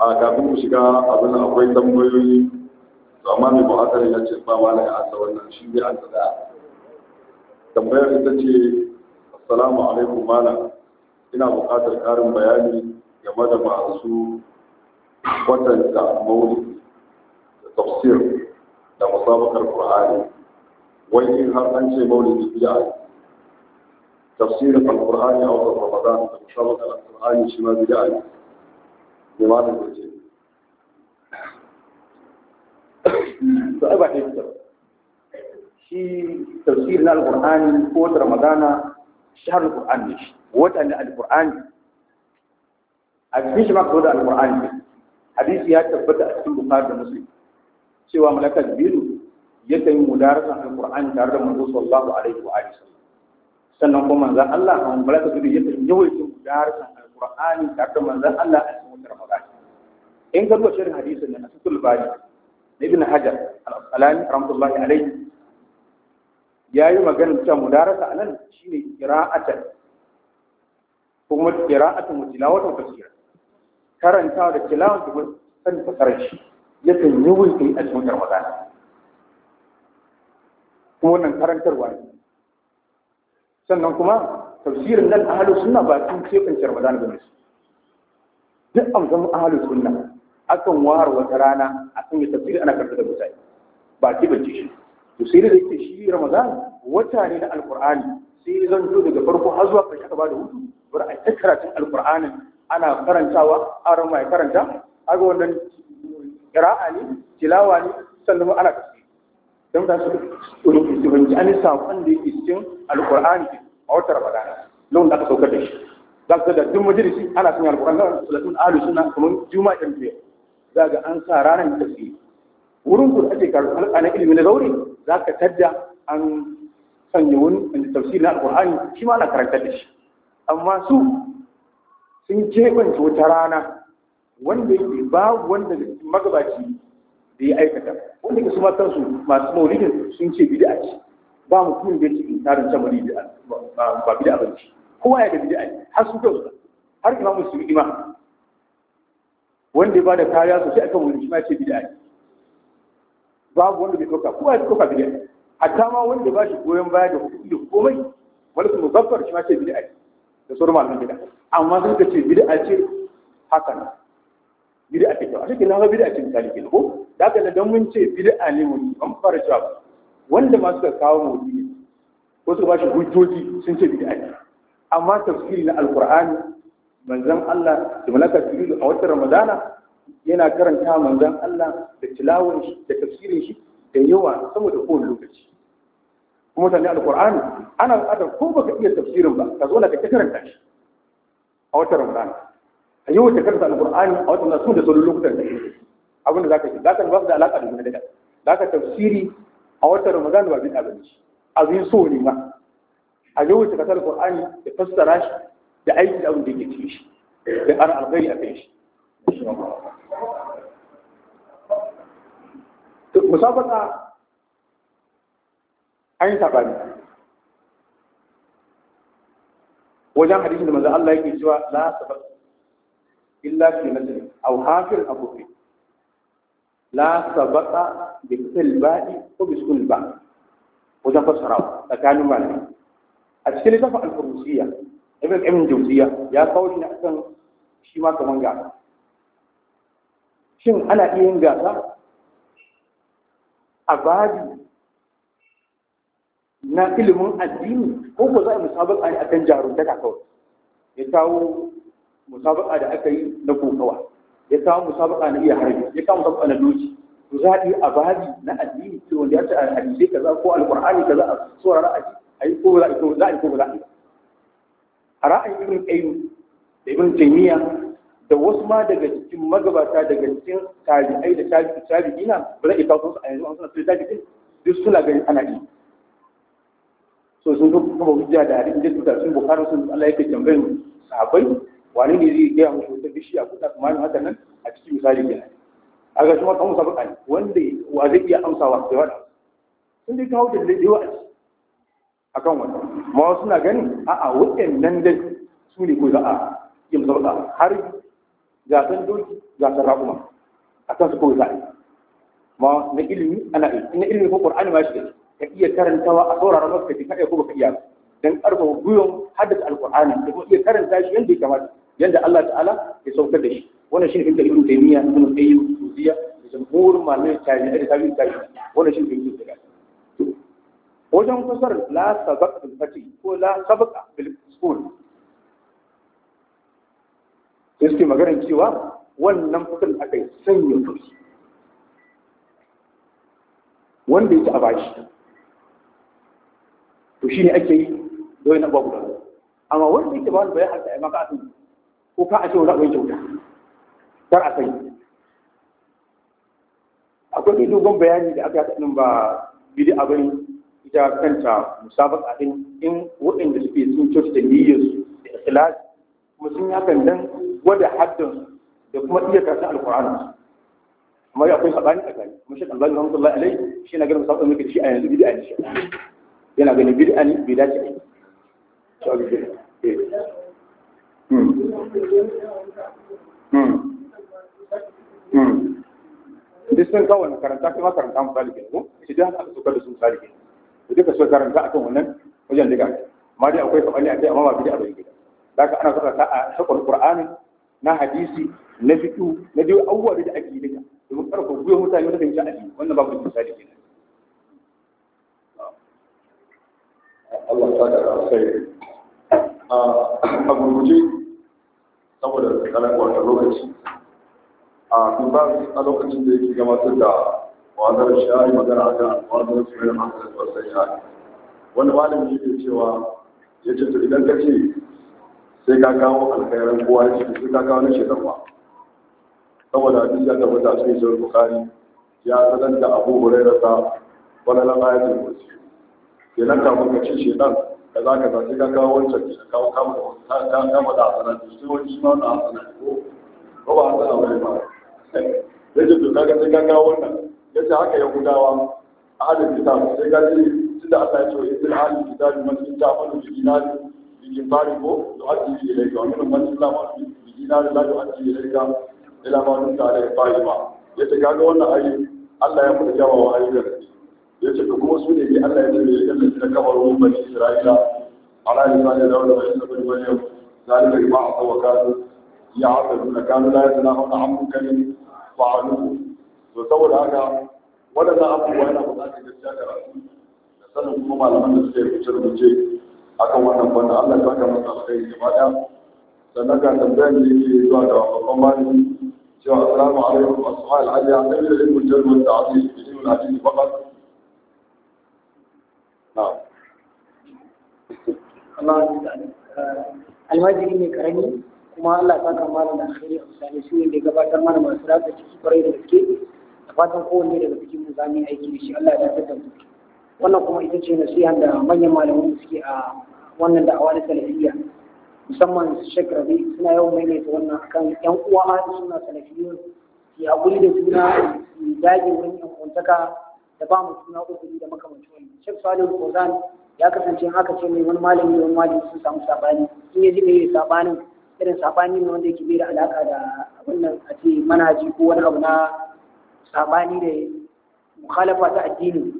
a kafin mu shiga abin akwai tambayoyi to amma mai buhatar ya ce ba wala a asa wannan shi ne an tsada tambayar ita ce assalamu alaikum malam ina buƙatar ƙarin bayani game da masu kwatanta maulidi da tafsir da musabakar qur'ani wai in har an ce maulidi bid'a tafsirin alqur'ani a watan ramadan da musabakar alqur'ani shi ma bid'a limanin da to ai ba ta yi shi tafsir na alƙur'ani ko wata ramadana shahar alƙur'ani ne wata ne alƙur'ani a cikin shi ma ka zo da alƙur'ani ne hadisi ya tabbata a cikin bukari da muslim cewa malaka jibiru yakan yi mudarasan alqur'ani tare da manzo sallallahu alaihi wa alihi sannan kuma manzon Allah malaka jibiru yakan yawaita mudarasan Qur'ani tare da manzon Allah a cikin wannan ramadan in ga duba shirin hadisin nan a cikin bari na ibn hajar al-asqalani rahmatullahi alayhi yayi magana cewa mudarasa anan shine qira'atan ko kuma qira'atu mutilawatu tafsir karanta da tilawatu da san fasarar shi yakan yi wuce a cikin ramadan kuma wannan karantarwa ne sannan kuma tafsirin nan ahalus sunna ba tun keɓance ramadan ba ne duk amsan ahalus sunna akan wahar wata rana a sanya tafsiri ana karɓar da mutane ba keɓance shi to sai da yake shi ramadan wata ne na alqur'ani sai zan zo daga farko har zuwa ƙarshe ka ba da hutu bar a ta karatun alqur'anin ana karantawa A ran mai karanta aga wannan qira'a ne tilawa ne sannan ana tafsiri don ta su ɗauki su fahimci an saƙon da yake cikin alqur'ani a wata ramadana lokacin da aka saukar da shi za ka da duk ana sun alƙur'an da sulatun ahlu sunna kamar juma'a ɗin biyar za ga an sa ranar tafsiri wurin da ake karatu halka na ilimi na zauri za ka tadda an sanya wani tafsiri na alƙur'ani shi ana karantar da shi amma wata rana wanda yake babu wanda magabaci da ya aikata wanda ke su masu maulidin sun ce bid'a ce ba mutum da cikin tarin samari da ba bid'a ba ce kowa ya da bid'a har su kansu har imam yi ma wanda ba da kariya aka akan wani ma ce bid'a ne babu wanda bai ɗauka kowa ya ɗauka bid'a ai hatta ma wanda ba shi goyon baya da kuɗi da komai wani kuma babbar shi ma ce bid'a ai da sauran malamin bid'a amma sun ka ce bid'a ce haka ne bid'a ce kyau a cikin na bid'a ce misali kenan ko da haka da don mun ce bid'a ne mun ban fara cewa wanda ma suka kawo mawudi ne wasu ba shi hujjoji sun ce bid'a aiki amma tafsiri na alqur'ani manzon Allah da malaka jibril a watan ramadana yana karanta manzon Allah da tilawun shi da tafsirin shi da yawa saboda kowane lokaci kuma mutane alqur'ani ana buƙatar ko baka iya tafsirin ba ka zo na ka karanta shi a watan ramadana a yau ta karanta alqur'ani a watan nasu da sauran lokutan da abinda za zaka yi zaka ba su da alaka da wani daga zaka tafsiri a watan ramadan ba bid'a bane shi abin so ne ma a yau ta kasar qur'ani da fassara shi da aiki da abin da yake cikin shi da ana alkhairi a kai shi musabaka an yi sabani wajen hadisin da manzo Allah yake cewa la sabab illa fi masjid aw hafir abu fi la sabaka bi fil ba'i ko bi sul ba wajen fassarawa tsakanin malami. a cikin littafin al-furusiyya ibn ibn jawziya ya kawo shi akan shi ma kaman ga shin ana iya yin gasa a babi na ilimin addini ko ko za a musabaka ne akan ka kawai ya kawo musabaka da aka yi na kokawa ya kawo musabaka na iya harbi ya kawo musabaka na doki to zaɓi a babi na addini ce wanda ya ce a hadisai kaza ko alqur'ani kaza a tsoron ra'ayi ayi ko za a ko za a ko za a ra'ayin ibn qayyim da ibn taymiya da wasu ma daga cikin magabata daga cikin tabi'ai da tabi'i na ba za a kawo su a yanzu an suna sai tabi'in duk suna ganin ana yi so sun kuma hujja da hadisi da sun bukhari sun Allah yake tambayar sahabbai wani ne zai gaya musu wata bishiya ko tsammanin haka nan a cikin misali ke a ga kuma kamar baka ne wanda wa zai iya amsawa sai wani sun dai kawo dalilai da yawa a kan wata ma wasu na ganin a'a nan dai su ne ko za a yi baka har gasan doki gasan raƙuma a kan su ko za a yi ma na ilimi ana yi na ilimi ko ƙur'ani ma shi ka iya karantawa a saurara maka ka ji ka ko baka iya ba dan karfafa gwiwan haddace alqur'ani da kuma iya karanta shi yanda ya kamata yanda Allah ta'ala ya saukar da shi wannan shine fitar ibnu taymiya ibnu qayyim tuziya da jamhur malamai tabi'i da ta yi wannan shine fitar da shi wajen kusar la sabaq bil fati ko la sabaq bil sukun sai magana cewa wannan fitar aka yi sanya fushi wanda ya ci a bashi to shine ake yi dole na babu da amma wanda yake ba bai haka maka a tun ko ka a ce wani abin kyauta kar a sani akwai dai dogon bayani da aka yi ba bidi a bari ita kanta musabaka din in da suke sun da niyyarsu da ikhlas kuma sun yi hakan dan gwada haddin da kuma iya karatun alkur'ani amma ya kai sabani a gani kuma shekar zagin rahmatullahi alai shi na ganin musabaka muke shi a yanzu a ne shi yana ganin bidi ne bai dace a abin hmm. hmm. hmm. karanta kuma karanta misali ke shi aka suka da su misali ke duka karanta akan wannan wajen diga dai akwai kamar ne akai amma ba bid'a gida ana a sakon qur'ani na hadisi na na dai abubuwa da ake yi domin karfa mutane da kan wannan babu misali ke Allah ta da sai a gurguje saboda kalan wata lokaci a duba a lokacin da yake gabatar da wazar shari'a magana a kan wazar tsirrai masu hankali wasan shari wani malami yake cewa ya ce to idan ka ce sai ka kawo alkhairan kowa ya ce sai ka kawo na shekar ba saboda duk ya tabbata cikin shirin bukari ya sanar da abubuwan hurairar sa wani lamarin da wasu nan kafin ka ce shedan da za ka ba ga kawo wancan da kawo kama da asana da su to sai wani shi ma wannan ko ko ba hasana wani ba ya ce to ga sai ka kawo wannan ya ce haka yahudawa a halin kitab sai ka ce tunda Allah ya ce ya tun halin kitab man sun ta amalu bi dinari bi kinfari ko to hadi bi ilaika wa minhum man sun ta amalu bi dinari la yu'addi ilaika ila ma nunta alaihi fa'ima ya ce kaga wannan ayi Allah ya mutu jawawa ayyukan ya ce kuma su ne ke Allah ya ce ya kasance da kamar wani bani Isra'ila ala da ya dawo da bai sabbin wani yau zalika ma a tsawa kanu ya haka nuna kanu da ya tana hauna hannun kanin fa'alu to saboda haka waɗannan abubuwa yana ba za ka gaskiya da rasu da sanin kuma malaman da suke rubuce rubuce akan wannan fannin Allah ya saka masa alkhairi gaba ɗaya sannan ga tambayar da yake zuwa ga babban malami cewa assalamu alaikum asma'il aliya ɗan da ilmin jalmin da ake yi ilmin hadisi fakat Eh, almajiri ne karami kuma Allah ta saka malam da alheri a misali su ne da gabatar mana masu ratsa ciki kwarai da gaske da fatan kowanne daga cikin mu za aiki da shi Allah ya da mu wannan kuma ita ce nasiha da manyan malaman suke a wannan da'awa na salafiyya musamman Sheikh Rabi suna yawan maimaita wannan akan yan uwa suna sunna salafiyyun su hakuri da juna su dage wurin yan da ba mu suna uzuri da makamancin wannan Sheikh Salihu ya kasance haka ce mai wani malami da wani malami sun samu sabani in ya ji mai sabanin irin sabani ne wanda yake bai da alaka da abin nan a ce manhaji ko wani abu na sabani da mukhalafa ta addini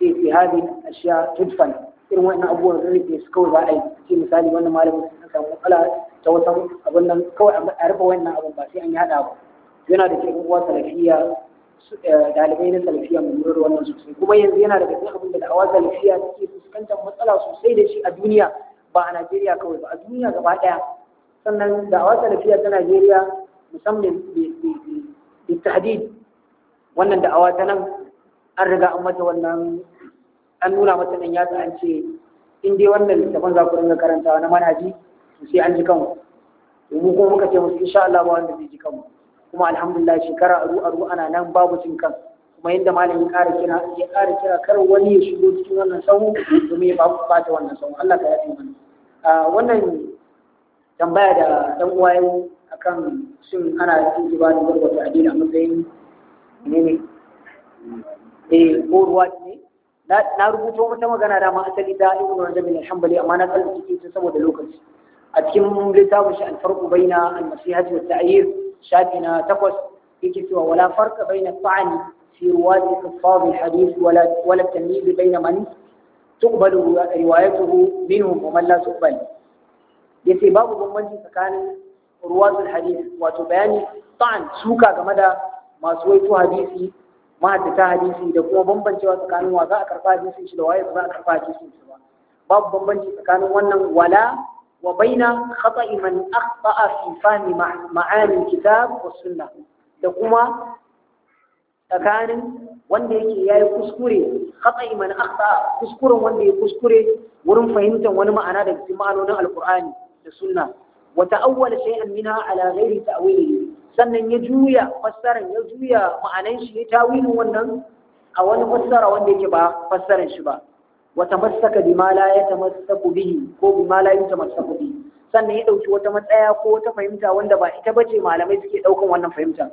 sai ce hadi ashiya tudfan irin wannan abubuwan sun rike su kawai ba a yi misali wannan malamin sun samu matsala ta wata abin nan kawai a rufe wannan abin ba sai an yi ba yana da cikin uwa salafiya dalibai eh, na salafiya mu lura wannan sosai kuma yanzu yana da cikin abin da da'awa salafiya take fuskantar matsala sosai da shi a duniya ba a Najeriya kawai ba a duniya gaba ɗaya sannan da awa salafiya ta Najeriya musamman da tahdid wannan da awa nan an riga an mata wannan an nuna mata nan ya an ce in dai wannan littafin za ku dinga karantawa na manhaji to sai an ji kanku mu kuma muka ce musu insha Allah ba wanda zai ji kanmu kuma alhamdulillah shekara aru aru ana nan babu cin kan. kuma yadda malam ya ƙara kira ya ƙara kira kar wani ya shigo cikin wannan sahu domin ya ta wannan sahu Allah ka yafe mana wannan tambaya da dan uwa yau akan shin ana cikin ibada gurgurta addini a matsayin ne ne eh ko ruwa ne na rubuto wata magana da ma asali da ibnu rajab bin hanbali amma na kalli cikin ta saboda lokaci a cikin littafin shi al-farqu baina al-masihati wa ta'yir shafi na takwas yake cewa wala farqa baina ta'ani في رواة حفاظ الحديث ولا ولا التمييز بين من تقبل روايته منهم ومن لا تقبل yace babu bambanci tsakanin ruwatul hadith wato bayani ta'an suka game da masu waito hadisi mahaddata hadisi da kuma bambancewa tsakanin wa a karba hadisin shi da waye za a karba hadisin shi babu bambanci tsakanin wannan wala wa baina khata'i man akhta'a ma'ani kitab wa da kuma tsakanin wanda yake yayi kuskure khatai iman akhta kuskuren wanda ya kuskure wurin fahimtar wani ma'ana da cikin ma'anonin alqur'ani da sunna wa ta'awwala shay'an minha ala ghairi ta'wilihi sannan ya juya fassaran ya juya ma'anan shi ya tawilin wannan a wani fassara wanda yake ba fassaran shi ba wa tamassaka bima la yatamassaku bihi ko bima la yatamassaku bihi sannan ya dauki wata matsaya ko wata fahimta wanda ba ita bace malamai suke daukan wannan fahimta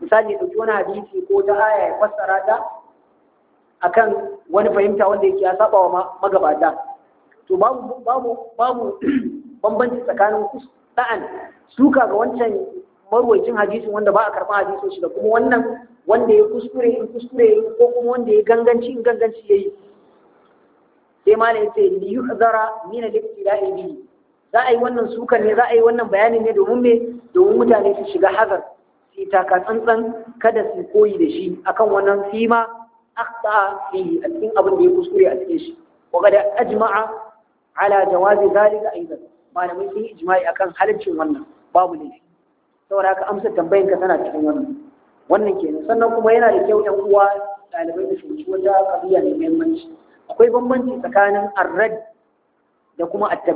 misali ya ɗauki wani hadisi ko ta aya ya fassara ta akan wani fahimta wanda yake ya saba wa magabata to babu babu babu bambanci tsakanin sa'an suka ga wancan marwacin hadisin wanda ba a karɓa hadisin shi da kuma wannan wanda ya kuskure in kuskure ko kuma wanda ya ganganci in ganganci yayi sai malam yace li yuhzara min al-ibtila'i bihi za a yi wannan sukan ne za a yi wannan bayanin ne domin me domin mutane su shiga hazar su taka tsantsan kada su koyi da shi akan wannan fima akhta fi a cikin abin da ya kuskure a cikin shi wa qad ajma'a ala jawazi zalika aidan malamai sun yi ijma'i akan halaccin wannan babu laifi saboda haka amsa tambayin ka tana cikin wannan wannan kenan sannan kuma yana da kyau ɗan uwa ɗalibai da shugabanci wata kabiya mai muhimmanci akwai bambanci tsakanin arrad da kuma at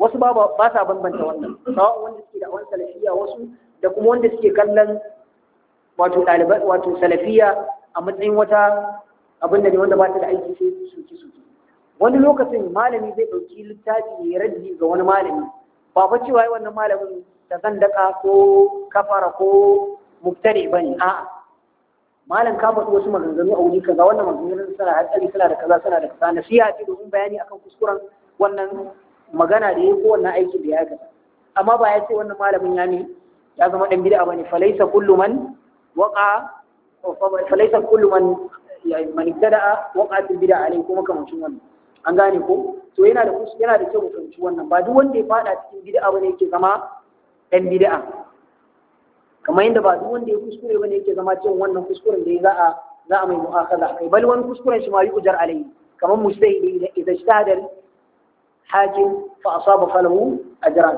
wasu ba sa bambanta wannan sawa wanda suke da awon salafiya wasu da kuma wanda suke kallon wato ɗaliban wato salafiya a matsayin wata abin da ne wanda ba ta da aiki sai suke suki wani lokacin malami zai ɗauki littafi ya raddi ga wani malami ba fa cewa wannan malamin ta zandaka ko kafara ko muftare bane a'a malam ka faɗi wasu maganganu a wuri kaza wannan maganganun suna hatsari suna da kaza suna da kaza nasiha ce domin bayani akan kuskuren wannan magana da ya ko wannan aiki da ya gaba amma ba ya ce wannan malamin ya ne ya zama ɗan bid'a bane falaisa kullu man waqa falaisa kullu man man ibtada'a waqa fil bid'a alai kuma kamar cin wannan an gane ko to yana da yana da kyau mu wannan ba duk wanda ya fada cikin bid'a bane yake zama ɗan bid'a kamar yadda ba duk wanda ya kuskure bane yake zama cin wannan kuskuren da ya za a za a mai mu'akaza kai bal wani kuskuren shi ma yi ujar alai kamar mustahidi idan ijtahada hakim fa asaba falahu ajran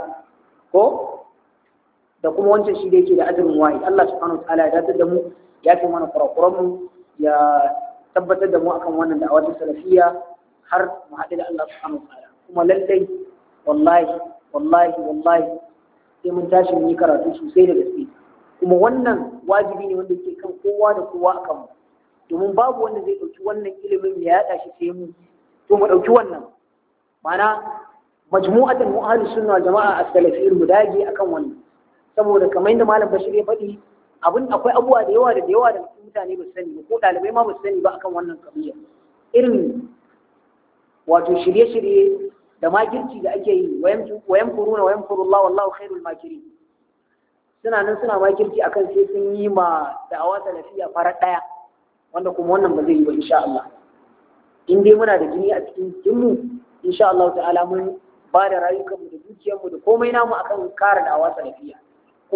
ko da kuma wancan shi da yake da azumin wahid Allah subhanahu wataala ya dace da mu ya fi mana kurakuran mu ya tabbatar da mu akan wannan da awatin salafiya har mu haɗu da Allah subhanahu wataala kuma lallai wallahi wallahi wallahi sai mun tashi mun yi karatu sosai da gaske kuma wannan wajibi ne wanda ke kan kowa da kowa akan mu domin babu wanda zai ɗauki wannan ilimin ya yaɗa shi sai mu to mu ɗauki wannan ma'ana majmu'atan mu ahlus sunna jama'a as-salafiyyun mu dage akan wannan saboda kamar yadda malam bashir ya faɗi abin akwai abubuwa da yawa da yawa da mutane ba su sani ba ko ɗalibai ma ba su sani ba akan wannan kamiya irin wato shirye-shirye da makirci da ake yi wayan furu na wayan furu wallahu khairul makiri suna nan suna makirci akan sai sun yi ma da'awa salafiya farar ɗaya wanda kuma wannan ba zai yi ba insha Allah in dai muna da jini a cikin jinmu insha Allah ta'ala mun ba da rayukanmu da dukiyarmu da komai namu akan kare da'awa salafiya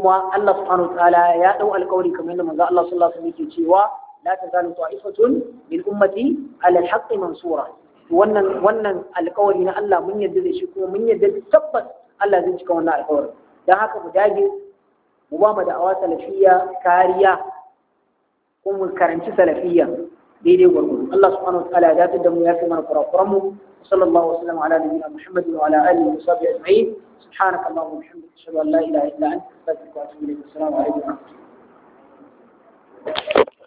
kuma Allah subhanahu wa ta'ala ya dau alƙawari kamar yadda manzo Allah sallallahu alaihi wasallam yake cewa la tazalu ta'ifatun min ummati ala al mansura wannan wannan alƙawari na Allah mun yadda da shi kuma mun yadda tabbas Allah zai cika wannan alƙawari dan haka mu dage mu ba mu da'awa salafiyya kariya kuma mu karanci salafiyya daidai gwargwado Allah subhanahu wataala ya dace da mu ya fi mana kurakuran mu sallallahu alaihi wasallam ala nabiyyina Muhammad wa ala alihi wa sahbihi ajma'in subhanaka allahumma wa bihamdika ashhadu an la ilaha illa anta astaghfiruka wa atubu ilayk assalamu alaikum wa rahmatullahi